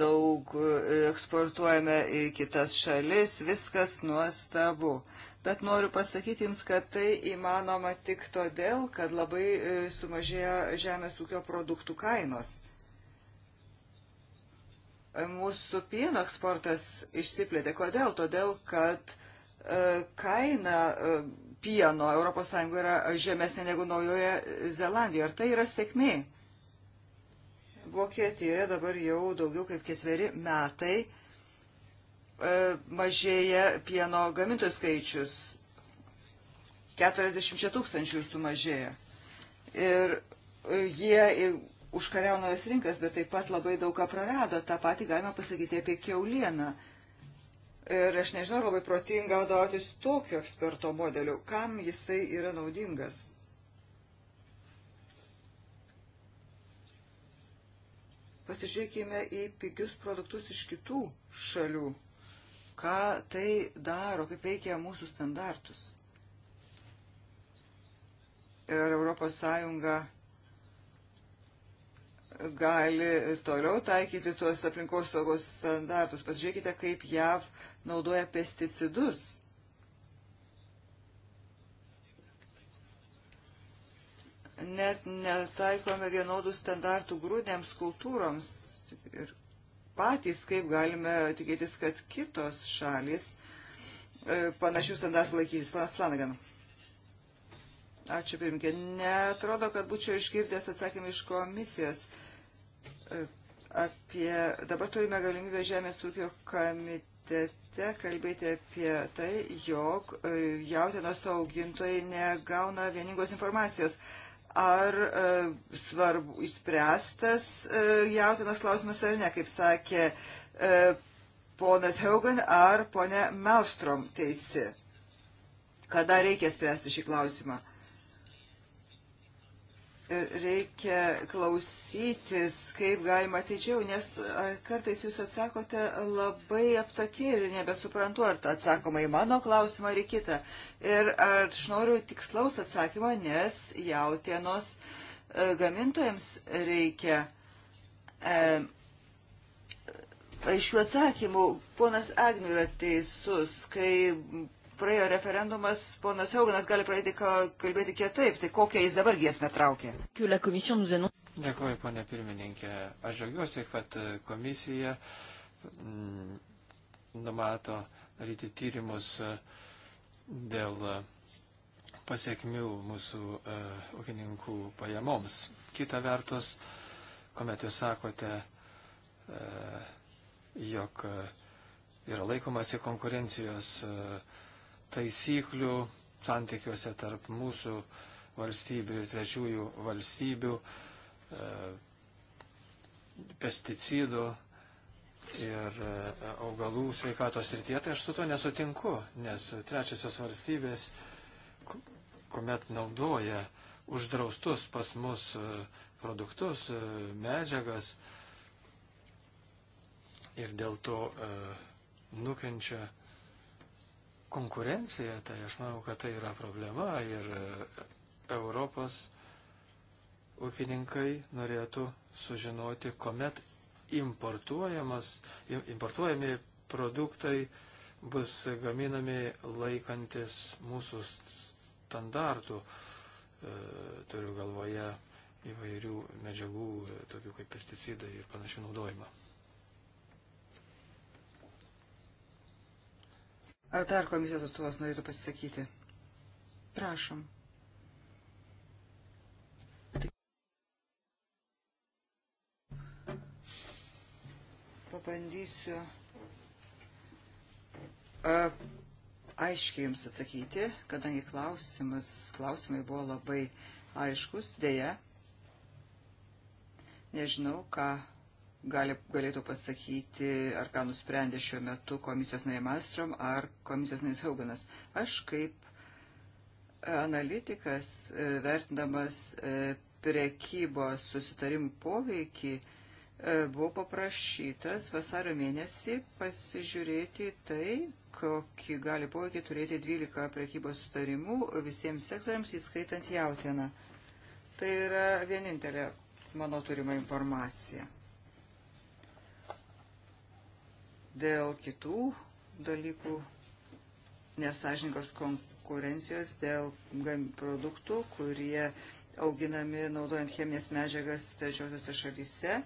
daug eksportuojame į kitas šalis. Viskas nuostabu bet noriu pasakyti Jums, kad tai įmanoma tik todėl, kad labai e, sumažėjo žemės ūkio produktų kainos. E, mūsų pieno eksportas išsiplėtė. Kodėl? Todėl, kad e, kaina pieno ES yra žemesnė negu Naujoje Zelandijoje. Ar tai yra sėkmė? Vokietijoje dabar jau daugiau kaip ketveri metai E, mažėja pieno gamintojų skaičius. 40 tūkstančių sumažėja. Ir e, jie užkariauno jas rinkas, bet taip pat labai daug ką prarado. Ta pati galima pasakyti apie keulieną. Ir aš nežinau, labai protinga vadovautis tokiu eksperto modeliu, kam jisai yra naudingas. Pasižiūrėkime į pigius produktus iš kitų šalių ką tai daro, kaip veikia mūsų standartus. Ir ar Europos Sąjunga gali toliau taikyti tuos aplinkos saugos standartus. Pasižiūrėkite, kaip JAV naudoja pesticidus. Net netaikome vienodų standartų grūdėms kultūroms ir patys, kaip galime tikėtis, kad kitos šalis e, panašių standartų laikys. Panas Flanagan. Ačiū, pirmininkė. Netrodo, kad būčiau išgirdęs atsakymą iš komisijos. E, apie, dabar turime galimybę Žemės ūkio komitete kalbėti apie tai, jog e, jautienos augintojai negauna vieningos informacijos ar e, svarbu išspręstas e, jautinas klausimas ar ne, kaip sakė e, ponas Haugen ar ponė Melstrom teisi, kada reikia spręsti šį klausimą. E, reikia klausytis, kaip galima atidžiau, nes kartais jūs atsakote labai aptakiai ir nebesuprantu, ar atsakoma į mano klausimą ar į kitą. Ir aš noriu tikslaus atsakymo, nes jautienos e, gamintojams reikia. E, aiškių atsakymų. Ponas Agnių yra teisus, kai praėjo referendumas, ponas Hauganas gali pradėti kalbėti kitaip. Tai kokią jis dabar giesmę traukė? Dėkuoju, ponė pirmininkė. Aš žiaugiuosi, kad komisija m, mm, numato daryti tyrimus e, dėl e, pasiekmių mūsų e, ūkininkų pajamoms. Kita vertus, kuomet jūs sakote, e, jog e, yra laikomasi konkurencijos e, taisyklių santykiuose tarp mūsų valstybių ir trečiųjų valstybių, e, pesticidų ir e, augalų sveikatos rytie, tai aš su to nesutinku, nes trečiosios valstybės, kuomet naudoja uždraustus pas mus e, produktus, medžiagas ir dėl to nukenčia konkurencija, tai aš manau, kad tai yra problema ir e, Europos ūkininkai norėtų sužinoti, kuomet importuojami produktai bus gaminami laikantis mūsų standartų. E, turiu galvoje įvairių medžiagų, e, tokių kaip pesticidai ir panašių naudojimą. Ar dar komisijos atstovas norėtų pasisakyti? Prašom. Pabandysiu aiškiai jums atsakyti, kadangi klausimas, klausimai buvo labai aiškus, dėja. Nežinau, ką gali, galėtų pasakyti, ar ką nusprendė šiuo metu komisijos narė Malstrom ar komisijos narys Hauganas. Aš kaip analitikas, e, vertindamas e, prekybos susitarimų poveikį, e, buvau paprašytas vasario mėnesį pasižiūrėti tai, kokį gali poveikį turėti 12 prekybos sutarimų visiems sektoriams, įskaitant jautieną. Tai yra vienintelė mano turima informacija. dėl kitų dalykų nesažininkos konkurencijos, dėl produktų, kurie auginami naudojant cheminės medžiagas trečiosiuose šalyse.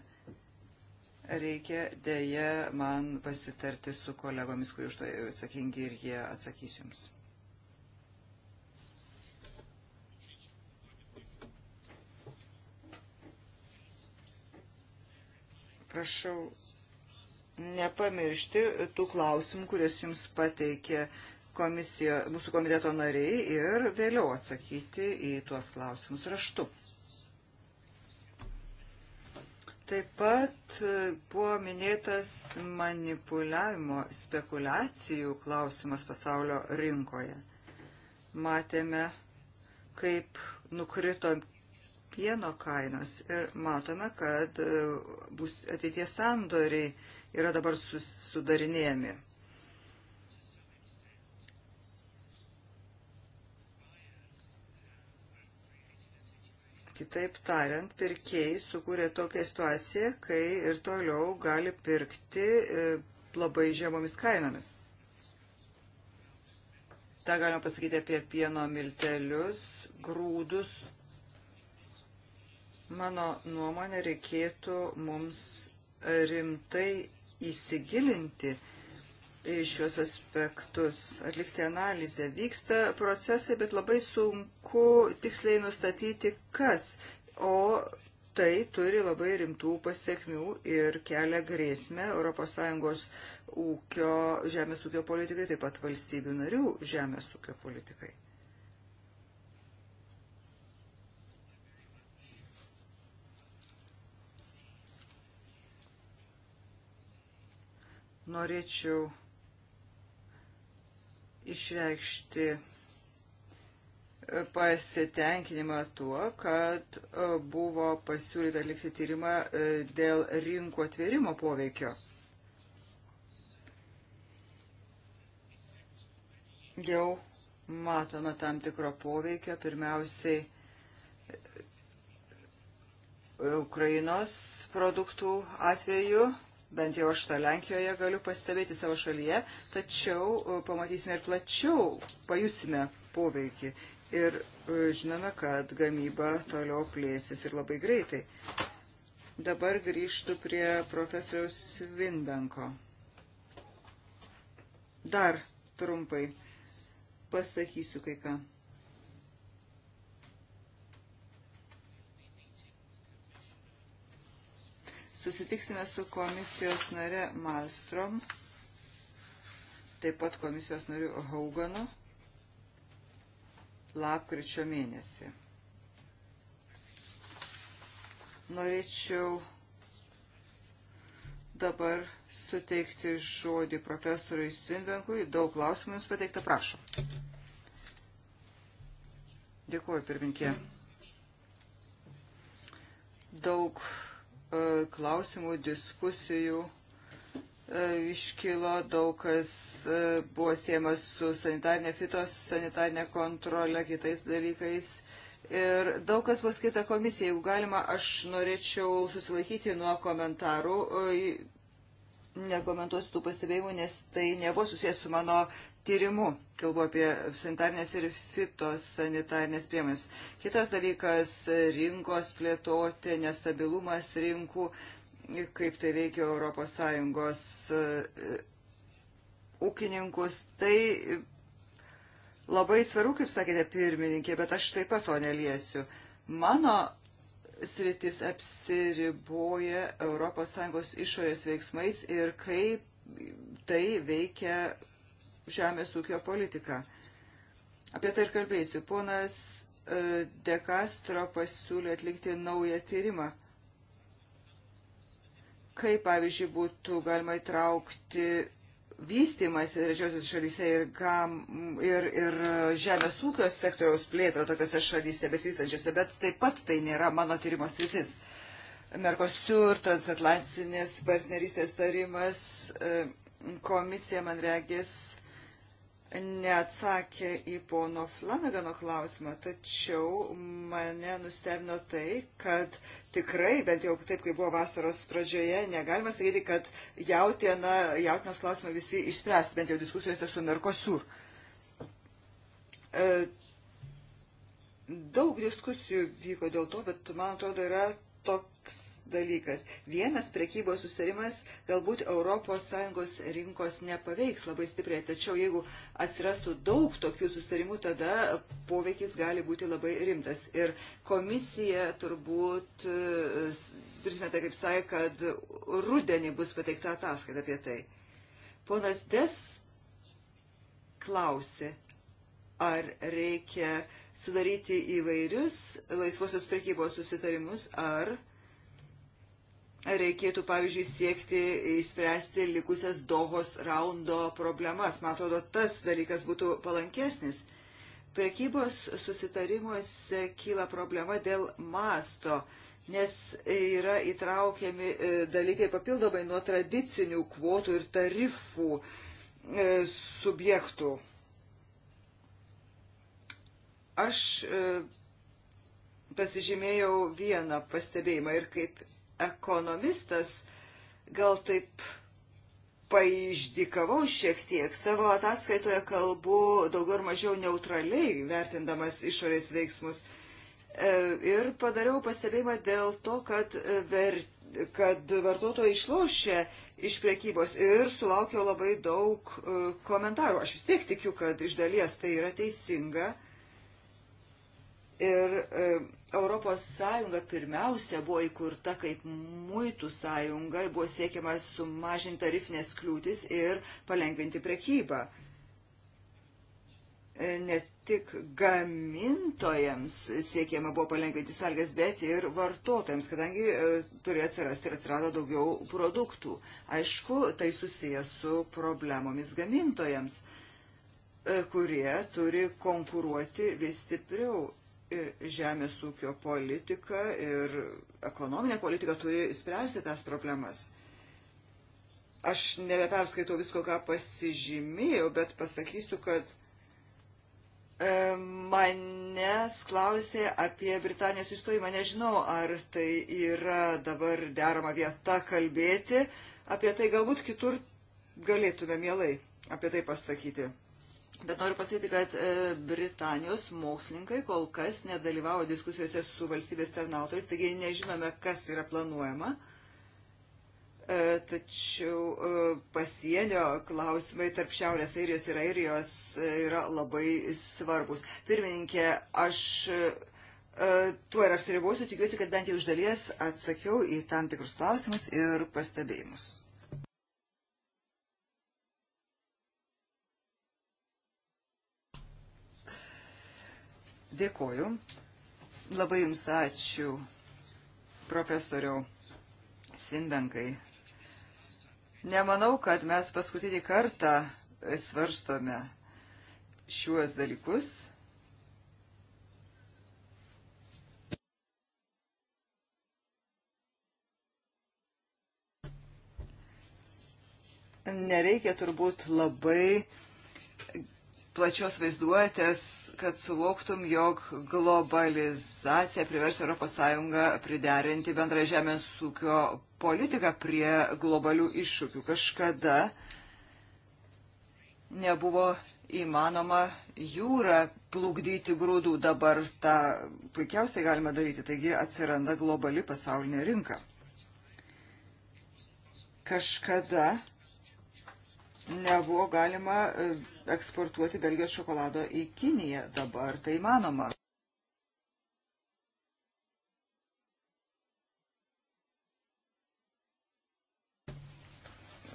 Reikia dėje man pasitarti su kolegomis, kurie už to tai atsakingi ir jie atsakys jums. Prašau nepamiršti tų klausimų, kurias jums pateikė komisijo, mūsų komiteto nariai ir vėliau atsakyti į tuos klausimus raštu. Taip pat buvo minėtas manipuliavimo spekulacijų klausimas pasaulio rinkoje. Matėme, kaip nukrito pieno kainos ir matome, kad bus ateities sandoriai yra dabar sudarinėjami. Kitaip tariant, pirkėjai sukūrė tokią situaciją, kai ir toliau gali pirkti e, labai žemomis kainomis. Ta galima pasakyti apie pieno miltelius, grūdus. Mano nuomonė reikėtų mums rimtai įsigilinti į šios aspektus, atlikti analizę. Vyksta procesai, bet labai sunku tiksliai nustatyti, kas. O tai turi labai rimtų pasiekmių ir kelia grėsmę ES ūkio, žemės ūkio politikai, taip pat valstybių narių žemės ūkio politikai. norėčiau išreikšti e, pasitenkinimą tuo, kad e, buvo pasiūlyta likti tyrimą e, dėl rinkų atvėrimo poveikio. Jau matome tam tikro poveikio, pirmiausiai Ukrainos produktų atveju bent jau aš tą Lenkijoje galiu pastebėti savo šalyje, tačiau e, pamatysime ir plačiau, pajusime poveikį. Ir e, žinome, kad gamyba toliau plėsis ir labai greitai. Dabar grįžtu prie profesoriaus Vinbenko. Dar trumpai pasakysiu kai ką. Susitiksime su komisijos nare Malstrom, taip pat komisijos nariu Hauganu lapkričio mėnesį. Norėčiau dabar suteikti žodį profesoriui Svinbenkui. Daug klausimų jums pateikta, prašom. Dėkuoju, pirminkė. Daug E, klausimų, diskusijų e, iškilo, daug kas e, buvo siemas su sanitarnė fitos, sanitarnė kontrolė, kitais dalykais. Ir daug kas bus kita komisija. Jeigu galima, aš norėčiau susilaikyti nuo komentarų, nekomentuosiu tų pastebėjimų, nes tai nebuvo susijęs su mano tyrimu. Kalbu apie sanitarnės ir fitosanitarnės priemonės. Kitas dalykas - rinkos plėtoti, nestabilumas rinkų, kaip tai veikia ES e, ūkininkus. Tai labai svarbu, kaip sakėte, pirmininkė, bet aš taip pat to neliesiu. Mano sritis apsiriboja ES išorės veiksmais ir kaip tai veikia žemės ūkio politiką. Apie tai ir kalbėsiu. Ponas e, De Castro pasiūlė atlikti naują tyrimą. Kaip, pavyzdžiui, būtų galima įtraukti vystimąsi trečiosios šalyse ir, gam, ir, ir žemės ūkio sektoriaus plėtrą tokiose šalyse besistančiose, bet taip pat tai nėra mano tyrimo sritis. Merkosiur, transatlantinės partnerystės tarimas, e, komisija, man regis, neatsakė į pono Flanagano klausimą, tačiau mane nustebino tai, kad tikrai, bent jau taip, kaip buvo vasaros pradžioje, negalima sakyti, kad jautiena, jautinos klausimą visi išspręs, bent jau diskusijose su Merkosur. E, daug diskusijų vyko dėl to, bet man atrodo yra tokia dalykas. Vienas prekybos susitarimas galbūt ES rinkos nepaveiks labai stipriai, tačiau jeigu atsirastų daug tokių susitarimų, tada poveikis gali būti labai rimtas. Ir komisija turbūt e, prisimeta, kaip sakė, kad rudenį bus pateikta ataskaita apie tai. Ponas Des klausė, ar reikia sudaryti įvairius laisvosios prekybos susitarimus, ar reikėtų, pavyzdžiui, siekti išspręsti likusias Dohos raundo problemas. Man atrodo, tas dalykas būtų palankesnis. Prekybos susitarimuose kyla problema dėl masto, nes yra įtraukiami e, dalykai papildomai nuo tradicinių kvotų ir tarifų e, subjektų. Aš e, pasižymėjau vieną pastebėjimą ir kaip ekonomistas, gal taip paaiždikavau šiek tiek. Savo ataskaitoje kalbu daugiau ar mažiau neutraliai, vertindamas išorės veiksmus. E, ir padariau pastebėjimą dėl to, kad, e, ver, kad vartotojai išlošia iš priekybos ir sulaukiau labai daug e, komentarų. Aš vis tiek tikiu, kad iš dalies tai yra teisinga. Ir Europos Sąjunga pirmiausia buvo įkurta kaip muitų sąjunga, buvo siekiama sumažinti tarifinės kliūtis ir palengvinti prekybą. E, ne tik gamintojams siekiama buvo palengvinti salgas, bet ir vartotojams, kadangi e, turėjo atsirasti ir atsirado daugiau produktų. Aišku, tai susijęs su problemomis gamintojams, e, kurie turi konkuruoti vis stipriau ir žemės ūkio politika ir ekonominė politika turi spręsti tas problemas. Aš nebeperskaitau visko, ką pasižymėjau, bet pasakysiu, kad e, manęs klausė apie Britanijos išstojimą. Nežinau, ar tai yra dabar derama vieta kalbėti. Apie tai galbūt kitur galėtume mielai apie tai pasakyti. Bet noriu pasakyti, kad e, Britanijos mokslininkai kol kas nedalyvavo diskusijose su valstybės tarnautojais, taigi nežinome, kas yra planuojama. E, tačiau e, pasienio klausimai tarp Šiaurės Airijos ir Airijos yra labai svarbus. Pirmininkė, aš tuo ir apsiribosiu, tikiuosi, kad bent jau iš dalies atsakiau į tam tikrus klausimus ir pastebėjimus. Dėkoju. Labai Jums ačiū, profesoriau Svinbenkai. Nemanau, kad mes paskutinį kartą svarstome šiuos dalykus. Nereikia turbūt labai plačios vaizduotės, kad suvoktum, jog globalizacija privers ES priderinti bendrą žemės ūkio politiką prie globalių iššūkių. Kažkada nebuvo įmanoma jūrą plukdyti grūdų, dabar tą puikiausiai galima daryti, taigi atsiranda globali pasaulinė rinka. Kažkada nebuvo galima e, eksportuoti Belgijos šokolado į Kiniją. Dabar tai manoma.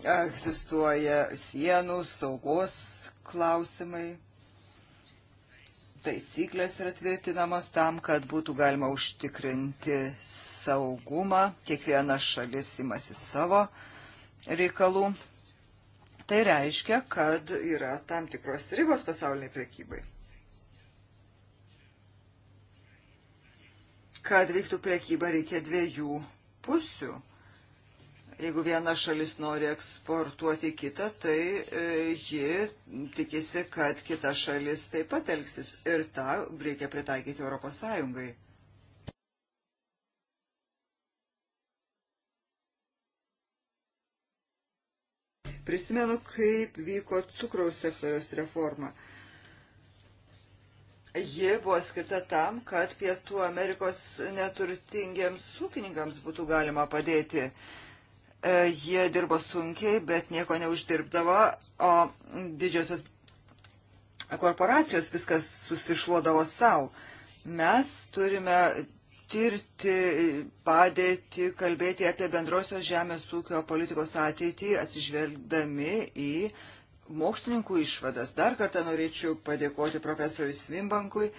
Egzistuoja sienų, saugos klausimai. Taisyklės yra tvirtinamos tam, kad būtų galima užtikrinti saugumą. Kiekviena šalis imasi savo reikalų. Tai reiškia, kad yra tam tikros ribos pasauliniai prekybai. Kad vyktų prekyba reikia dviejų pusių. Jeigu viena šalis nori eksportuoti kitą, tai e, ji tikisi, kad kita šalis taip pat elgsis ir tą reikia pritaikyti Europos Sąjungai. Prisimenu, kaip vyko cukraus sektoriaus reforma. Ji buvo skirta tam, kad Pietų Amerikos neturtingiems ūkininkams būtų galima padėti. E, jie dirbo sunkiai, bet nieko neuždirbdavo, o didžiosios korporacijos viskas susišluodavo savo. Mes turime tirti padėti, kalbėti apie bendrosios žemės ūkio politikos ateitį, atsižvelgdami į mokslininkų išvadas. Dar kartą norėčiau padėkoti profesoriui Svimbankui,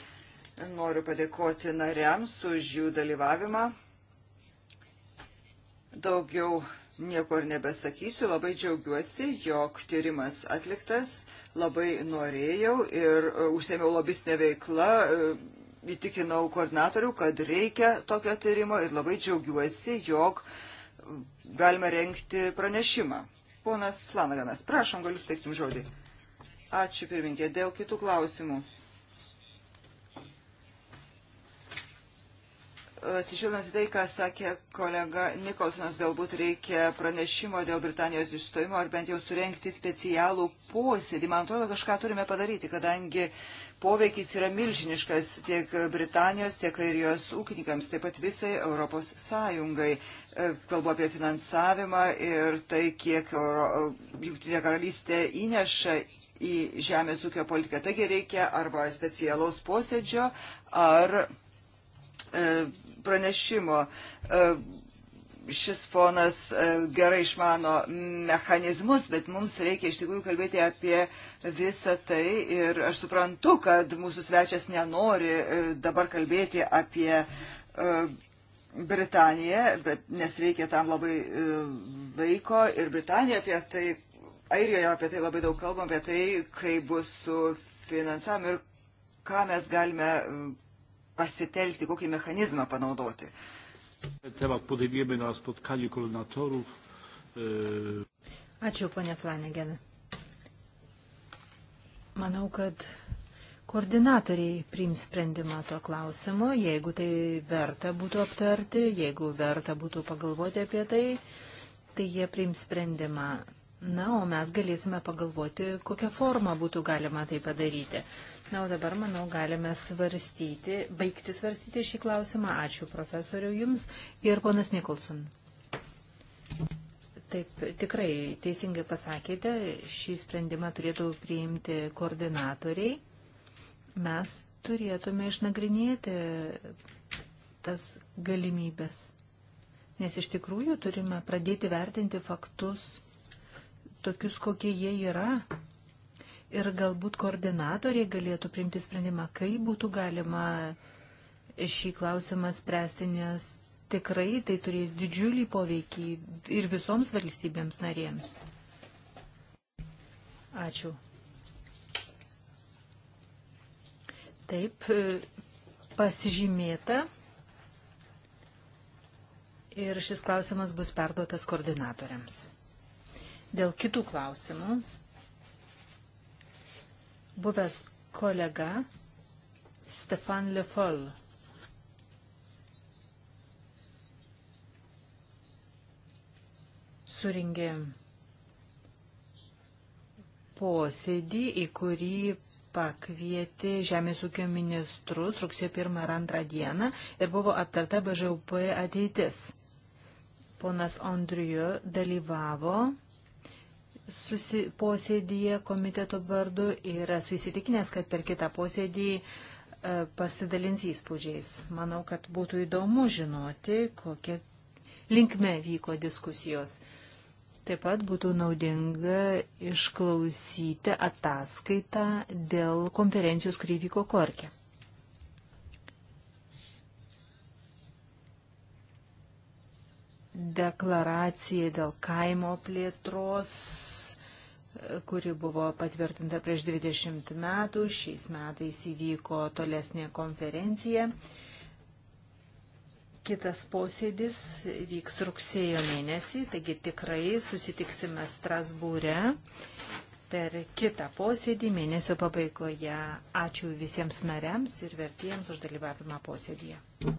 noriu padėkoti nariams už jų dalyvavimą. Daugiau nieko ir nebesakysiu, labai džiaugiuosi, jog tyrimas atliktas, labai norėjau ir e, užsėmiau lobistinę veiklą e, įtikinau koordinatorių, kad reikia tokio tyrimo ir labai džiaugiuosi, jog galima renkti pranešimą. Ponas Flanaganas, prašom, galiu suteikti jums žodį. Ačiū, pirminkė, dėl kitų klausimų. Atsižvelgiant į tai, ką sakė kolega Nikolsonas, galbūt reikia pranešimo dėl Britanijos išstojimo ar bent jau surenkti specialų posėdį. Man atrodo, kažką turime padaryti, kadangi poveikis yra milžiniškas tiek Britanijos, tiek airijos ūkininkams, taip pat visai Europos Sąjungai. E, kalbu apie finansavimą ir tai, kiek Euro, Jungtinė karalystė įneša į žemės ūkio politiką. Taigi reikia arba specialaus posėdžio, ar e, pranešimo. E, šis ponas e, gerai išmano mechanizmus, bet mums reikia iš tikrųjų kalbėti apie visą tai ir aš suprantu, kad mūsų svečias nenori e, dabar kalbėti apie e, Britaniją, bet, nes reikia tam labai laiko ir Britanija apie tai, Airijoje apie tai labai daug kalbam, apie tai, kaip bus su finansavimu ir ką mes galime pasitelkti, kokį mechanizmą panaudoti. Uh, Temat podėmėme na spotkanį koordinatorų. E, Ačiū, ponė Flanagen. Manau, kad koordinatoriai priims sprendimą tuo klausimu, jeigu tai verta būtų aptarti, jeigu verta būtų pagalvoti apie tai, tai jie priims sprendimą. Na, o mes galėsime pagalvoti, kokią formą būtų galima tai padaryti. Na, o dabar, manau, galime svarstyti, baigti svarstyti šį klausimą. Ačiū profesoriu Jums ir ponas Nikolson. Taip, tikrai teisingai pasakėte, šį sprendimą turėtų priimti koordinatoriai. Mes turėtume išnagrinėti tas galimybės. Nes iš tikrųjų turime pradėti vertinti faktus tokius, kokie jie yra ir galbūt koordinatoriai galėtų priimti sprendimą, kaip būtų galima šį klausimą spręsti, nes tikrai tai turės didžiulį poveikį ir visoms valstybėms narėms. Ačiū. Taip, pasižymėta. Ir šis klausimas bus perduotas koordinatoriams. Dėl kitų klausimų buvęs kolega Stefan Le Foll. Suringė posėdį, į kurį pakvietė Žemės ūkio ministrus rugsėjo 1 ir 2 dieną ir buvo aptarta BŽUP ateitis. Ponas Andriu dalyvavo susi, posėdyje komiteto vardu ir esu įsitikinęs, kad per kitą posėdį e, pasidalins įspūdžiais. Manau, kad būtų įdomu žinoti, kokia linkme vyko diskusijos. Taip pat būtų naudinga išklausyti ataskaitą dėl konferencijos, kurį vyko Korke. deklaracijai dėl kaimo plėtros, kuri buvo patvirtinta prieš 20 metų. Šiais metais įvyko tolesnė konferencija. Kitas posėdis vyks rugsėjo mėnesį, taigi tikrai susitiksime Strasbūre per kitą posėdį mėnesio pabaigoje. Ačiū visiems nariams ir vertėjams už dalyvavimą posėdėje.